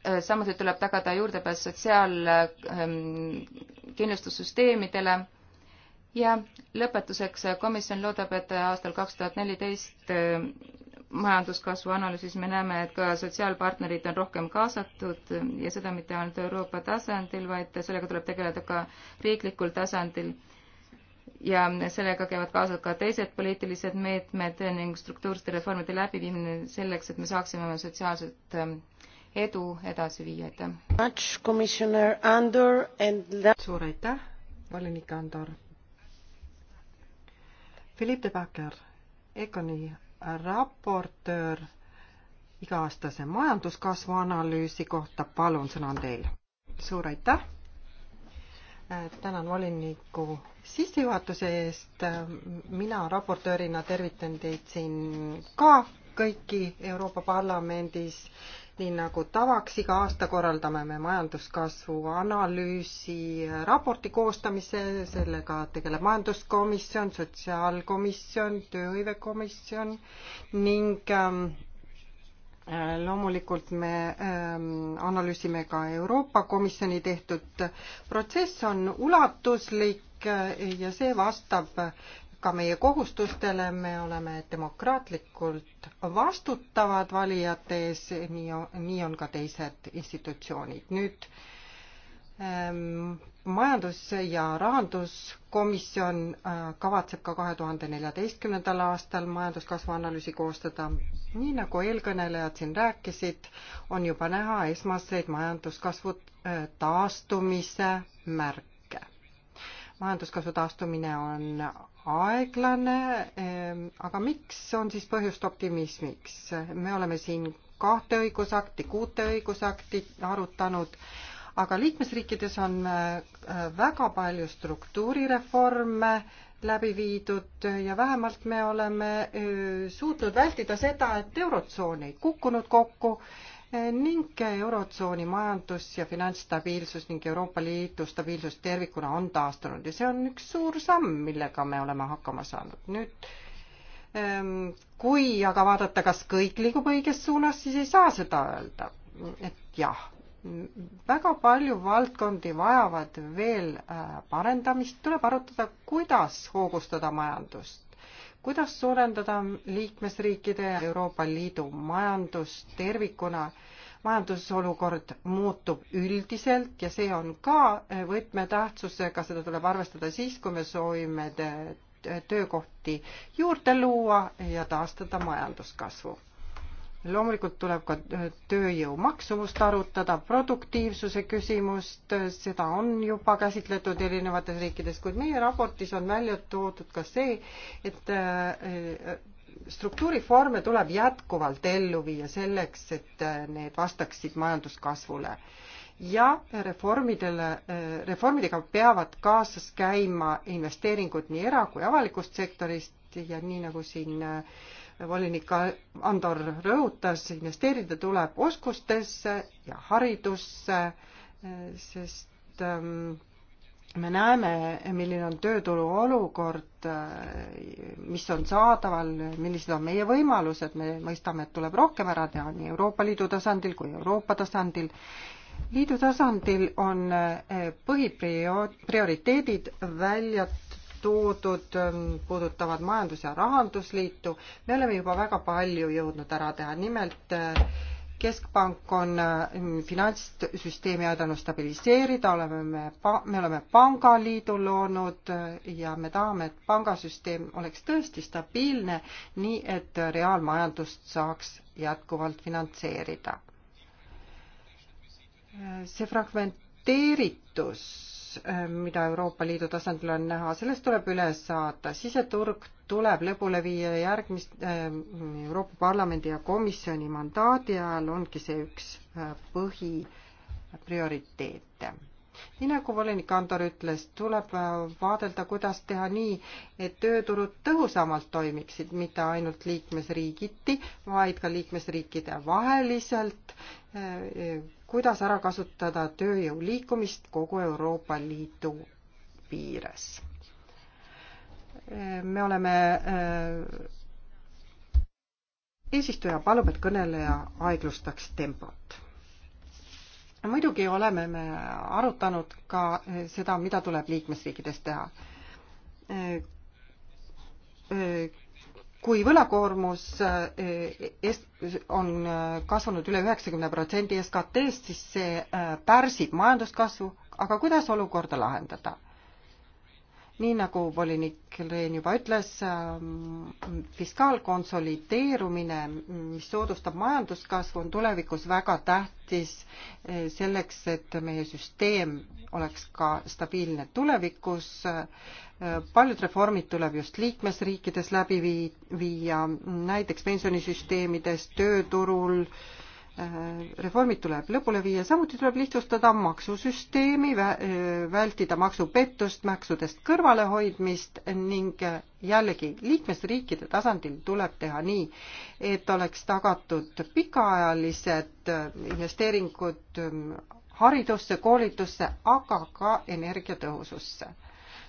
Äh, samuti tuleb tagada juurdepääs sotsiaalkindlustussüsteemidele ähm, ja lõpetuseks äh, komisjon loodab, et aastal kaks tuhat neliteist äh, majanduskasvu analüüsis me näeme, et ka sotsiaalpartnerid on rohkem kaasatud ja seda mitte ainult Euroopa tasandil, vaid sellega tuleb tegeleda ka riiklikul tasandil. ja sellega käivad kaasas ka teised poliitilised meetmed ning struktuursete reformide läbiviimine selleks, et me saaksime sotsiaalset ähm, edu edasi viia, aitäh! suur aitäh, volinik Andor! Philippe de Backer, Econi raportöör iga-aastase majanduskasvu analüüsi kohta, palun, sõna on teil. suur aitäh! tänan voliniku sissejuhatuse eest, mina raportöörina tervitan teid siin ka kõiki Euroopa Parlamendis nii nagu tavaks, iga aasta korraldame me majanduskasvu analüüsi raporti koostamise, sellega tegeleb majanduskomisjon, sotsiaalkomisjon, tööhõivekomisjon ning ähm, äh, loomulikult me ähm, analüüsime ka Euroopa Komisjoni tehtud protsess on ulatuslik äh, ja see vastab ka meie kohustustele, me oleme demokraatlikult vastutavad valijate ees, nii on, nii on ka teised institutsioonid. nüüd ähm, majandus- ja rahanduskomisjon äh, kavatseb ka kahe tuhande neljateistkümnendal aastal majanduskasvu analüüsi koostada. nii nagu eelkõnelejad siin rääkisid, on juba näha esmaseid majanduskasvu äh, taastumise märke majanduskasvu taastumine on aeglane, ehm, aga miks on siis põhjust optimismiks? me oleme siin kahte õigusakti, kuute õigusakti arutanud, aga liikmesriikides on äh, väga palju struktuurireforme läbi viidud ja vähemalt me oleme suutnud vältida seda, et Eurotsoon ei kukkunud kokku ning Eurotsooni majandus ja finantsstabiilsus ning Euroopa Liidu stabiilsus tervikuna on taastunud ja see on üks suur samm, millega me oleme hakkama saanud. nüüd ehm, kui aga vaadata, kas kõik liigub õiges suunas, siis ei saa seda öelda, et jah, väga palju valdkondi vajavad veel äh, parendamist, tuleb arutada, kuidas hoogustada majandust kuidas suurendada liikmesriikide ja Euroopa Liidu majandust tervikuna. majandusolukord muutub üldiselt ja see on ka võtmetähtsusega, seda tuleb arvestada siis, kui me soovime töökohti juurde luua ja taastada majanduskasvu loomulikult tuleb ka äh, tööjõu maksumust arutada, produktiivsuse küsimust, äh, seda on juba käsitletud erinevates riikides, kuid meie raportis on välja toodud ka see, et äh, struktuuriforme tuleb jätkuvalt ellu viia selleks, et need vastaksid majanduskasvule. ja reformidele, reformidega peavad kaasas käima investeeringud nii era- kui avalikust sektorist ja nii nagu siin äh, volinik Andor rõhutas, investeerida tuleb oskustesse ja haridusse, sest ähm, me näeme, milline on tööturu olukord, äh, mis on saadaval, millised on meie võimalused, me mõistame, et tuleb rohkem ära teha nii Euroopa Liidu tasandil kui Euroopa tasandil. liidu tasandil on äh, põhiprioriteedid välja toodud, ähm, puudutavad Majandus- ja Rahandusliitu. me oleme juba väga palju jõudnud ära teha, nimelt äh, keskpank on äh, finantssüsteemi aidanud stabiliseerida, oleme me, me oleme pangaliidu loonud äh, ja me tahame, et pangasüsteem oleks tõesti stabiilne, nii et reaalmajandust saaks jätkuvalt finantseerida. see fragmenteeritus Äh, mida Euroopa Liidu tasandil on näha, sellest tuleb üle saada, siseturg tuleb lõpule viia järgmist äh, Euroopa Parlamendi ja Komisjoni mandaadi ajal ongi see üks äh, põhiprioriteete nii nagu volinik Andor ütles, tuleb äh, vaadelda, kuidas teha nii, et tööturud tõhusamalt toimiksid, mitte ainult liikmesriigiti, vaid ka liikmesriikide vaheliselt, äh, äh, kuidas ära kasutada tööjõu liikumist kogu Euroopa Liidu piires. me oleme eesistuja palub, et kõneleja aeglustaks tempot muidugi oleme me arutanud ka seda, mida tuleb liikmesriikides teha. kui võlakoormus eh, on kasvanud üle üheksakümne protsendi SKT-st, SKT siis see eh, pärsib majanduskasvu, aga kuidas olukorda lahendada? nii nagu volinik Rehn juba ütles, ähm, fiskaalkonsolideerumine, mis soodustab majanduskasvu, on tulevikus väga tähtis äh, selleks, et meie süsteem oleks ka stabiilne tulevikus. Äh, paljud reformid tuleb just liikmesriikides läbi viia, näiteks pensionisüsteemides, tööturul äh,, Äh, reformid tuleb lõpule viia, samuti tuleb lihtsustada maksusüsteemi, äh, vältida maksupettust, maksudest kõrvalehoidmist ning äh, jällegi liikmesriikide tasandil tuleb teha nii, et oleks tagatud pikaajalised investeeringud ähm, haridusse, koolitusse, aga ka energiatõhususse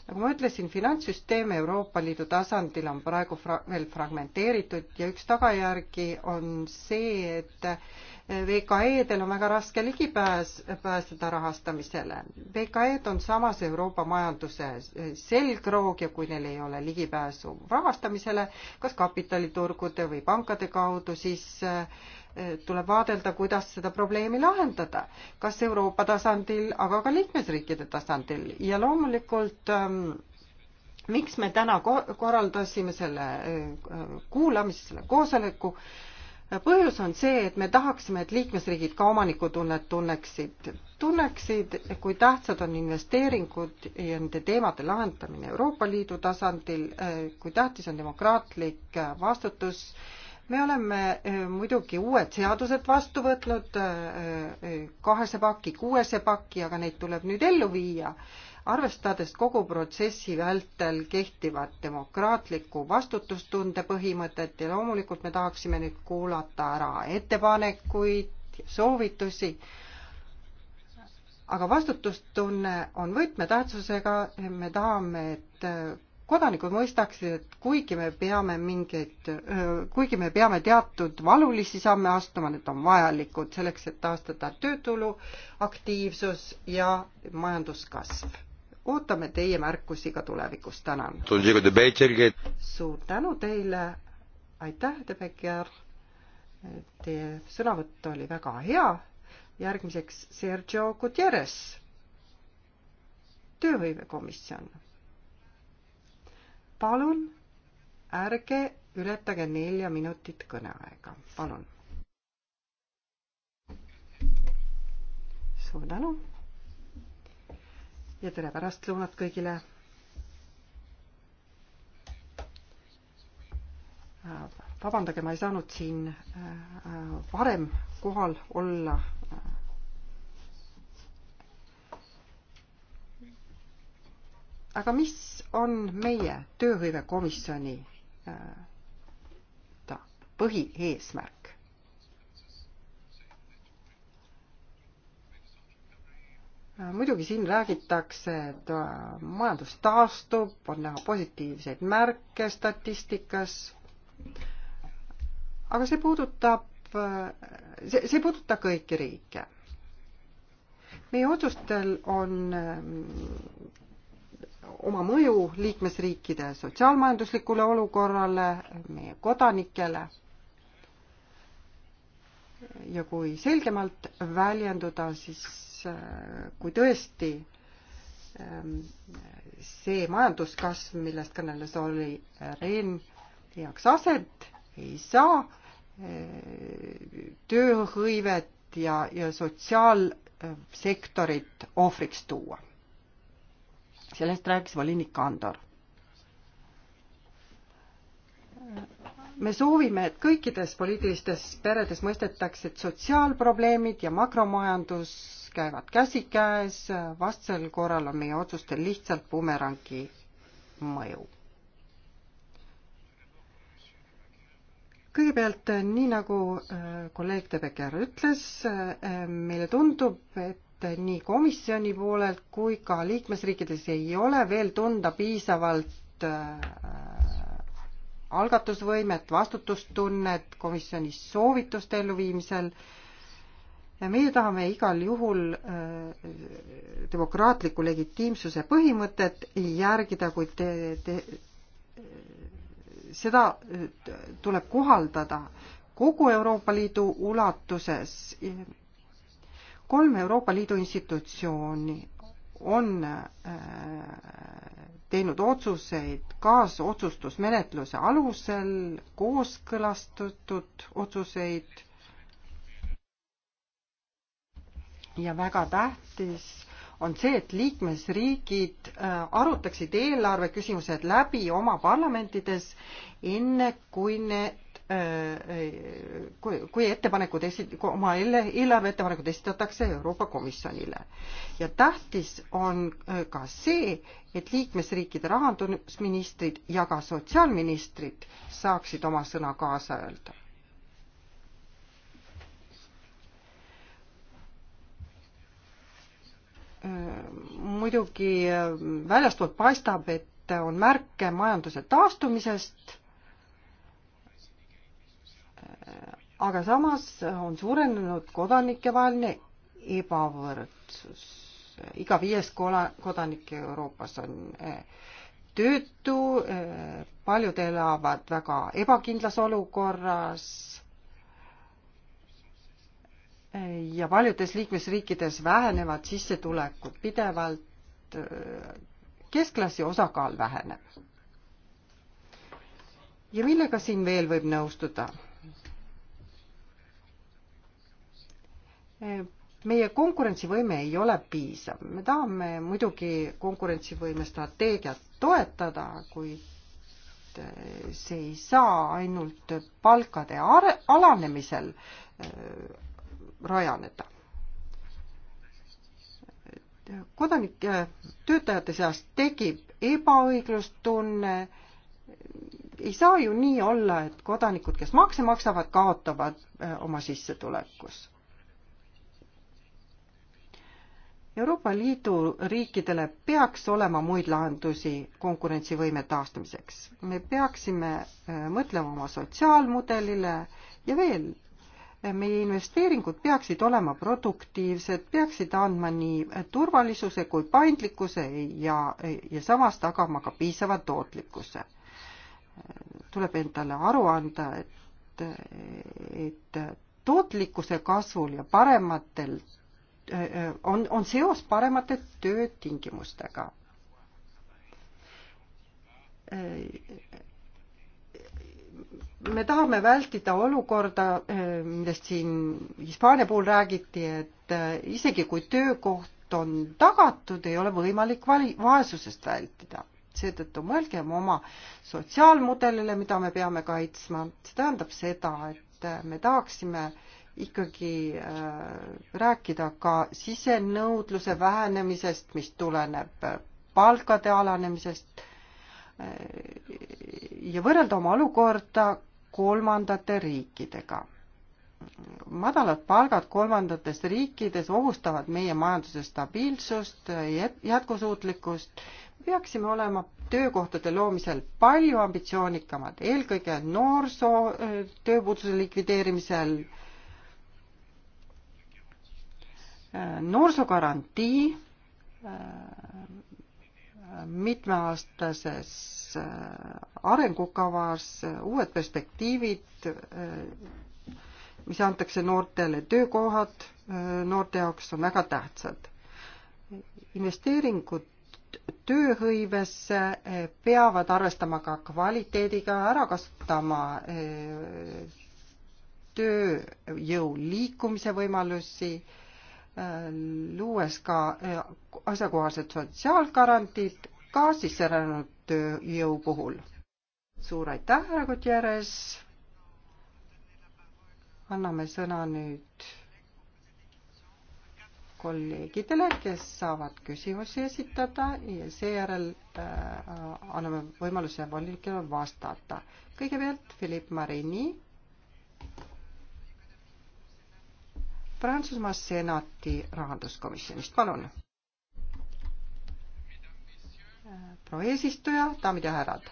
nagu ma ütlesin, finantssüsteem Euroopa Liidu tasandil on praegu fra veel fragmenteeritud ja üks tagajärgi on see, et VKE-del on väga raske ligipääs, pääseda rahastamisele. VKE-d on samas Euroopa majanduse selgroog ja kui neil ei ole ligipääsu rahastamisele, kas kapitaliturgude või pankade kaudu, siis eh, tuleb vaadelda, kuidas seda probleemi lahendada, kas Euroopa tasandil, aga ka liikmesriikide tasandil ja loomulikult ehm, miks me täna korraldasime selle eh, kuulamise, selle koosoleku, põhjus on see, et me tahaksime, et liikmesriigid ka omanikutunnet tunneksid, tunneksid, kui tähtsad on investeeringud ja nende teemade lahendamine Euroopa Liidu tasandil, kui tähtis on demokraatlik vastutus. me oleme eh, muidugi uued seadused vastu võtnud, eh, kahese paki, kuuese paki, aga neid tuleb nüüd ellu viia arvestades kogu protsessi vältel kehtivat demokraatlikku vastutustunde põhimõtet ja loomulikult me tahaksime nüüd kuulata ära ettepanekuid, soovitusi, aga vastutustunne on võtmetähtsusega, me tahame, et kodanikud mõistaksid, et kuigi me peame mingeid, kuigi me peame teatud valulisi samme astuma, need on vajalikud selleks, et taastada töötulu aktiivsus ja majanduskasv ootame teie märkusi ka tulevikus, tänan. suur tänu teile, aitäh, De Becker. Teie sõnavõtt oli väga hea. järgmiseks Sergio Gutierrez, tööhõivekomisjon. palun ärge ületage nelja minutit kõneaega, palun. suur tänu ja tere pärastlõunat kõigile. vabandage, ma ei saanud siin äh, varem kohal olla. aga mis on meie tööhõivekomisjoni äh, põhieesmärk? muidugi siin räägitakse, et äh, majandus taastub, on näha positiivseid märke statistikas. aga see puudutab, äh, see, see ei puuduta kõiki riike. meie otsustel on ähm, oma mõju liikmesriikide sotsiaalmajanduslikule olukorrale, meie kodanikele ja kui selgemalt väljenduda, siis Äh, kui tõesti ähm, see majanduskasv, millest kõneles oli Rehn, leiaks aset, ei saa äh, tööhõivet ja, ja sotsiaalsektorit ohvriks tuua. sellest rääkis volinik Andor. me soovime, et kõikides poliitilistes peredes mõistetakse, et sotsiaalprobleemid ja makromajandus käivad käsikäes, vastasel korral on meie otsustel lihtsalt bumerangi mõju. kõigepealt, nii nagu äh, kolleeg Tebeker ütles, äh, meile tundub, et nii komisjoni poolelt kui ka liikmesriikides ei ole veel tunda piisavalt äh, algatusvõimet, vastutustunnet komisjoni soovituste elluviimisel äh, meie tahame igal juhul äh, demokraatliku legitiimsuse põhimõtet järgida, kuid te, te seda äh, tuleb kohaldada kogu Euroopa Liidu ulatuses. kolm Euroopa Liidu institutsiooni on äh, teinud otsuseid kaasotsustusmenetluse alusel, kooskõlastatud otsuseid ja väga tähtis on see, et liikmesriigid äh, arutaksid eelarve küsimused läbi oma parlamentides, enne kui need, äh, äh, kui, kui ettepanekud esi-, oma eelarve ettepanekud esitatakse Euroopa Komisjonile. ja tähtis on ka see, et liikmesriikide rahandusministrid ja ka sotsiaalministrid saaksid oma sõna kaasa öelda muidugi äh, väljastpoolt paistab, et on märke majanduse taastumisest, äh, aga samas on suurenenud kodanikevaheline ebavõrdsus. iga viies kola-, kodanik Euroopas on äh, töötu, paljud elavad väga ebakindlas olukorras ja paljudes liikmesriikides vähenevad sissetulekud pidevalt, keskklassi osakaal väheneb. ja millega siin veel võib nõustuda? meie konkurentsivõime ei ole piisav, me tahame muidugi konkurentsivõime strateegiat toetada, kuid see ei saa ainult palkade alanemisel rajaneda. kodanike, töötajate seas tekib ebaõiglustunne, ei saa ju nii olla, et kodanikud, kes makse maksavad, kaotavad eh, oma sissetulekus. Euroopa Liidu riikidele peaks olema muid lahendusi konkurentsivõime taastamiseks. me peaksime eh, mõtlema oma sotsiaalmudelile ja veel meie investeeringud peaksid olema produktiivsed, peaksid andma nii turvalisuse kui paindlikkuse ja, ja samas tagama ka piisava tootlikkuse. tuleb endale aru anda, et, et tootlikkuse kasvul ja parematel on, on seos paremate töötingimustega me tahame vältida olukorda, eh, millest siin Hispaania puhul räägiti, et eh, isegi kui töökoht on tagatud, ei ole võimalik vali-, vaesusest vältida. seetõttu mõelgem oma sotsiaalmudelile, mida me peame kaitsma, see tähendab seda, et eh, me tahaksime ikkagi rääkida ka sisenõudluse vähenemisest, mis tuleneb palkade alanemisest ja võrrelda oma olukorda kolmandate riikidega. madalad palgad kolmandates riikides ohustavad meie majanduse stabiilsust, jätkusuutlikkust, peaksime olema töökohtade loomisel palju ambitsioonikamad, eelkõige noorsoo äh, tööpuuduse likvideerimisel, äh, noorsoogarantii, äh, mitmeaastases äh, arengukavas äh, uued perspektiivid, äh, mis antakse noortele, töökohad noorte jaoks on väga tähtsad. investeeringud tööhõivesse peavad arvestama ka kvaliteediga, ära kasutama tööjõu liikumise võimalusi luues ka äh, asjakohased sotsiaalgarantiid ka sisserännanud tööjõu puhul. suur aitäh, härra Gutierrez. anname sõna nüüd kolleegidele, kes saavad küsimusi esitada ja seejärel äh, anname võimaluse volinikele vastata. kõigepealt Philipp Marini Prantsusmaa senati rahanduskomisjonist, palun. proua eesistuja, daamid ja härrad.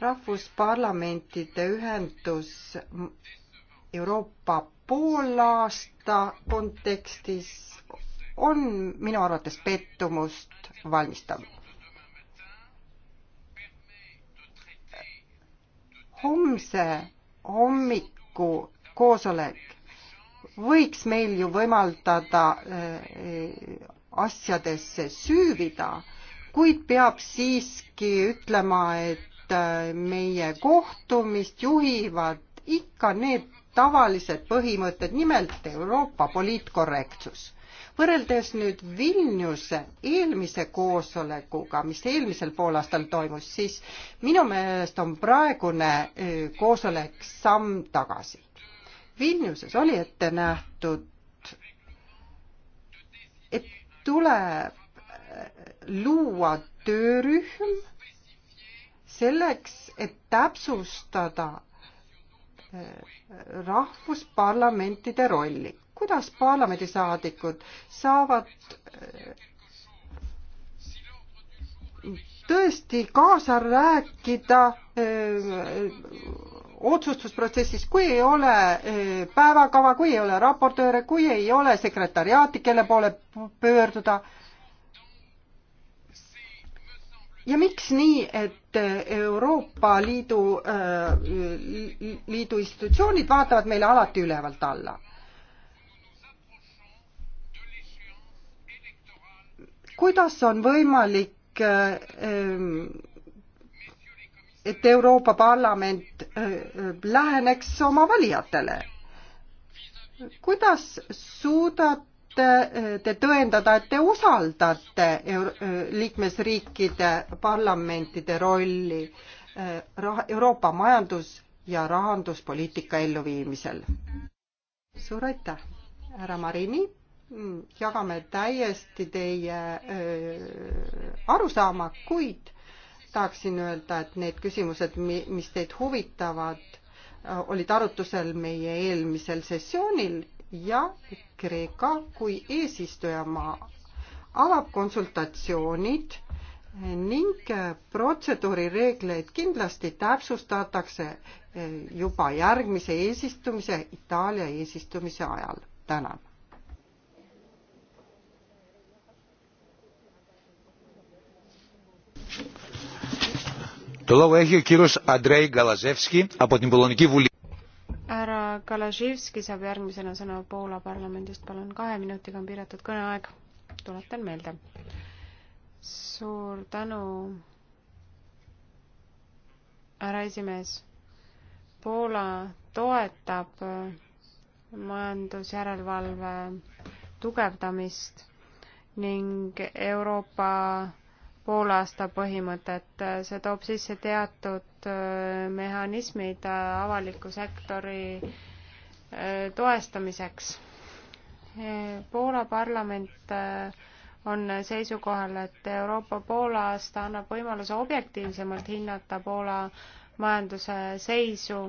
rahvusparlamentide ühendus Euroopa poolaasta kontekstis on minu arvates pettumust valmistav. homse hommik avaliku koosolek võiks meil ju võimaldada äh, asjadesse süüvida, kuid peab siiski ütlema, et äh, meie kohtumist juhivad ikka need tavalised põhimõtted, nimelt Euroopa poliitkorrektsus võrreldes nüüd Vilniuse eelmise koosolekuga, mis eelmisel poolaastal toimus, siis minu meelest on praegune koosolek samm tagasi. Vilniuses oli ette nähtud, et tuleb luua töörühm selleks, et täpsustada rahvusparlamentide rolli kuidas parlamendisaadikud saavad äh, tõesti kaasa rääkida öö, äh, otsustusprotsessis, kui ei ole öö, äh, päevakava, kui ei ole raportööre, kui ei ole sekretariaati, kelle poole pöörduda. ja miks nii, et Euroopa Liidu, Liidu institutsioonid vaatavad meile alati ülevalt alla? kuidas on võimalik, äh, et Euroopa Parlament äh, läheneks oma valijatele? kuidas suudate äh, te tõendada, et te usaldate liikmesriikide parlamentide rolli Euroopa majandus- ja rahanduspoliitika elluviimisel? suur aitäh, härra Marini! jagame täiesti teie äh, arusaama, kuid tahaksin öelda, et need küsimused, mis teid huvitavad, äh, olid arutusel meie eelmisel sessioonil ja Kreeka kui eesistujamaa avab konsultatsioonid ning protseduurireegleid kindlasti täpsustatakse äh, juba järgmise eesistumise, Itaalia eesistumise ajal. tänan Το λόγο έχει ο κύριος Αντρέι Γκαλαζεύσκη από την Πολωνική Βουλή. härra Kalaživski saab järgmisena sõna Poola parlamendist, palun, kahe minutiga on piiratud kõneaeg, tuletan meelde. suur tänu, härra esimees. Poola toetab majandusjärelevalve tugevdamist ning Euroopa poolaasta põhimõtet, see toob sisse teatud äh, mehhanismid äh, avaliku sektori äh, toestamiseks. Poola parlament on seisukohal, et Euroopa poolaasta annab võimaluse objektiivsemalt hinnata Poola majanduse seisu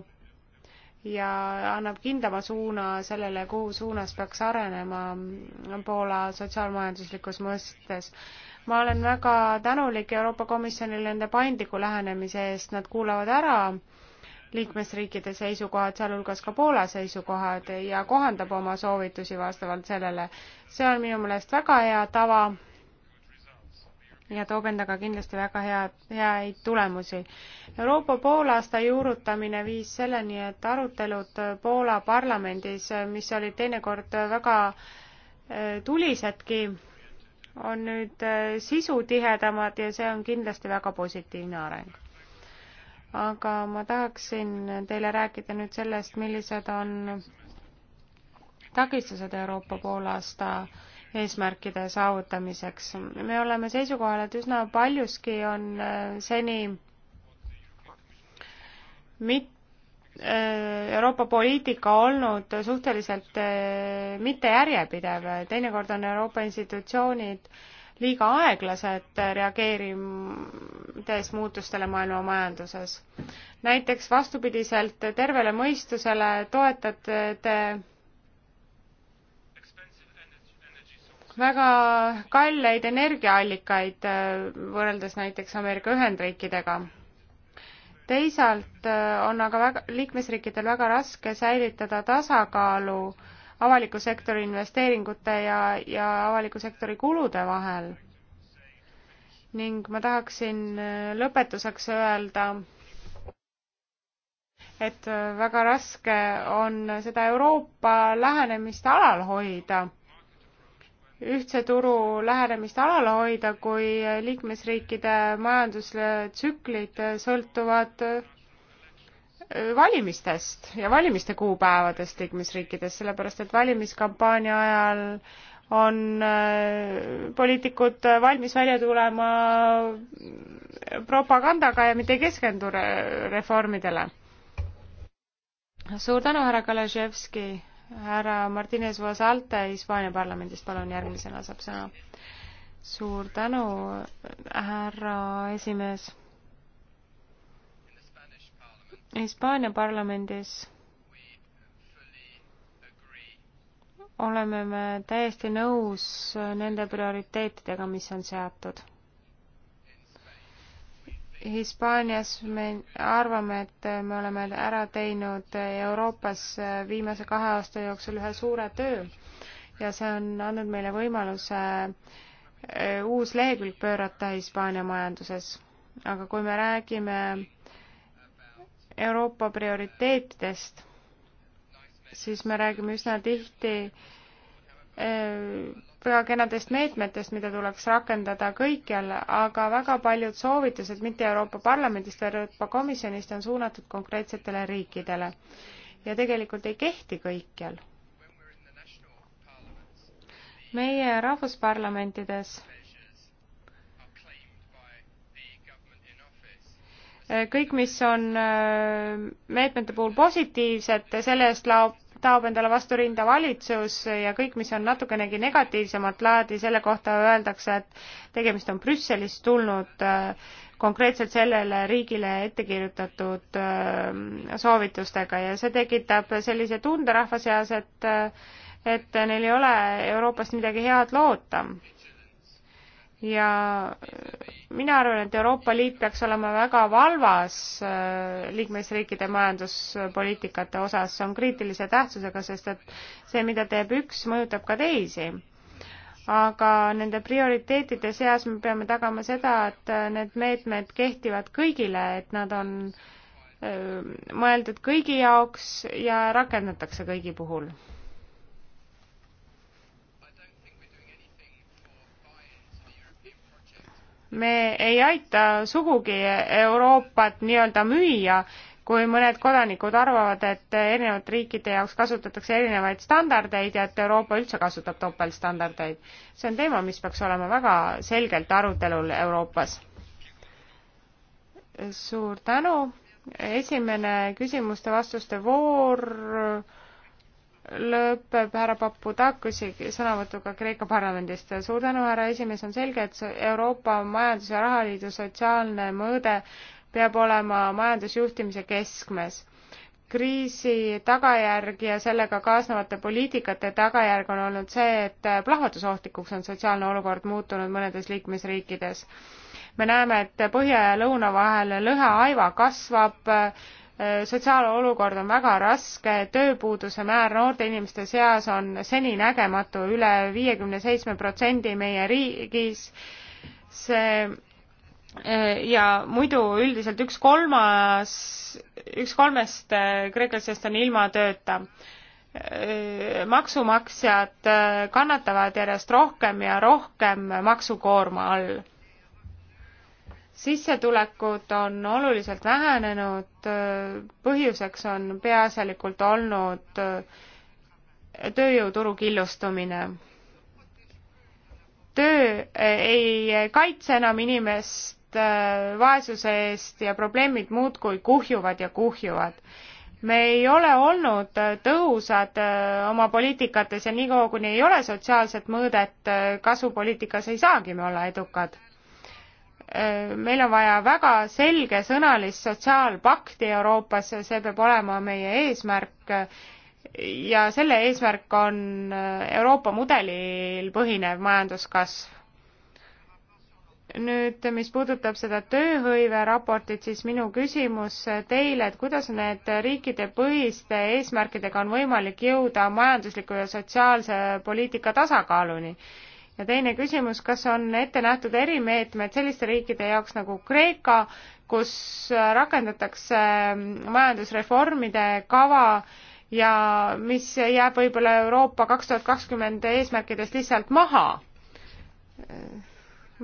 ja annab kindlama suuna sellele, kuhu suunas peaks arenema Poola sotsiaalmajanduslikus mõistes ma olen väga tänulik Euroopa Komisjonile nende paindliku lähenemise eest, nad kuulavad ära liikmesriikide seisukohad, sealhulgas ka Poola seisukohad ja kohandab oma soovitusi vastavalt sellele. see on minu meelest väga hea tava ja toob endaga kindlasti väga head, häid tulemusi. Euroopa poolaasta juurutamine viis selleni, et arutelud Poola parlamendis, mis olid teinekord väga eh, tulisedki, on nüüd äh, sisutihedamad ja see on kindlasti väga positiivne areng. aga ma tahaksin teile rääkida nüüd sellest, millised on takistused Euroopa poolaasta eesmärkide saavutamiseks. me oleme seisukohal, et üsna paljuski on äh, seni mit-, Äh, Euroopa poliitika olnud suhteliselt äh, mitte järjepidev, teinekord on Euroopa institutsioonid liiga aeglased äh, reageerides muutustele maailma majanduses. näiteks vastupidiselt tervele mõistusele toetate väga kalleid energiaallikaid võrreldes näiteks Ameerika Ühendriikidega teisalt äh, on aga väga, liikmesriikidel väga raske säilitada tasakaalu avaliku sektori investeeringute ja, ja avaliku sektori kulude vahel. ning ma tahaksin äh, lõpetuseks öelda, et äh, väga raske on seda Euroopa lähenemist alal hoida ühtse turu lähenemist alal hoida, kui liikmesriikide majandustsüklid sõltuvad äh, valimistest ja valimiste kuupäevadest liikmesriikides, sellepärast et valimiskampaania ajal on äh, poliitikud valmis välja tulema propagandaga ja mitte ei keskendu reformidele. suur tänu, härra Kalaševski härra Martines Vosalte Hispaania parlamendist, palun järgmisena saab sõna. suur tänu, härra esimees. Hispaania parlamendis oleme me täiesti nõus nende prioriteetidega, mis on seatud Hispaanias me arvame, et me oleme ära teinud Euroopas viimase kahe aasta jooksul ühe suure töö ja see on andnud meile võimaluse äh, uus lehekülg pöörata Hispaania majanduses. aga kui me räägime Euroopa prioriteetidest, siis me räägime üsna tihti äh, väga kenadest meetmetest, mida tuleks rakendada kõikjal, aga väga paljud soovitused mitte Euroopa Parlamendist, vaid Euroopa Komisjonist on suunatud konkreetsetele riikidele ja tegelikult ei kehti kõikjal. meie rahvusparlamentides kõik, mis on äh, meetmete puhul positiivset, selle eest laob taob endale vastu rinda valitsus ja kõik, mis on natukenegi negatiivsemat laadi, selle kohta öeldakse, et tegemist on Brüsselist tulnud äh, konkreetselt sellele riigile ette kirjutatud äh, soovitustega ja see tekitab sellise tunde rahva seas, et äh, et neil ei ole Euroopast midagi head loota ja mina arvan, et Euroopa Liit peaks olema väga valvas äh, liikmesriikide majanduspoliitikate osas, see on kriitilise tähtsusega, sest et see, mida teeb üks, mõjutab ka teisi. aga nende prioriteetide seas me peame tagama seda, et need meetmed kehtivad kõigile, et nad on äh, mõeldud kõigi jaoks ja rakendatakse kõigi puhul me ei aita sugugi Euroopat nii-öelda müüa, kui mõned kodanikud arvavad, et erinevate riikide jaoks kasutatakse erinevaid standardeid ja et Euroopa üldse kasutab topeltstandardeid. see on teema, mis peaks olema väga selgelt arutelul Euroopas. suur tänu, esimene küsimuste-vastuste voor lõpeb härra Papudakusi sõnavõtuga Kreeka parlamendist. suur tänu, härra esimees, on selge, et Euroopa Majandus- ja Rahaliidu sotsiaalne mõõde peab olema majandusjuhtimise keskmes. kriisi tagajärg ja sellega kaasnevate poliitikate tagajärg on olnud see, et plahvatusohtlikuks on sotsiaalne olukord muutunud mõnedes liikmesriikides. me näeme, et põhja ja lõuna vahel lõhe aiva kasvab, sotsiaalolukord on väga raske, tööpuuduse määr noorte inimeste seas on seninägematu, üle viiekümne seitsme protsendi meie riigis. see eh, ja muidu üldiselt üks kolmas, üks kolmest eh, kreeklastest on ilma tööta. Eh, maksumaksjad kannatavad järjest rohkem ja rohkem maksukoorma all sissetulekud on oluliselt vähenenud, põhjuseks on peaasjalikult olnud äh, tööjõuturu killustumine. töö äh, ei kaitse enam inimest äh, vaesuse eest ja probleemid muudkui kuhjuvad ja kuhjuvad. me ei ole olnud tõhusad oma poliitikates ja niikaua, kuni ei ole sotsiaalset mõõdet kasupoliitikas, ei saagi me olla edukad Äh, meil on vaja väga selgesõnalist sotsiaalpakti Euroopas, see peab olema meie eesmärk ja selle eesmärk on äh, Euroopa mudelil põhinev majanduskasv. nüüd, mis puudutab seda tööhõive raportit, siis minu küsimus teile, et kuidas need riikidepõhiste eesmärkidega on võimalik jõuda majandusliku ja sotsiaalse poliitika tasakaaluni ja teine küsimus, kas on ette nähtud erimeetmed selliste riikide jaoks nagu Kreeka, kus rakendatakse majandusreformide kava ja mis jääb võib-olla Euroopa kaks tuhat kakskümmend eesmärkidest lihtsalt maha?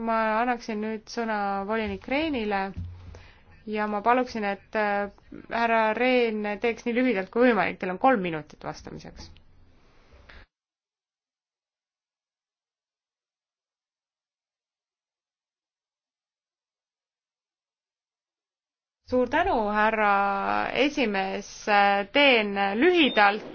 ma annaksin nüüd sõna volinik Rehnile ja ma paluksin, et äh, härra Rehn teeks nii lühidalt kui võimalik, teil on kolm minutit vastamiseks suur tänu, härra esimees, teen lühidalt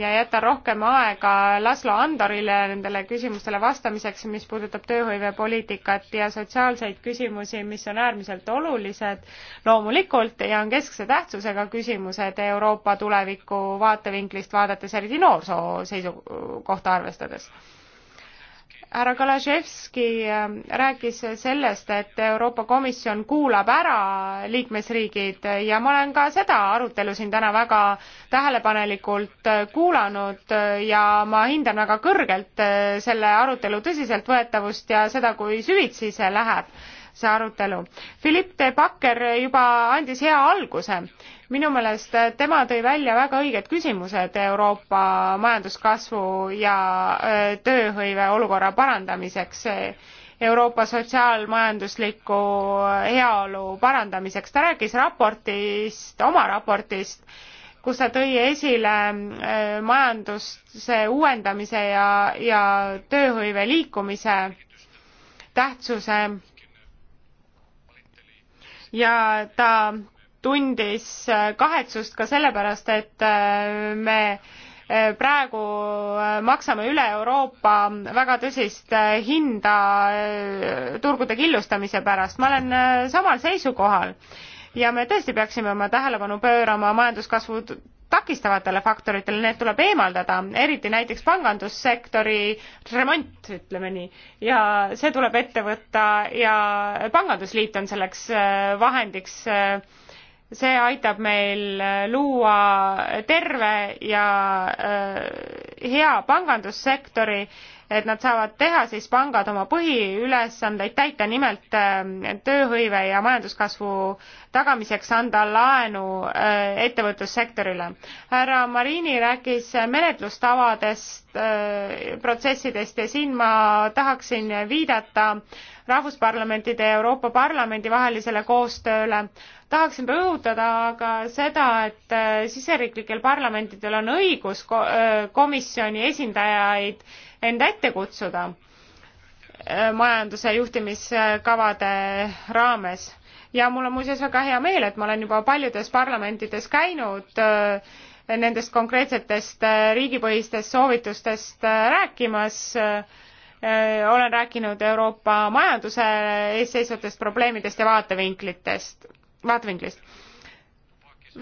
ja jätan rohkem aega Laslo Andorile nendele küsimustele vastamiseks, mis puudutab tööhõivepoliitikat ja sotsiaalseid küsimusi, mis on äärmiselt olulised loomulikult ja on keskse tähtsusega küsimused Euroopa tuleviku vaatevinklist vaadates, eriti noorsoo seisukohta arvestades härra Kalaševski ähm, rääkis sellest, et Euroopa Komisjon kuulab ära liikmesriigid ja ma olen ka seda arutelu siin täna väga tähelepanelikult äh, kuulanud äh, ja ma hindan väga kõrgelt äh, selle arutelu tõsiseltvõetavust ja seda, kui süvitsi see läheb see arutelu. Philipp de Backer juba andis hea alguse. minu meelest tema tõi välja väga õiged küsimused Euroopa majanduskasvu ja äh, tööhõive olukorra parandamiseks Euroopa sotsiaalmajandusliku heaolu parandamiseks. ta rääkis raportist, oma raportist, kus ta tõi esile äh, majanduse uuendamise ja, ja tööhõive liikumise tähtsuse ja ta tundis äh, kahetsust ka sellepärast, et äh, me äh, praegu maksame üle Euroopa väga tõsist hinda turgude killustamise pärast. ma olen samal seisukohal ja me tõesti peaksime oma tähelepanu pöörama majanduskasvu takistavatele faktoritele, need tuleb eemaldada, eriti näiteks pangandussektori remont, ütleme nii, ja see tuleb ette võtta ja pangandusliit on selleks äh, vahendiks. see aitab meil äh, luua terve ja äh, hea pangandussektori et nad saavad teha siis pangad oma põhiülesandeid täita, nimelt äh, tööhõive ja majanduskasvu tagamiseks anda laenu äh, ettevõtlussektorile. härra Marini rääkis menetlustavadest, äh, protsessidest ja siin ma tahaksin viidata rahvusparlamentide ja Euroopa Parlamendi vahelisele koostööle. tahaksin rõhutada aga seda, et siseriiklikel parlamentidel on õigus komisjoni esindajaid end ette kutsuda äh, majanduse juhtimiskavade raames ja mul on muuseas väga hea meel, et ma olen juba paljudes parlamentides käinud äh, nendest konkreetsetest äh, riigipõhistest soovitustest rääkimas. olen rääkinud Euroopa majanduse ees seisvatest probleemidest ja vaatevinklitest, vaatevinklist,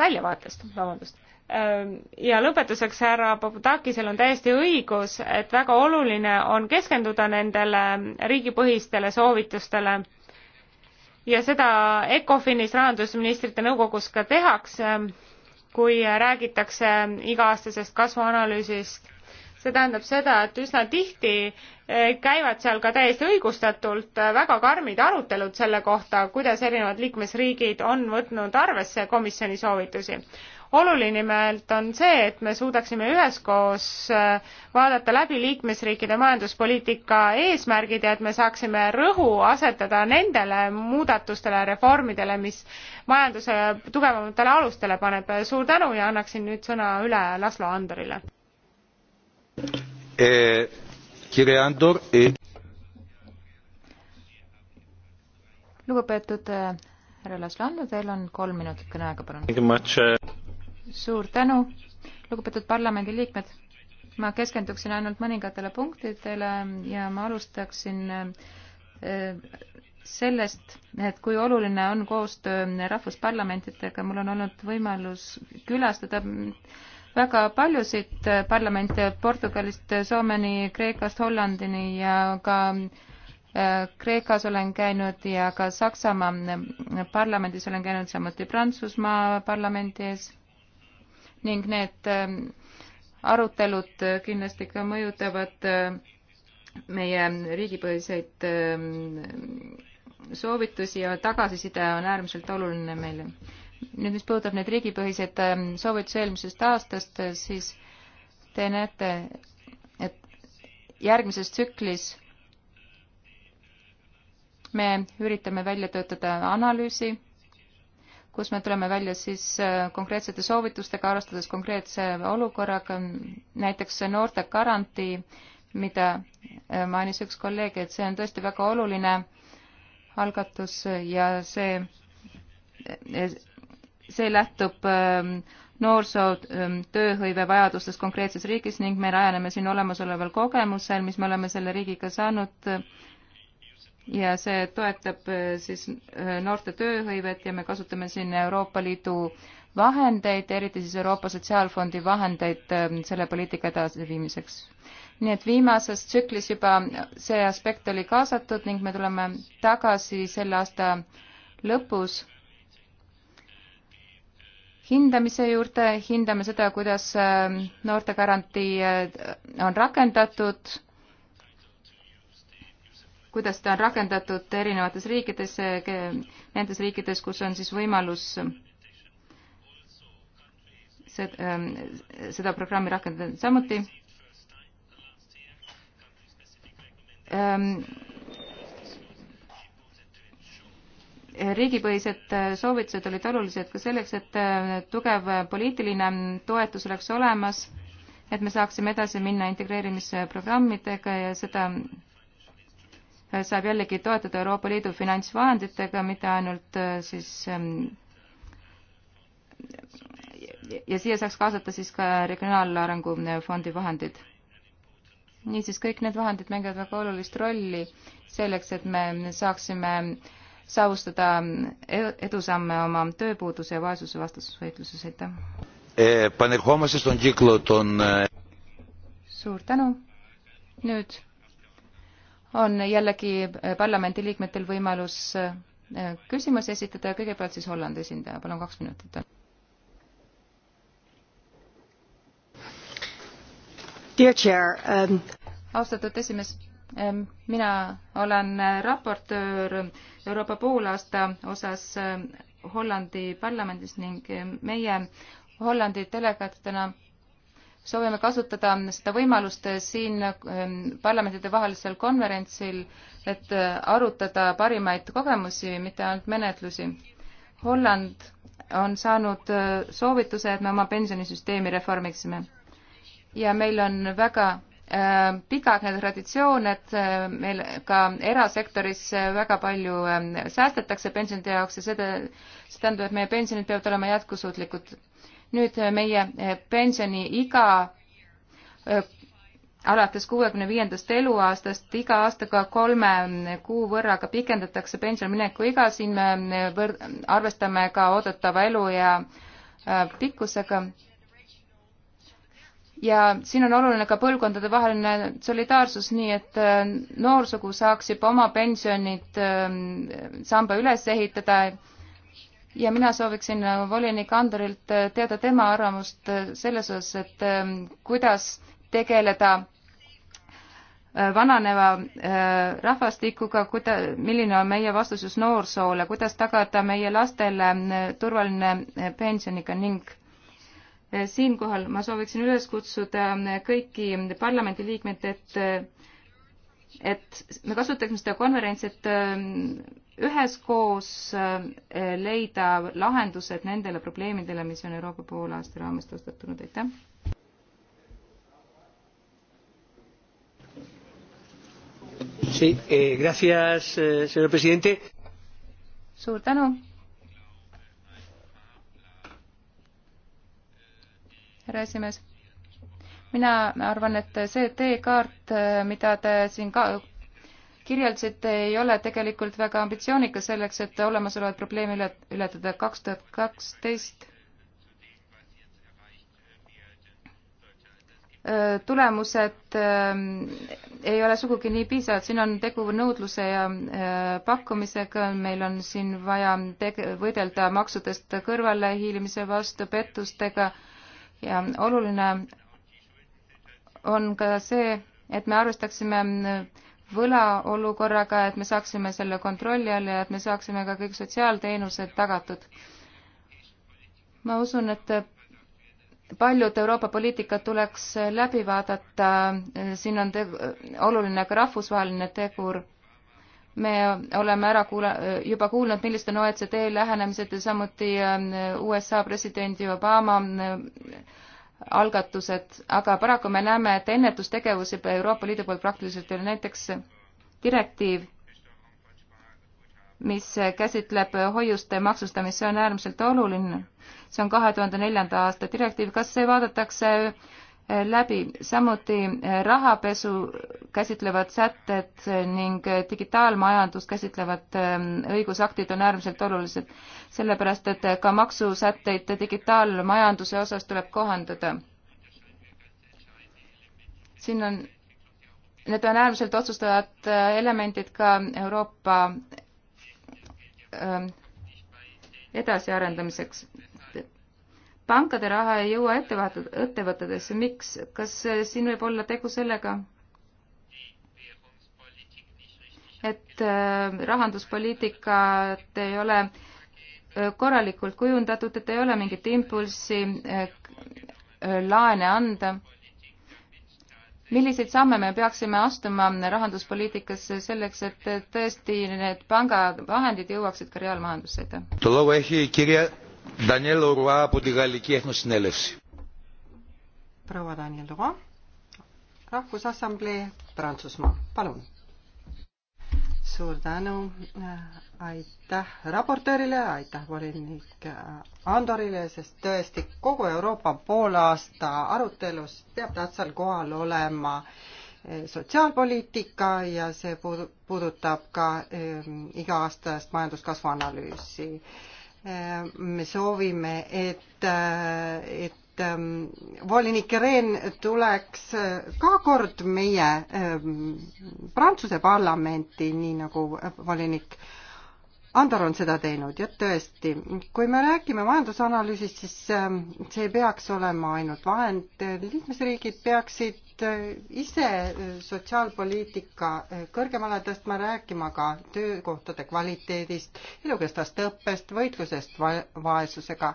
väljavaatest, vabandust Ehm, ja lõpetuseks härra Papadakisel on täiesti õigus, et väga oluline on keskenduda nendele riigipõhistele soovitustele ja seda ECOFINis rahandusministrite nõukogus ka tehakse, kui räägitakse iga-aastasest kasvuanalüüsist. see tähendab seda, et üsna tihti eh, käivad seal ka täiesti õigustatult eh, väga karmid arutelud selle kohta, kuidas erinevad liikmesriigid on võtnud arvesse komisjoni soovitusi oluline nimelt on see, et me suudaksime üheskoos äh, vaadata läbi liikmesriikide majanduspoliitika eesmärgid ja et me saaksime rõhu asetada nendele muudatustele, reformidele, mis majanduse tugevamatele alustele paneb. suur tänu ja annaksin nüüd sõna üle Laslo Andorile eh,. Kirje Andor eh.. lugupeetud eh, härra Laslo Andor, teil on kolm minutit kõneaega, palun suur tänu, lugupeetud parlamendiliikmed. ma keskenduksin ainult mõningatele punktidele ja ma alustaksin eh, sellest, et kui oluline on koostöö rahvusparlamentidega, mul on olnud võimalus külastada väga paljusid parlamente Portugalist Soomeni, Kreekast Hollandini ja ka eh, Kreekas olen käinud ja ka Saksamaa parlamendis olen käinud, samuti Prantsusmaa parlamendi ees ning need ähm, arutelud kindlasti ka mõjutavad äh, meie riigipõhiseid ähm, soovitusi ja tagasiside on äärmiselt oluline meile. nüüd, mis puudutab neid riigipõhiseid ähm, soovitusi eelmisest aastast, äh, siis te näete, et järgmises tsüklis me üritame välja töötada analüüsi kus me tuleme välja siis äh, konkreetsete soovitustega, arvestades konkreetse olukorraga, näiteks noorte garantii, mida äh, mainis üks kolleeg, et see on tõesti väga oluline algatus ja see, äh, see lähtub ähm, noorsoo ähm, tööhõive vajadustest konkreetses riigis ning me rajaneme siin olemasoleval kogemusel, mis me oleme selle riigiga saanud ja see toetab äh, siis äh, noorte tööhõivet ja me kasutame siin Euroopa Liidu vahendeid, eriti siis Euroopa Sotsiaalfondi vahendeid ähm, selle poliitika edasiviimiseks. nii et viimases tsüklis juba see aspekt oli kaasatud ning me tuleme tagasi selle aasta lõpus hindamise juurde, hindame seda, kuidas ähm, noortegarantii äh, on rakendatud kuidas ta on rakendatud erinevates riikides, nendes riikides, kus on siis võimalus seda, ähm, seda programmi rakendada. samuti ähm, riigipõhised soovitused olid olulised ka selleks, et äh, tugev poliitiline toetus oleks olemas, et me saaksime edasi minna integreerimisprogrammidega ja seda saab jällegi toetada Euroopa Liidu finantsvahenditega, mitte ainult äh, siis ähm, ja siia saaks kaasata siis ka Regionaalarengu äh, Fondi vahendid. niisiis, kõik need vahendid mängivad väga olulist rolli selleks, et me saaksime saavutada äh, edusamme oma tööpuuduse ja vaesuse vastases võitluses, aitäh. Eh, suur tänu. nüüd on jällegi parlamendiliikmetel võimalus äh, küsimusi esitada ja kõigepealt siis Hollandi esindaja, palun kaks minutit. Um... austatud esimees, ähm, mina olen raportöör Euroopa poolaasta osas äh, Hollandi parlamendis ning äh, meie Hollandi delegaatidena soovime kasutada seda võimalust siin ähm, parlamentidevahelisel konverentsil, et äh, arutada parimaid kogemusi, mitte ainult menetlusi. Holland on saanud äh, soovituse, et me oma pensionisüsteemi reformiksime. ja meil on väga äh, pikaaegne traditsioon, et meil ka erasektoris väga palju ähm, säästetakse pensionide jaoks ja seda, see tähendab, et meie pensionid peavad olema jätkusuutlikud nüüd äh, meie äh, pensioniiga äh, alates kuuekümne viiendast eluaastast iga aastaga kolme mm, kuu võrra ka pikendatakse pensionile mineku iga, siin me mm, võr-, arvestame ka oodatava eluea pikkusega. ja siin on oluline ka põlvkondadevaheline solidaarsus, nii et noorsugu saaks juba oma pensionid samba üles ehitada ja mina sooviksin äh, volinik Andorilt äh, teada tema arvamust äh, selles osas, et ähm, kuidas tegeleda vananeva rahvastikuga, kuida-, milline on meie vastus just noorsoole, kuidas tagada meie lastele turvaline pensioniga ning siinkohal ma sooviksin üles kutsuda kõiki parlamendiliikmeid, et et me kasutaksime seda konverentsi, et ähm, üheskoos äh, leida lahendused nendele probleemidele, mis on Euroopa poolaasta raames tõstatunud, aitäh! Sí, eh, gracias, eh, señor presidente. Suur tänu. härra esimees mina arvan, et see teekaart, äh, mida te siin ka kirjeldasite, ei ole tegelikult väga ambitsioonikas selleks, et olemasolevat probleemi üle, ületada. kaks tuhat kaksteist äh, tulemused ähm, ei ole sugugi nii piisavad, siin on tegu nõudluse ja äh, pakkumisega, meil on siin vaja tege-, võidelda maksudest kõrvalehiilimise vastu, pettustega ja oluline on ka see, et me arvestaksime äh, võlaolukorraga, et me saaksime selle kontrolli all ja et me saaksime ka kõik sotsiaalteenused tagatud. ma usun, et paljud Euroopa poliitikad tuleks läbi vaadata, siin on te-, oluline ka rahvusvaheline tegur. me oleme ära kuula-, juba kuulnud, millised on OECD lähenemised ja samuti äh, USA presidendi Obama äh, algatused, aga paraku me näeme, et ennetustegevusi Euroopa Liidu poolt praktiliselt ei ole, näiteks direktiiv, mis käsitleb hoiuste maksustamist, see on äärmiselt oluline. see on kahe tuhande neljanda aasta direktiiv, kas see vaadatakse läbi, samuti eh, rahapesu käsitlevad sätted ning eh, digitaalmajandust käsitlevad ehm, õigusaktid on äärmiselt olulised, sellepärast et eh, ka maksusätteid digitaalmajanduse osas tuleb kohandada. siin on, need on äärmiselt otsustavad elemendid ka Euroopa ehm, edasiarendamiseks pankade raha ei jõua ettevõtetesse, miks, kas äh, siin võib olla tegu sellega, et äh, rahanduspoliitikat ei ole äh, korralikult kujundatud, et ei ole mingit impulssi laene anda. milliseid samme me peaksime astuma rahanduspoliitikasse selleks, et tõesti need pangavahendid jõuaksid ka reaalmajandusse? aitäh! Daniel Ρουά από τη Γαλλική Εθνοσυνέλευση. Proua Daniel Roa, Rahvusassamblee Prantsusmaa, palun. suur tänu, aitäh raportöörile, aitäh volinik Andorile, sest tõesti kogu Euroopa poolaasta arutelus peab tähtsal kohal olema eh, sotsiaalpoliitika ja see puudutab ka eh, iga-aastast majanduskasvu analüüsi Äh, me soovime, et, äh, et ähm, volinik Rehn tuleks äh, ka kord meie ähm, Prantsuse parlamenti, nii nagu volinik Andor on seda teinud ja tõesti, kui me räägime majandusanalüüsist, siis ähm, see ei peaks olema ainult vahend, liikmesriigid peaksid Äh, ise äh, sotsiaalpoliitika äh, kõrgemale tõstma, rääkima ka töökohtade kvaliteedist, elukestvast õppest, võitlusest vaesusega.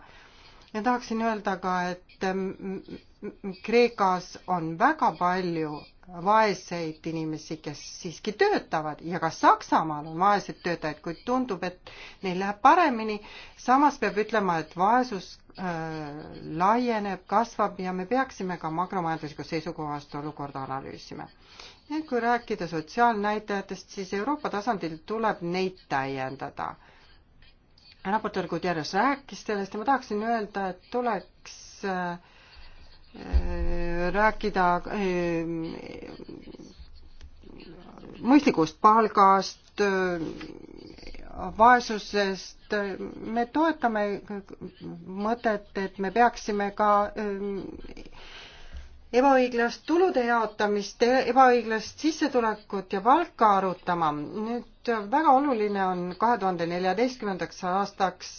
ja tahaksin öelda ka, et Kreekas on väga palju vaeseid inimesi, kes siiski töötavad ja ka Saksamaal on vaeseid töötajaid, kuid tundub, et neil läheb paremini. samas peab ütlema, et vaesus äh, laieneb, kasvab ja me peaksime ka makromajandusliku seisukohast olukorda analüüsima. ja kui rääkida sotsiaalnäitajatest, siis Euroopa tasandil tuleb neid täiendada. raportöör Gutierrez rääkis sellest ja ma tahaksin öelda, et tuleks äh, rääkida eh, mõistlikust palgast, eh, vaesusest, me toetame mõtet, et me peaksime ka eh, ebaõiglast tulude jaotamist, ebaõiglast sissetulekut ja palka arutama. nüüd väga oluline on kahe tuhande neljateistkümnendaks aastaks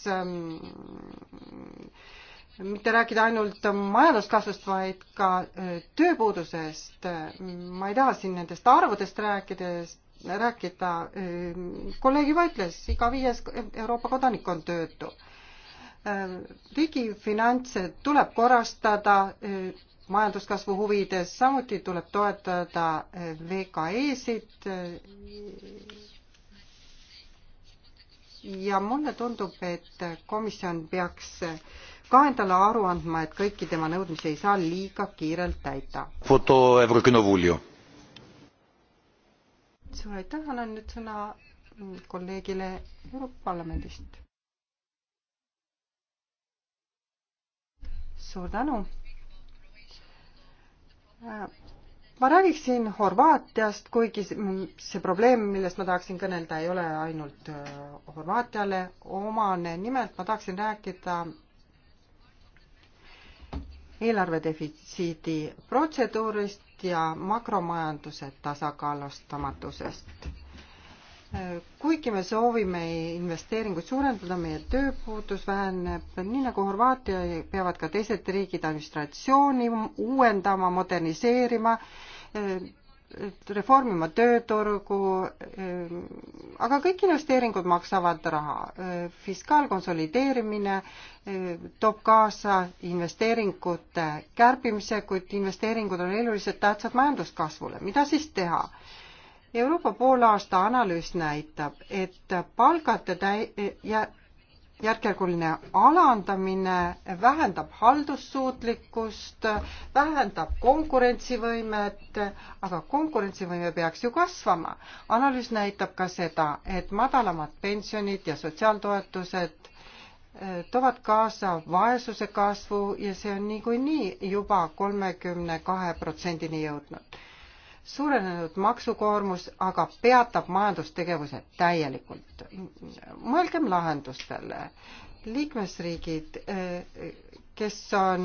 mitte rääkida ainult majanduskasvust, vaid ka äh, tööpuudusest. ma ei taha siin nendest arvudest rääkides, rääkida. Äh, kolleeg juba ütles, iga viies Euroopa kodanik on töötu. Äh, riigi finantse tuleb korrastada majanduskasvu huvides, samuti tuleb toetada VKE-sid. ja mulle tundub, et komisjon peaks äh, ka endale aru andma, et kõiki tema nõudmisi ei saa liiga kiirelt täita. suur aitäh, annan nüüd sõna kolleegile Euroopa Parlamendist. suur tänu. Äh, ma räägiksin Horvaatiast, kuigi see probleem, millest ma tahaksin kõnelda, ei ole ainult äh, Horvaatiale omane, nimelt ma tahaksin rääkida eelarvedefitsiidi protseduurist ja makromajanduse tasakaalustamatusest. kuigi me soovime investeeringuid suurendada, meie tööpuudus väheneb, nii nagu Horvaatia, peavad ka teised riigid administratsiooni uuendama, moderniseerima reformima tööturgu, ehm, aga kõik investeeringud maksavad raha. Ehm, fiskaalkonsolideerimine ehm, toob kaasa investeeringute kärbimise, kuid investeeringud on eluliselt tähtsad majanduskasvule. mida siis teha? Euroopa poolaasta analüüs näitab, et palgate täi- ja järkjärguline alandamine vähendab haldussuutlikkust, vähendab konkurentsivõimet, aga konkurentsivõime peaks ju kasvama. analüüs näitab ka seda, et madalamad pensionid ja sotsiaaltoetused eh, toovad kaasa vaesuse kasvu ja see on niikuinii juba kolmekümne kahe protsendini jõudnud suurenenud maksukoormus aga peatab majandustegevuse täielikult. mõelgem lahendustele. liikmesriigid, eh, kes on,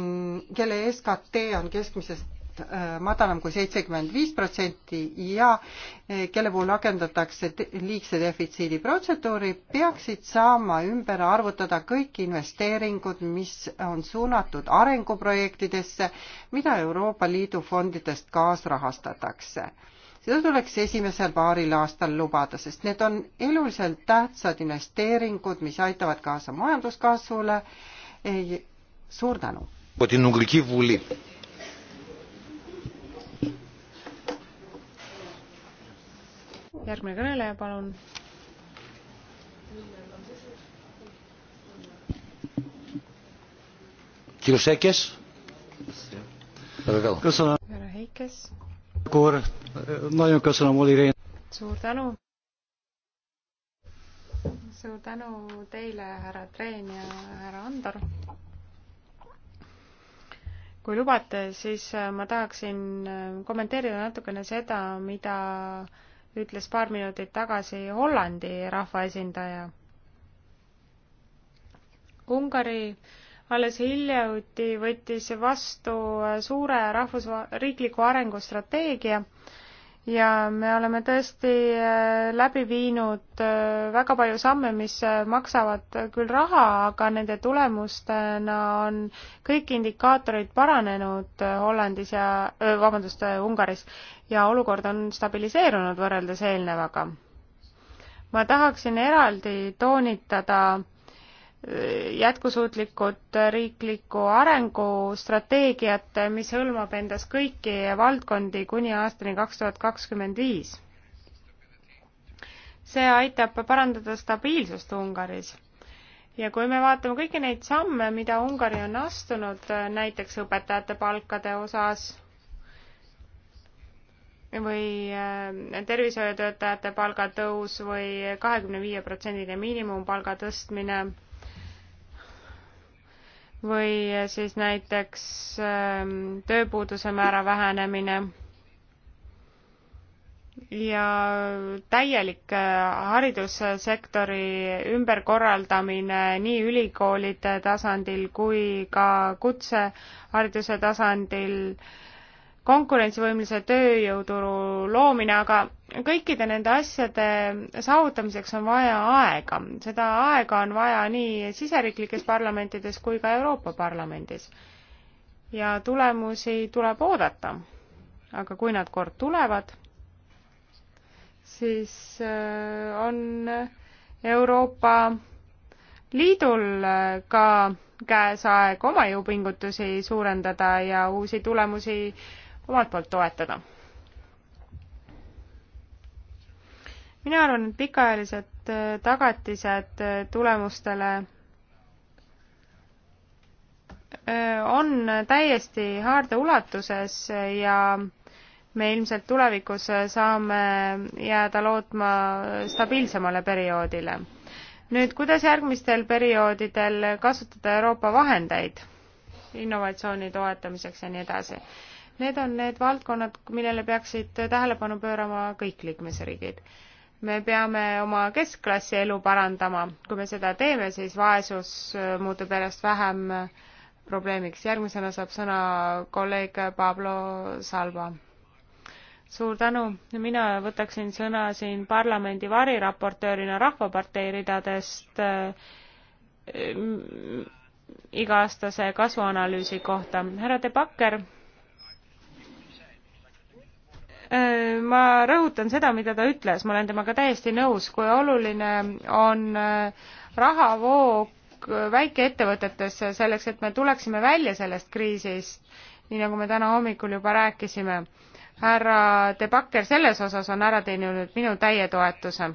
kelle SKT on keskmisest Äh, madalam kui seitsekümmend viis protsenti ja äh, kelle puhul rakendatakse liigse defitsiidi protseduuri, peaksid saama ümber arvutada kõik investeeringud, mis on suunatud arenguprojektidesse, mida Euroopa Liidu fondidest kaasrahastatakse seda tuleks esimesel paaril aastal lubada, sest need on eluliselt tähtsad investeeringud, mis aitavad kaasa majanduskasvule. suur tänu! järgmine kõneleja, palun. Kiitos Heikes. Köszönöm. Härra Heikes. Akkor nagyon köszönöm Oli Rehn. Suur tänu. Suur tänu teile, härra Treen ja härra Andor. Kui lubate, siis ma tahaksin kommenteerida natukene seda, mida ütles paar minutit tagasi Hollandi rahvaesindaja. Ungari alles hiljuti võttis vastu suure rahvusva-, riikliku arengustrateegia, ja me oleme tõesti äh, läbi viinud äh, väga palju samme, mis äh, maksavad küll raha, aga nende tulemustena on kõik indikaatorid paranenud Hollandis ja, vabandust, Ungaris ja olukord on stabiliseerunud võrreldes eelnevaga. ma tahaksin eraldi toonitada jätkusuutlikud riiklikku arengustrateegiat, mis hõlmab endas kõiki valdkondi kuni aastani kaks tuhat kakskümmend viis. see aitab parandada stabiilsust Ungaris. ja kui me vaatame kõiki neid samme, mida Ungari on astunud, näiteks õpetajate palkade osas või äh, tervishoiutöötajate palgatõus või kahekümne viie protsendine miinimumpalga tõstmine või siis näiteks ähm, tööpuuduse määra vähenemine ja täielik äh, haridussektori ümberkorraldamine nii ülikoolide tasandil kui ka kutsehariduse tasandil, konkurentsivõimelise tööjõuturu loomine, aga kõikide nende asjade saavutamiseks on vaja aega, seda aega on vaja nii siseriiklikes parlamentides kui ka Euroopa Parlamendis. ja tulemusi tuleb oodata. aga kui nad kord tulevad, siis äh, on Euroopa Liidul äh, ka käes aeg oma jõupingutusi suurendada ja uusi tulemusi omalt poolt toetada mina arvan, et pikaajalised äh, tagatised äh, tulemustele äh, on täiesti haarde ulatuses ja me ilmselt tulevikus saame jääda lootma stabiilsemale perioodile. nüüd, kuidas järgmistel perioodidel kasutada Euroopa vahendeid innovatsiooni toetamiseks ja nii edasi? Need on need valdkonnad, millele peaksid tähelepanu pöörama kõik liikmesriigid me peame oma keskklassi elu parandama, kui me seda teeme, siis vaesus äh, muutub järjest vähem äh, probleemiks. järgmisena saab sõna kolleeg Pablo Salva. suur tänu, mina võtaksin sõna siin parlamendi variraportöörina Rahvapartei ridadest äh, iga-aastase kasvuanalüüsi kohta. härra De Backer Äh, ma rõhutan seda, mida ta ütles, ma olen temaga täiesti nõus, kui oluline on äh, rahavoog äh, väikeettevõtetesse selleks, et me tuleksime välja sellest kriisist, nii nagu me täna hommikul juba rääkisime. härra De Backer selles osas on ära teeninud minu täie toetuse.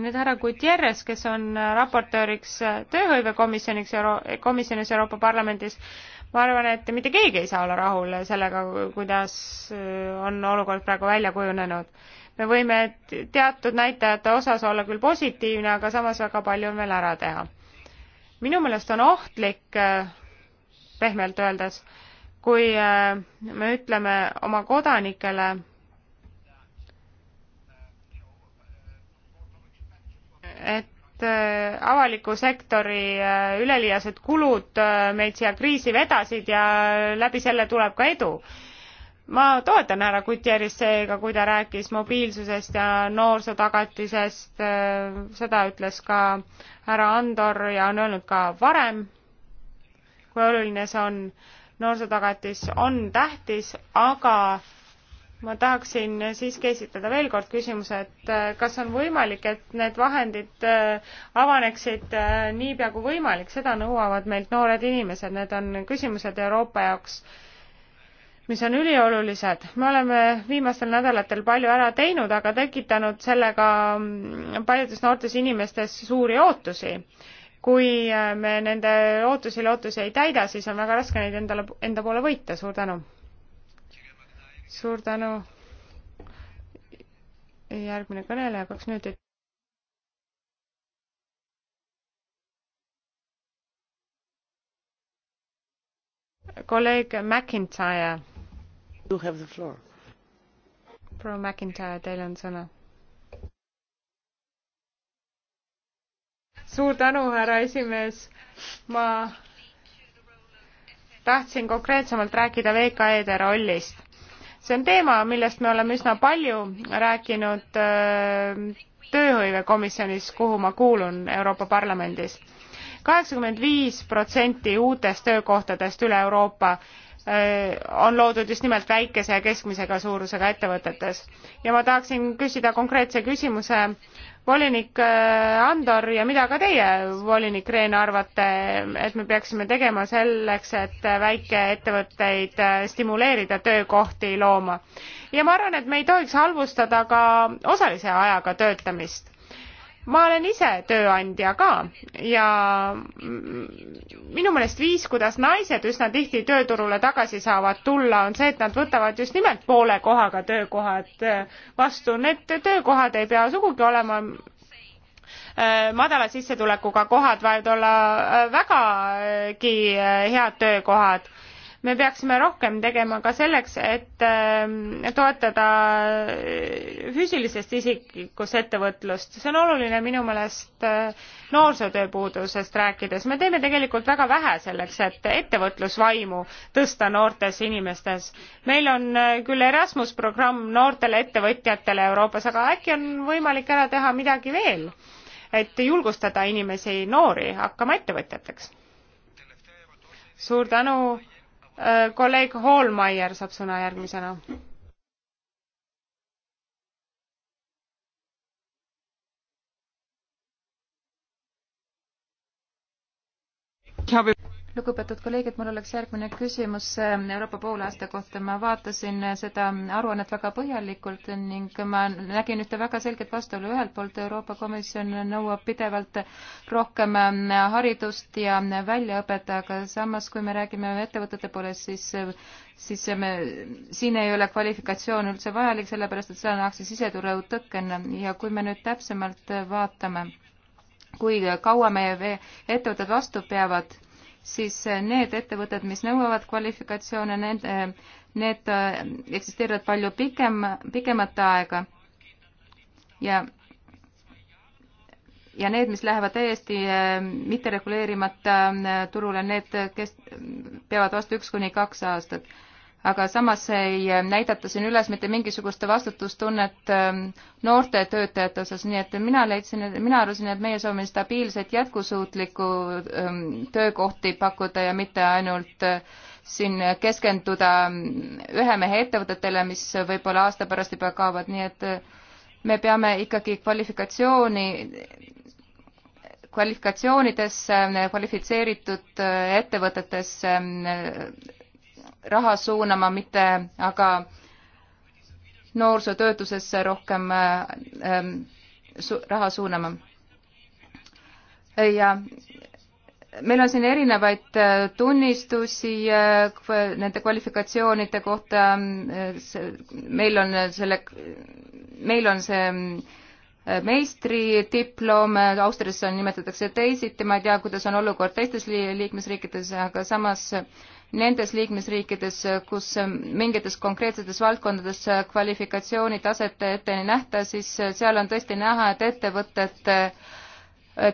nüüd härra Gutierrez, kes on raportööriks tööhõivekomisjoniks Euro-, komisjonis Euroopa Parlamendis, ma arvan, et mitte keegi ei saa olla rahul sellega, kuidas äh, on olukord praegu välja kujunenud. me võime teatud näitajate osas olla küll positiivne, aga samas väga palju on veel ära teha. minu meelest on ohtlik, äh, pehmelt öeldes, kui äh, me ütleme oma kodanikele, et et äh, avaliku sektori äh, üleliiased kulud äh, meid siia kriisi vedasid ja läbi selle tuleb ka edu. ma toetan härra Gutierrez seega, kui ta rääkis mobiilsusest ja noorsootagatisest, seda ütles ka härra Andor ja on öelnud ka varem, kui oluline see on. noorsootagatis on tähtis, aga ma tahaksin siiski esitada veel kord küsimuse, et äh, kas on võimalik, et need vahendid äh, avaneksid äh, niipea kui võimalik, seda nõuavad meilt noored inimesed, need on küsimused Euroopa jaoks, mis on üliolulised. me oleme viimastel nädalatel palju ära teinud, aga tekitanud sellega mm, paljudes noortes inimestes suuri ootusi. kui me nende ootusi-lootusi ei täida, siis on väga raske neid endale, enda poole võita, suur tänu suur tänu. järgmine kõneleja, kaks minutit. kolleeg McIntyre. You have the floor. proua McIntyre, teil on sõna. suur tänu, härra esimees. ma tahtsin konkreetsemalt rääkida VKE-de rollist see on teema, millest me oleme üsna palju rääkinud äh, tööhõivekomisjonis, kuhu ma kuulun Euroopa Parlamendis. kaheksakümmend viis protsenti uutest töökohtadest üle Euroopa äh, on loodud just nimelt väikese ja keskmisega suurusega ettevõtetes ja ma tahaksin küsida konkreetse küsimuse volinik äh, Andor ja mida ka teie, volinik Rehn, arvate, et me peaksime tegema selleks, et väikeettevõtteid äh, stimuleerida töökohti looma? ja ma arvan, et me ei tohiks halvustada ka osalise ajaga töötamist ma olen ise tööandja ka ja minu meelest viis, kuidas naised üsna tihti tööturule tagasi saavad tulla, on see, et nad võtavad just nimelt poole kohaga töökohad vastu. Need töökohad ei pea sugugi olema äh, madala sissetulekuga kohad, vaid olla äh, vägagi äh, head töökohad me peaksime rohkem tegema ka selleks, et ähm, toetada äh, füüsilisest isiklikust ettevõtlust. see on oluline minu meelest äh, noorsootööpuudusest rääkides. me teeme tegelikult väga vähe selleks, et ettevõtlusvaimu tõsta noortes inimestes. meil on äh, küll Erasmus programm noortele ettevõtjatele Euroopas, aga äkki on võimalik ära teha midagi veel, et julgustada inimesi, noori hakkama ettevõtjateks? suur tänu Äh, kolleeg Hallmeier saab sõna järgmisena. ich habe lugupeetud kolleegid, mul oleks järgmine küsimus ähm, Euroopa poolaasta kohta. ma vaatasin äh, seda aruannet väga põhjalikult ning ma nägin ühte väga selget vastuolu. ühelt poolt Euroopa Komisjon nõuab pidevalt rohkem ähm, haridust ja äh, väljaõpet, aga samas, kui me räägime ettevõtete poolest, siis äh, siis me, siin ei ole kvalifikatsioon üldse vajalik, sellepärast et seda nähakse siseturu tõkkena ja kui me nüüd täpsemalt vaatame, kui kaua meie ettevõtted vastu peavad siis eh, need ettevõtted, mis nõuavad kvalifikatsioone, need, eh, need eh, eksisteerivad palju pikem, pikemat aega ja ja need, mis lähevad täiesti mitte reguleerimata turule, need, kes peavad vastu üks kuni kaks aastat aga samas ei eh, näidata siin üles mitte mingisugust vastutustunnet eh, noorte töötajate osas, nii et mina leidsin, mina arvasin, et meie soovime stabiilset jätkusuutlikku eh, töökohti pakkuda ja mitte ainult siin keskenduda mm, ühe mehe ettevõtetele, mis võib-olla aasta pärast juba kaovad, nii et me peame ikkagi kvalifikatsiooni kvalifikatsioonidesse, kvalifitseeritud ettevõtetesse raha suunama, mitte aga noorsootöötlusesse rohkem ähm, su raha suunama. ja meil on siin erinevaid äh, tunnistusi äh, nende kvalifikatsioonide kohta, äh, meil on selle, meil on see meistridiplom, Austrias on, nimetatakse teisiti, ma ei tea, kuidas on olukord teistes liikmesriikides, aga samas nendes liikmesriikides, kus eh, mingites konkreetsetes valdkondades eh, kvalifikatsioonitaset ette ei nähta, siis eh, seal on tõesti näha, et ettevõtted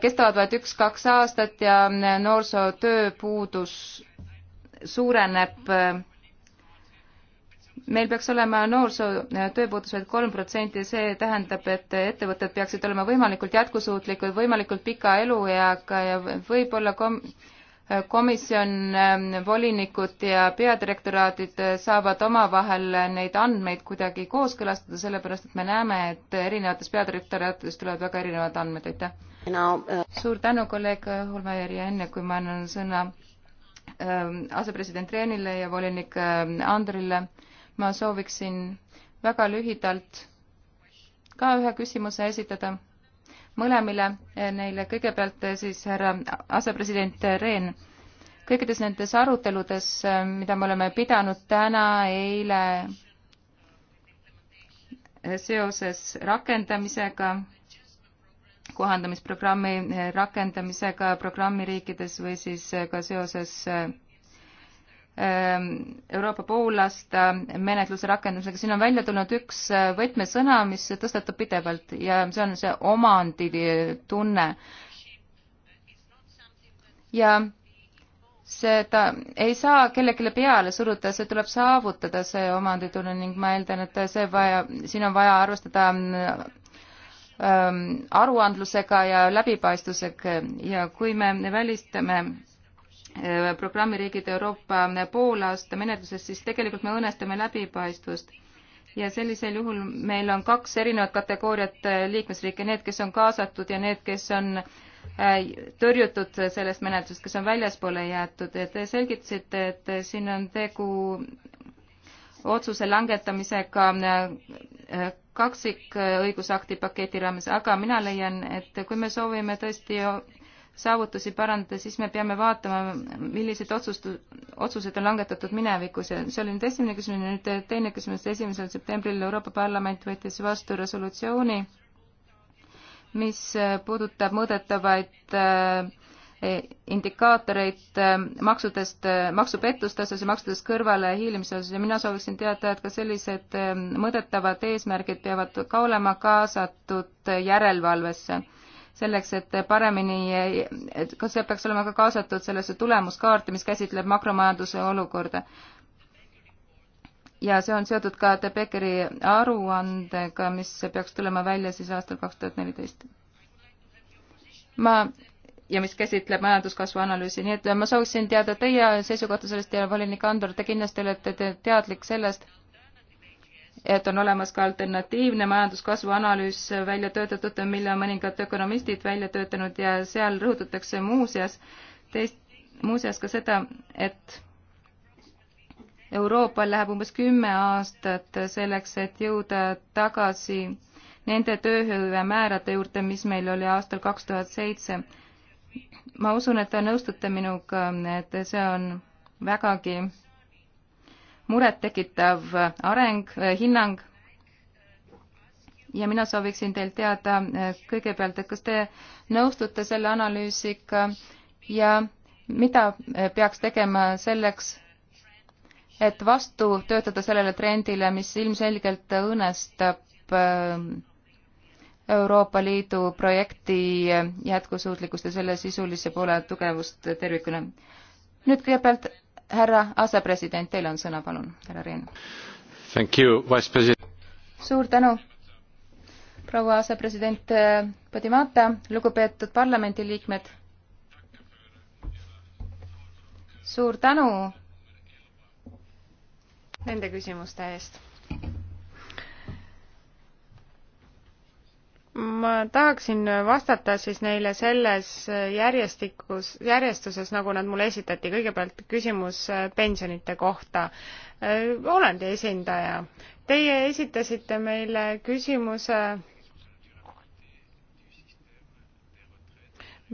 kestavad vaid üks-kaks aastat ja noorsootööpuudus suureneb meil peaks olema noorsootööpuudus vaid kolm protsenti, see tähendab, et ettevõtted peaksid olema võimalikult jätkusuutlikud, võimalikult pika elueaga ja võib-olla kom-, komisjon, ähm, volinikud ja peadirektoraadid äh, saavad omavahel neid andmeid kuidagi kooskõlastada, sellepärast et me näeme, et erinevates peadirektoraatides tulevad väga erinevad andmed, aitäh no,. Uh... suur tänu, kolleeg Holmeier ja enne kui ma annan sõna ähm, asepresident Rehnile ja volinik ähm, Andrile, ma sooviksin väga lühidalt ka ühe küsimuse esitada mõlemile eh, neile, kõigepealt eh, siis härra asepresident eh, Rehn, kõikides nendes aruteludes, mida me oleme pidanud täna, eile seoses rakendamisega, kohandamisprogrammi rakendamisega programmiriikides või siis ka seoses Ähm, Euroopa poolaasta menetluse rakendamisega, siin on välja tulnud üks äh, võtmesõna, mis tõstatub pidevalt ja see on see omanditunne. ja seda ei saa kellelegi peale suruda, see tuleb saavutada, see omanditunne ning ma eeldan, et see vaja, siin on vaja arvestada ähm, aruandlusega ja läbipaistvusega ja kui me välistame Äh, programmiriigid Euroopa äh, poolaasta menetluses, siis tegelikult me õõnestame läbipaistvust. ja sellisel juhul meil on kaks erinevat kategooriat äh, liikmesriike, need, kes on kaasatud ja need, kes on tõrjutud sellest menetlusest, kes on väljaspoole jäetud. Te selgitasite, et siin on tegu otsuse langetamisega kaksikõigusakti paketi raames, aga mina leian, et kui me soovime tõesti saavutusi parandada, siis me peame vaatama, millised otsust-, otsused on langetatud minevikus ja see oli nüüd esimene küsimus, nüüd eh, teine küsimus, esimesel septembril Euroopa Parlament võttis vastu resolutsiooni, mis eh, puudutab mõõdetavaid eh, indikaatoreid maksudest, maksupettuste osas ja maksudest kõrvale hiilimise osas ja mina sooviksin teada, et kas sellised mõõdetavad eesmärgid peavad ka olema kaasatud järelevalvesse selleks, et paremini, et kas see peaks olema ka kaasatud sellesse tulemuskaarti, mis käsitleb makromajanduse olukorda. ja see on seotud ka De Beckeri aruandega, mis peaks tulema välja siis aastal kaks tuhat neliteist. ma ja mis käsitleb majanduskasvu analüüsi, nii et ma sooviksin teada teie seisukohta sellest ja volinik Andor, te kindlasti olete teadlik sellest et on olemas ka alternatiivne majanduskasvu analüüs välja töötatud, mille on mõningad ökonomistid välja töötanud ja seal rõhutatakse muuseas, teist, muuseas ka seda, et Euroopal läheb umbes kümme aastat selleks, et jõuda tagasi nende tööhõivemäärade juurde, mis meil oli aastal kaks tuhat seitse. ma usun, et te nõustute minuga, et see on vägagi murettekitav areng, äh, hinnang. ja mina sooviksin teilt teada äh, kõigepealt, et kas te nõustute selle analüüsiga ja mida äh, peaks tegema selleks, et vastu töötada sellele trendile, mis ilmselgelt õõnestab Euroopa Liidu projekti jätkusuutlikkust ja selle sisulise poole tugevust tervikuna. nüüd kõigepealt härra asepresident, teil on sõna, palun, härra Rehn. suur tänu, proua asepresident äh, Padimata, lugupeetud parlamendiliikmed. suur tänu nende küsimuste eest ma tahaksin vastata siis neile selles järjestikus, järjestuses, nagu nad mulle esitati. kõigepealt küsimus äh, pensionite kohta. Hollandi äh, esindaja, teie esitasite meile küsimuse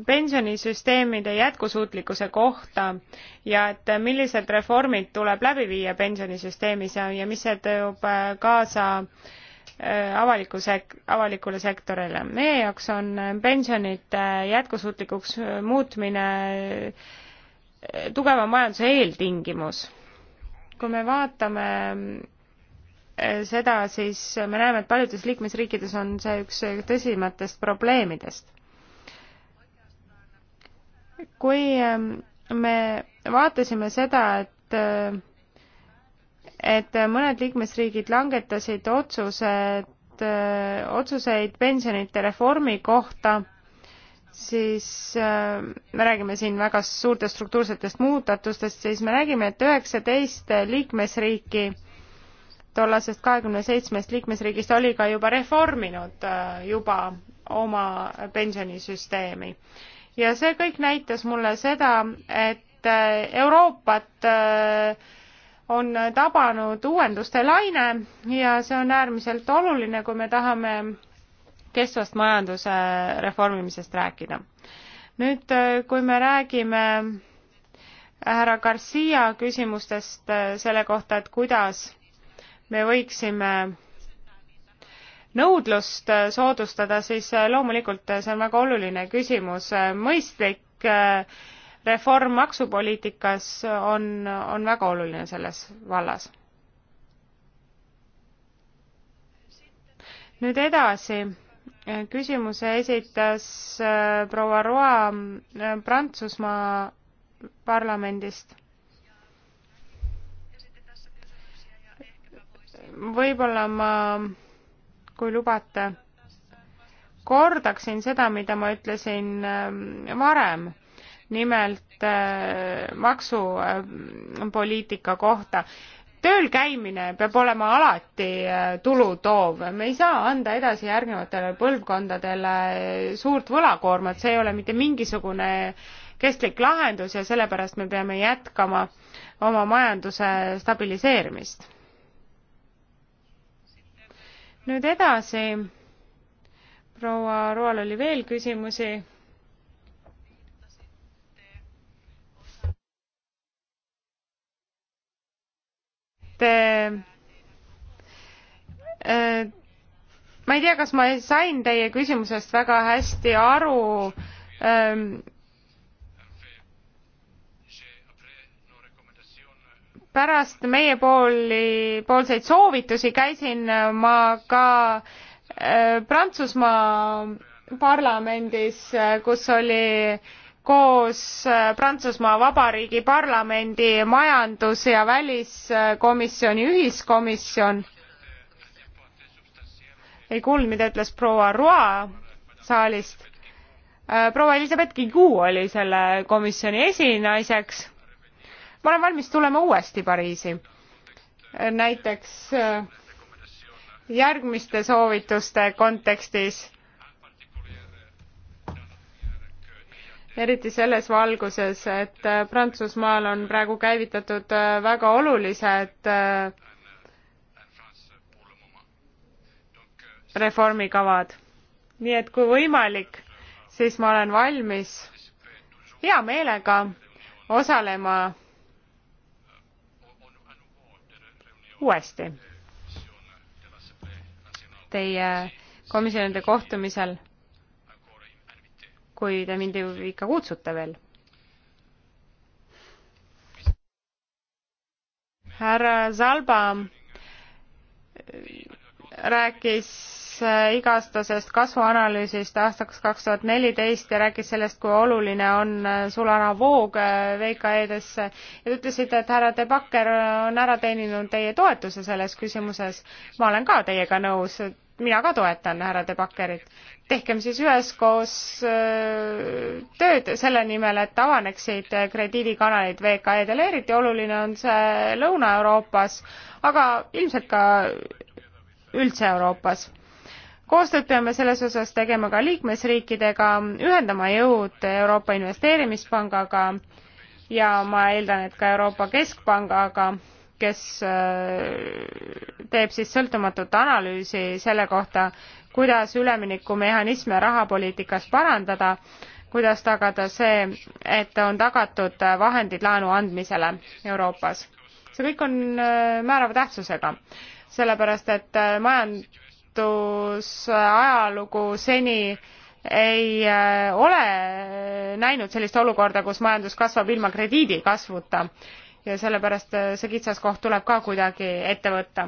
pensionisüsteemide jätkusuutlikkuse kohta ja et millised reformid tuleb läbi viia pensionisüsteemis ja, ja mis see toob äh, kaasa äh, Äh, avaliku sek-, avalikule sektorile. meie jaoks on äh, pensionite äh, jätkusuutlikuks muutmine tugeva majanduse eeltingimus. kui me vaatame seda, siis me näeme, et paljudes liikmesriikides on see üks tõsimatest probleemidest. kui ähm, me vaatasime seda, et et mõned liikmesriigid langetasid otsused, otsuseid pensionite reformi kohta, siis me räägime siin väga suurtest struktuursetest muudatustest, siis me nägime, et üheksateist liikmesriiki tollasest kahekümne seitsmest liikmesriigist oli ka juba reforminud juba oma pensionisüsteemi. ja see kõik näitas mulle seda, et Euroopat äh, on tabanud uuenduste laine ja see on äärmiselt oluline, kui me tahame kestvast majanduse reformimisest rääkida. nüüd, kui me räägime härra Garcia küsimustest selle kohta, et kuidas me võiksime nõudlust soodustada, siis loomulikult see on väga oluline küsimus, mõistlik reform maksupoliitikas on, on väga oluline selles vallas. nüüd edasi, küsimuse esitas äh, proua Roa äh, Prantsusmaa parlamendist. võib-olla ma, kui lubate, kordaksin seda, mida ma ütlesin ähm, varem nimelt äh, maksupoliitika kohta. tööl käimine peab olema alati äh, tulu toov, me ei saa anda edasi järgnevatele põlvkondadele suurt võlakoormat, see ei ole mitte mingisugune kestlik lahendus ja sellepärast me peame jätkama oma majanduse stabiliseerimist. nüüd edasi, proua Roal oli veel küsimusi Te ma ei tea, kas ma sain teie küsimusest väga hästi aru. Ähm, pärast meie pooli, poolseid soovitusi käisin ma ka äh, Prantsusmaa parlamendis, kus oli äh, koos äh, Prantsusmaa Vabariigi Parlamendi majandus- ja väliskomisjoni ühiskomisjon. ei kuulnud, mida ütles proua Roa saalist. Äh, proua Elizabeth Guigou oli selle komisjoni esinaiseks. ma olen valmis tulema uuesti Pariisi. Äh, näiteks järgmiste soovituste kontekstis eriti selles valguses, et äh, Prantsusmaal on praegu käivitatud äh, väga olulised äh, reformikavad. nii et kui võimalik, siis ma olen valmis hea meelega osalema uuesti teie komisjonide kohtumisel kui te mind ju ikka kutsute veel. härra Zalba rääkis äh, iga-aastasest kasvuanalüüsist aastaks kaks tuhat neliteist ja rääkis sellest, kui oluline on äh, sulanavoog äh, VKE-desse ja te ütlesite, et härra De Backer on ära teeninud teie toetuse selles küsimuses. ma olen ka teiega nõus, mina ka toetan härra De Bakkerit. tehkem siis üheskoos äh, tööd selle nimel, et avaneksid krediidikanalid VKE-dele, eriti oluline on see Lõuna-Euroopas, aga ilmselt ka üldse Euroopas. koostööd peame selles osas tegema ka liikmesriikidega, ühendama jõud Euroopa Investeerimispangaga ja ma eeldan, et ka Euroopa Keskpangaga kes äh, teeb siis sõltumatut analüüsi selle kohta, kuidas üleminekumehhanisme rahapoliitikas parandada, kuidas tagada see, et on tagatud vahendid laenu andmisele Euroopas. see kõik on äh, määrava tähtsusega, sellepärast et äh, majandusajalugu seni ei ole näinud sellist olukorda, kus majandus kasvab ilma krediidi kasvuta ja sellepärast äh, see kitsaskoht tuleb ka kuidagi ette võtta.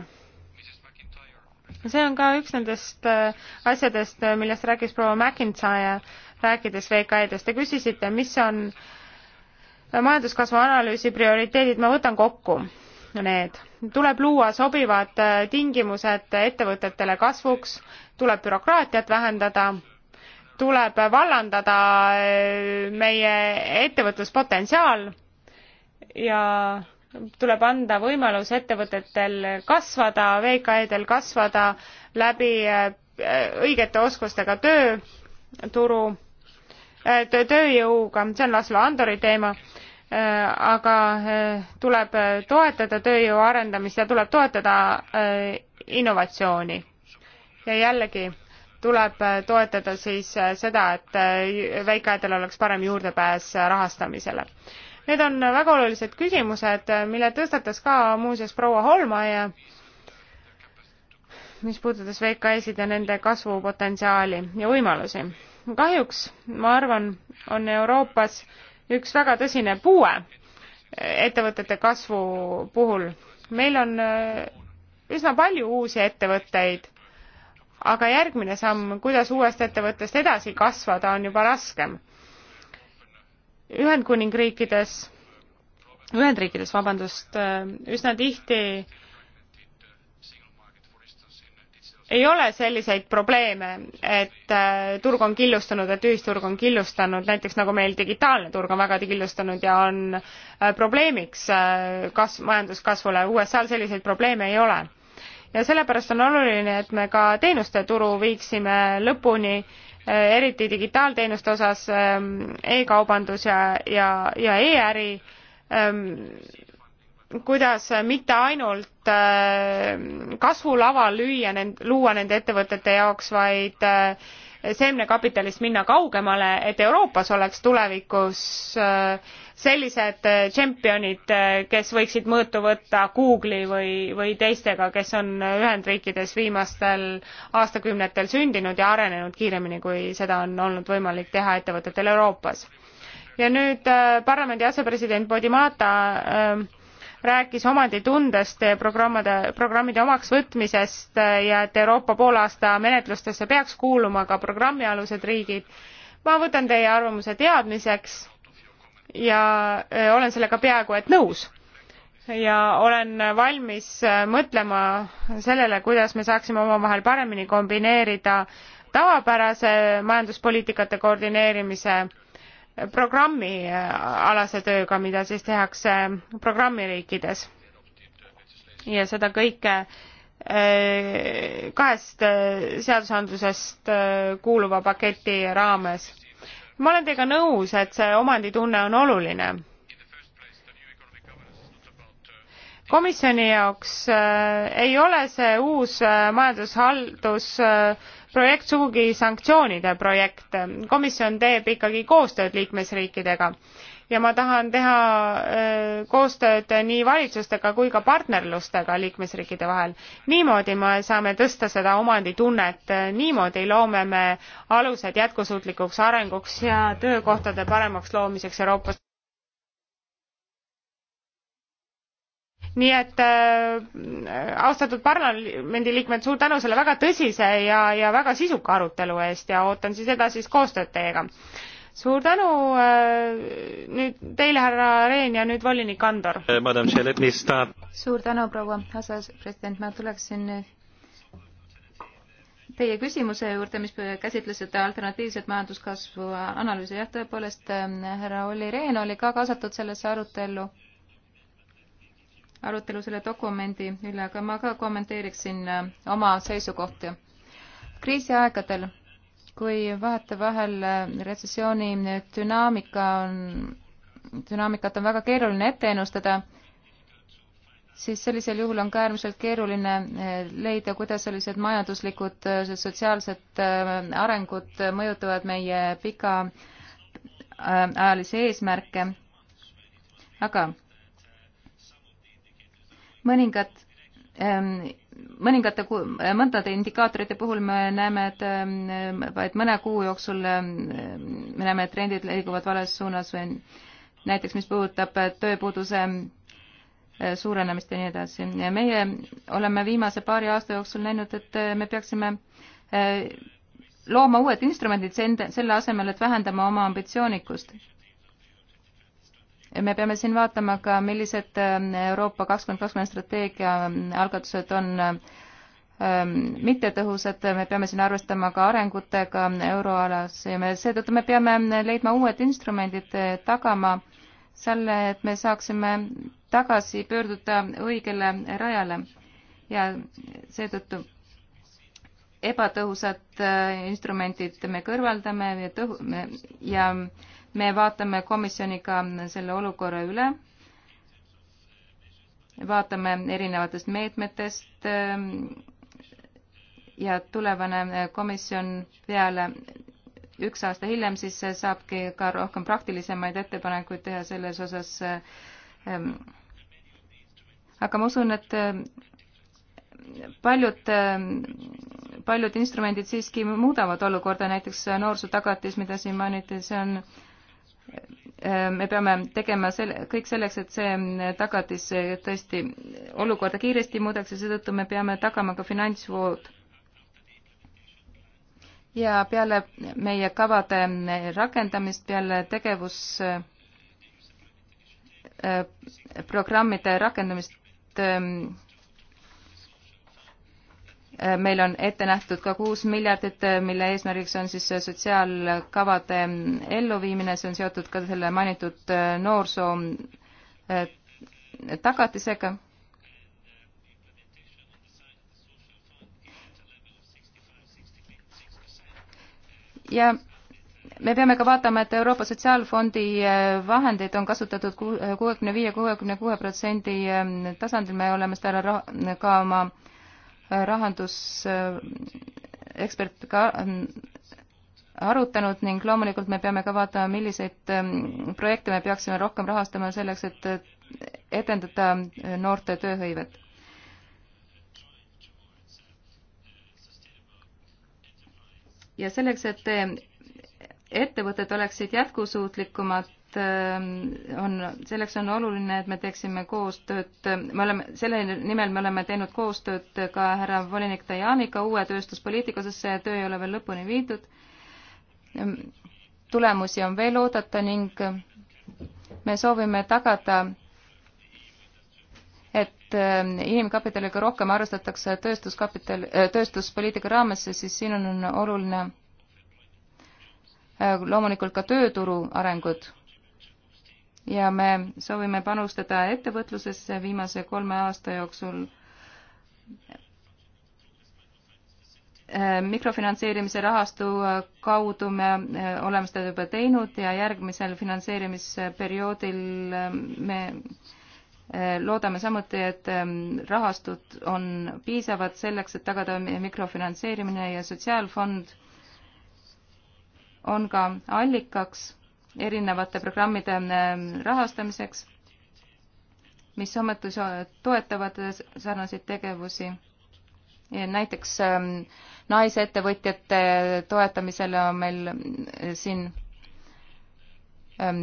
see on ka üks nendest äh, asjadest, äh, millest rääkis proua McIntyre, rääkides VKE-dest. Te küsisite, mis on majanduskasvu analüüsi prioriteedid, ma võtan kokku need. tuleb luua sobivad tingimused ettevõtetele kasvuks, tuleb bürokraatiat vähendada, tuleb vallandada meie ettevõtluspotentsiaal ja tuleb anda võimalus ettevõtetel kasvada, VKE-del kasvada läbi äh, õigete oskustega tööturu, äh, tööjõuga, see on Laslo Andori teema, äh, aga tuleb toetada tööjõu arendamist ja tuleb toetada innovatsiooni. ja jällegi, tuleb toetada siis seda, et väikeaedel oleks parem juurdepääs rahastamisele Need on väga olulised küsimused, mille tõstatas ka muuseas proua Holmaja, mis puudutas VKS-id ja nende kasvupotentsiaali ja võimalusi. kahjuks, ma arvan, on Euroopas üks väga tõsine puue ettevõtete kasvu puhul. meil on äh, üsna palju uusi ettevõtteid, aga järgmine samm, kuidas uuest ettevõttest edasi kasvada, on juba raskem Ühendkuningriikides, Ühendriikides, vabandust, äh, üsna tihti ei ole selliseid probleeme, et äh, turg on killustunud, et ühisturg on killustunud, näiteks nagu meil digitaalne turg on vägagi killustunud ja on äh, probleemiks kas-, majanduskasvule, USA-l selliseid probleeme ei ole. ja sellepärast on oluline, et me ka teenuste turu viiksime lõpuni äh, Eh, eriti digitaalteenuste osas ehm, e-kaubandus ja, ja, ja e-äri, ehm, kuidas mitte ainult ehm, kasvulava lüüa, luua nende ettevõtete jaoks, vaid eh, seemnekapitalist minna kaugemale, et Euroopas oleks tulevikus äh, sellised äh, tšempionid, äh, kes võiksid mõõtu võtta Google'i või, või teistega, kes on Ühendriikides viimastel aastakümnetel sündinud ja arenenud kiiremini, kui seda on olnud võimalik teha ettevõtetel Euroopas. ja nüüd parlamendi asepresident Podimata äh, rääkis omanditundest, programmade, programmide omaksvõtmisest ja et Euroopa poolaasta menetlustesse peaks kuuluma ka programmialused riigid. ma võtan teie arvamuse teadmiseks ja e, olen sellega peaaegu et nõus ja olen valmis e, mõtlema sellele, kuidas me saaksime omavahel paremini kombineerida tavapärase majanduspoliitikate koordineerimise programmialase äh, tööga, mida siis tehakse äh, programmiriikides. ja seda kõike äh, kahest seadusandlusest kuuluva paketi raames. ma olen teiega nõus, et see omanditunne on oluline. komisjoni jaoks ei ole see uus majandushaldus projekt sugugi sanktsioonide projekt. komisjon teeb ikkagi koostööd liikmesriikidega ja ma tahan teha äh, koostööd nii valitsustega kui ka partnerlustega liikmesriikide vahel. niimoodi me saame tõsta seda omanditunnet, niimoodi loome me alused jätkusuutlikuks arenguks ja töökohtade paremaks loomiseks Euroopas. nii et äh, austatud parlamendiliikmed, suur tänu selle väga tõsise ja, ja väga sisuka arutelu eest ja ootan siis edasist koostööd teiega. suur tänu äh, nüüd teile, härra Rehn ja nüüd volinik Andor. Eh, suur tänu, proua asepresident, ma tuleksin teie küsimuse juurde, mis käsitles seda alternatiivset majanduskasvu analüüsi, jah, tõepoolest äh, härra Olli Rehn oli ka kaasatud sellesse arutellu arutelu selle dokumendi üle, aga ma ka kommenteeriksin äh, oma seisukohti. kriisiaegadel, kui vahetevahel äh, retsessiooni dünaamika on, dünaamikat on väga keeruline ette ennustada, siis sellisel juhul on ka äärmiselt keeruline äh, leida, kuidas sellised majanduslikud, sotsiaalsed arengud mõjutavad meie pikaajalisi eesmärke. aga mõningad ähm, mõningate, äh, mõndade indikaatorite puhul me näeme, et ähm, vaid mõne kuu jooksul ähm, me näeme, et trendid liiguvad vales suunas või näiteks, mis puudutab äh, tööpuuduse äh, suurenemist ja nii edasi. meie oleme viimase paari aasta jooksul näinud, et me peaksime looma uued instrumendid selle asemel, et vähendama oma ambitsioonikust me peame siin vaatama ka, millised äh, Euroopa kakskümmend kakskümmend strateegia äh, algatused on ähm, mittetõhusad, me peame siin arvestama ka arengutega euroalas ja me seetõttu me peame äh, leidma uued instrumendid, tagama selle, et me saaksime tagasi pöörduda õigele rajale ja seetõttu ebatõhusad instrumendid me kõrvaldame ja tõhu- ja me vaatame komisjoniga selle olukorra üle, vaatame erinevatest meetmetest ehm, ja tulevane komisjon peale üks aasta hiljem siis saabki ka rohkem praktilisemaid ettepanekuid teha selles osas. Ehm. aga ma usun, et ehm, paljud, paljud instrumendid siiski muudavad olukorda, näiteks noorsootagatis, mida siin mainiti, see on me peame tegema selle, kõik selleks, et see tagatis tõesti olukorda kiiresti muudaks ja seetõttu me peame tagama ka finantsvood. ja peale meie kavade rakendamist, peale tegevusprogrammide äh, rakendamist ähm, meil on ette nähtud ka kuus miljardit, mille eesmärgiks on siis sotsiaalkavade elluviimine, see on seotud ka selle mainitud äh, noorsoo äh, tagatisega. ja me peame ka vaatama, et Euroopa Sotsiaalfondi äh, vahendeid on kasutatud kuuekümne viie, kuuekümne kuue protsendi tasandil, me oleme seda ka oma äh, rahandusekspert äh, ka ähm, arutanud ning loomulikult me peame ka vaatama, milliseid ähm, projekte me peaksime rohkem rahastama selleks, et äh, edendada äh, noorte tööhõivet. ja selleks, et ettevõtted oleksid jätkusuutlikumad, et ähm, on, selleks on oluline, et me teeksime koostööd, me oleme, selle nimel me oleme teinud koostööd ka härra volinik Tajaniga uue tööstuspoliitika, sest see töö ei ole veel lõpuni viidud. tulemusi on veel oodata ning me soovime tagada, et ähm, inimkapitaliga rohkem arvestatakse tööstuskapital, äh, tööstuspoliitika raames, siis siin on oluline äh, loomulikult ka tööturu arengud ja me soovime panustada ettevõtlusesse viimase kolme aasta jooksul mikrofinantseerimise rahastu kaudu me oleme seda juba teinud ja järgmisel finantseerimisperioodil me loodame samuti, et rahastud on piisavad selleks, et tagada mikrofinantseerimine ja sotsiaalfond on ka allikaks erinevate programmide ähm, rahastamiseks, mis ometi toetavad sarnaseid tegevusi. näiteks ähm, naisettevõtjate toetamisele on meil äh, siin ähm,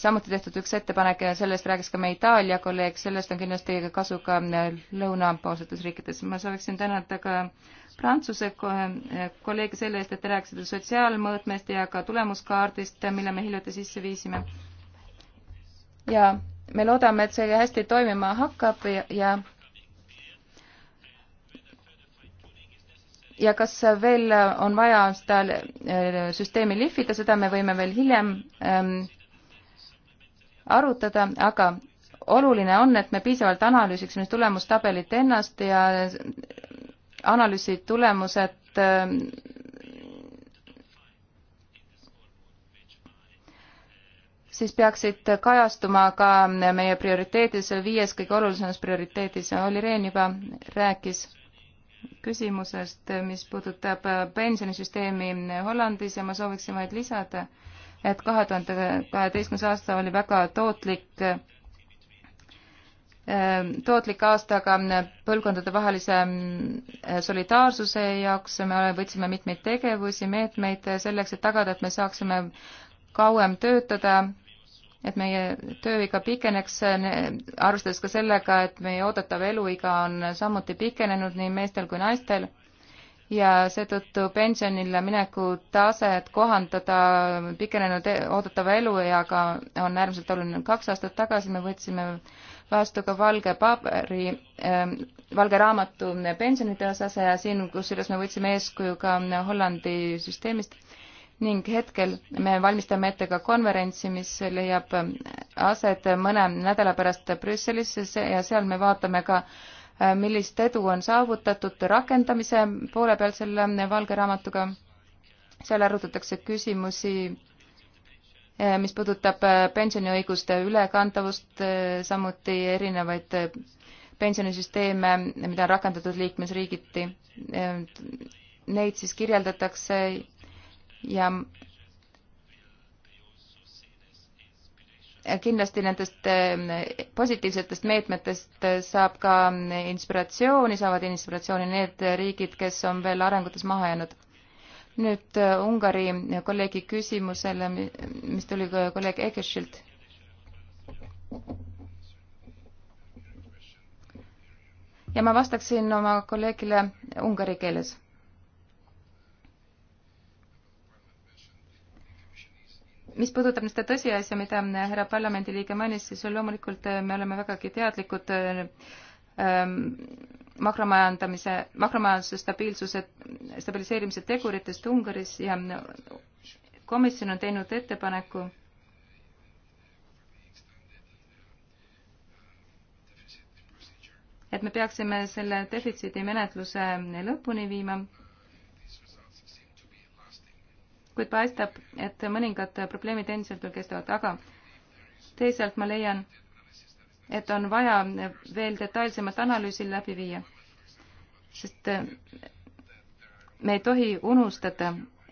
samuti tehtud üks ettepanek ja sellest rääkis ka meie Itaalia kolleeg, sellest on kindlasti kasu ka äh, lõunapoolsetes riikides. ma sooviksin tänada ka äh, Prantsuse eh, kolleegi selle eest, et te rääkisite sotsiaalmõõtmest ja ka tulemuskaardist, mille me hiljuti sisse viisime. ja me loodame, et see hästi toimima hakkab ja, ja ja kas veel on vaja seda eh, süsteemi lihvida, seda me võime veel hiljem ähm, arutada, aga oluline on, et me piisavalt analüüsiksime tulemustabelit ennast ja analüüsi tulemused äh, siis peaksid kajastuma ka meie prioriteedis, viies kõige olulisemas prioriteedis, Olli Rehn juba rääkis küsimusest, mis puudutab pensionisüsteemi Hollandis ja ma sooviksin vaid lisada, et kahe tuhande kaheteistkümnes aasta oli väga tootlik Ehm, tootlik aasta ka mm, põlvkondadevahelise mm, solidaarsuse jaoks, me võtsime mitmeid tegevusi, meetmeid selleks, et tagada, et me saaksime kauem töötada, et meie tööiga pikeneks, arvestades ka sellega, et meie oodatav eluiga on samuti pikenenud nii meestel kui naistel ja seetõttu pensionile mineku taset kohandada pikenenud e-, oodatava elueaga on äärmiselt oluline. kaks aastat tagasi me võtsime vastu ka valge paberi äh,, valge raamatu pensionide osas ja siin, kusjuures me võtsime eeskuju ka Hollandi süsteemist ning hetkel me valmistame ette ka konverentsi, mis leiab aset mõne nädala pärast Brüsselis ja seal me vaatame ka, äh, millist edu on saavutatud rakendamise poole peal selle valge raamatuga. seal arutatakse küsimusi Eh, mis puudutab eh, pensioniõiguste ülekantavust, eh, samuti erinevaid pensionisüsteeme, mida on rakendatud liikmesriigiti. Neid siis kirjeldatakse ja kindlasti nendest positiivsetest meetmetest saab ka inspiratsiooni, saavad inspiratsiooni need riigid, kes on veel arengutes maha jäänud nüüd äh, Ungari kolleegi küsimusele, mis tuli kolleeg Egesilt. ja ma vastaksin oma kolleegile ungari keeles. mis puudutab seda tõsiasja, mida härra parlamendiliige mainis, siis loomulikult äh, me oleme vägagi teadlikud äh, ähm, makromajandamise, makromajanduse stabiilsuse, stabiliseerimise teguritest Ungaris ja komisjon on teinud ettepaneku et me peaksime selle defitsiidi menetluse lõpuni viima, kuid paistab, et mõningad probleemid endiselt veel kestavad, aga teisalt ma leian, et on vaja veel detailsemat analüüsi läbi viia. sest eh, me ei tohi unustada,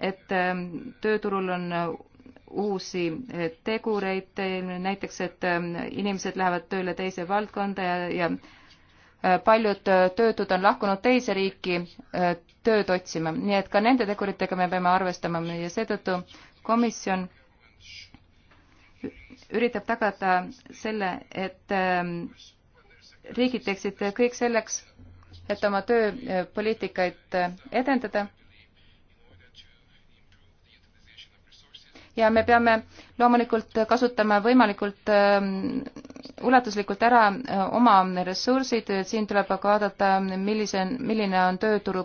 et eh, tööturul on eh, uusi tegureid, näiteks et inimesed lähevad tööle teise valdkonda ja, ja paljud töötud on lahkunud teise riiki tööd otsima, nii et ka nende teguritega me peame arvestama ja seetõttu komisjon üritab tagada selle, et ähm, riigid teeksid kõik selleks, et oma tööpoliitikaid äh, edendada. ja me peame loomulikult kasutama võimalikult ähm, ulatuslikult ära äh, oma ressursid, siin tuleb aga vaadata, millise, milline on tööturu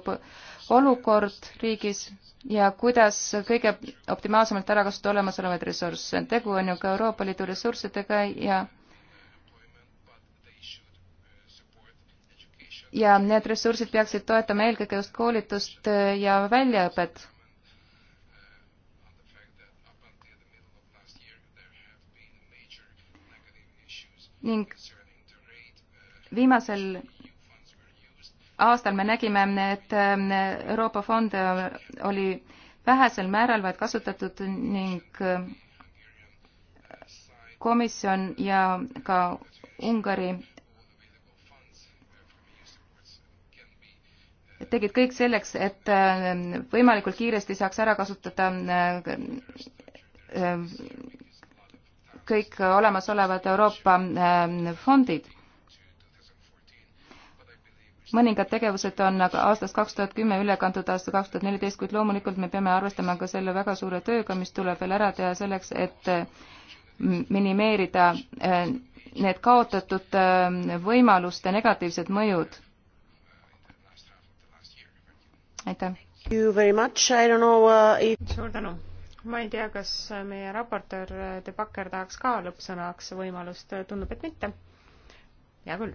olukord riigis ja kuidas kõige optimaalsemalt ära kasutada olemasolevaid ressursse. tegu on ju ka Euroopa Liidu ressurssidega ja ja need ressursid peaksid toetama eelkõige just koolitust ja väljaõpet. ning viimasel aastal me nägime, et ähm, Euroopa fonde äh, oli vähesel määral vaid kasutatud ning äh, komisjon ja ka Ungari tegid kõik selleks, et äh, võimalikult kiiresti saaks ära kasutada kõik olemasolevad Euroopa fondid mõningad tegevused on aga aastast kaks tuhat kümme üle kantud aasta kaks tuhat neliteist, kuid loomulikult me peame arvestama ka selle väga suure tööga, mis tuleb veel ära teha selleks, et mm, minimeerida äh, need kaotatud äh, võimaluste negatiivsed mõjud. aitäh. Uh, suur tänu. ma ei tea, kas meie raportöör De Backer tahaks ka lõppsõnaks võimalust, tundub, et mitte. hea küll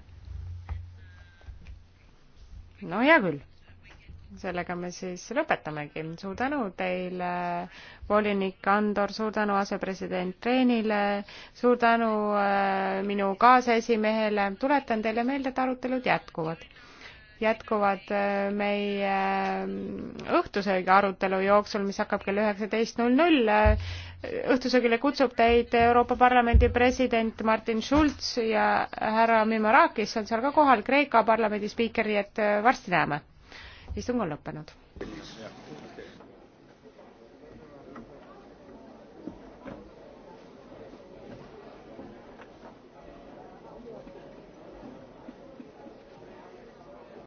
no hea küll. sellega me siis lõpetamegi. suur tänu teile, volinik Andor, suur tänu asepresident Reinile, suur tänu äh, minu kaaseesimehele. tuletan teile meelde, et arutelud jätkuvad jätkuvad äh, meie äh, õhtusöögi arutelu jooksul, mis hakkab kell üheksateist null null. Äh, õhtusöögile kutsub teid Euroopa Parlamendi president Martin Schulz ja härra Mimorakis on seal ka kohal, Kreeka parlamendi spiiker, nii et varsti näeme. istung on lõppenud.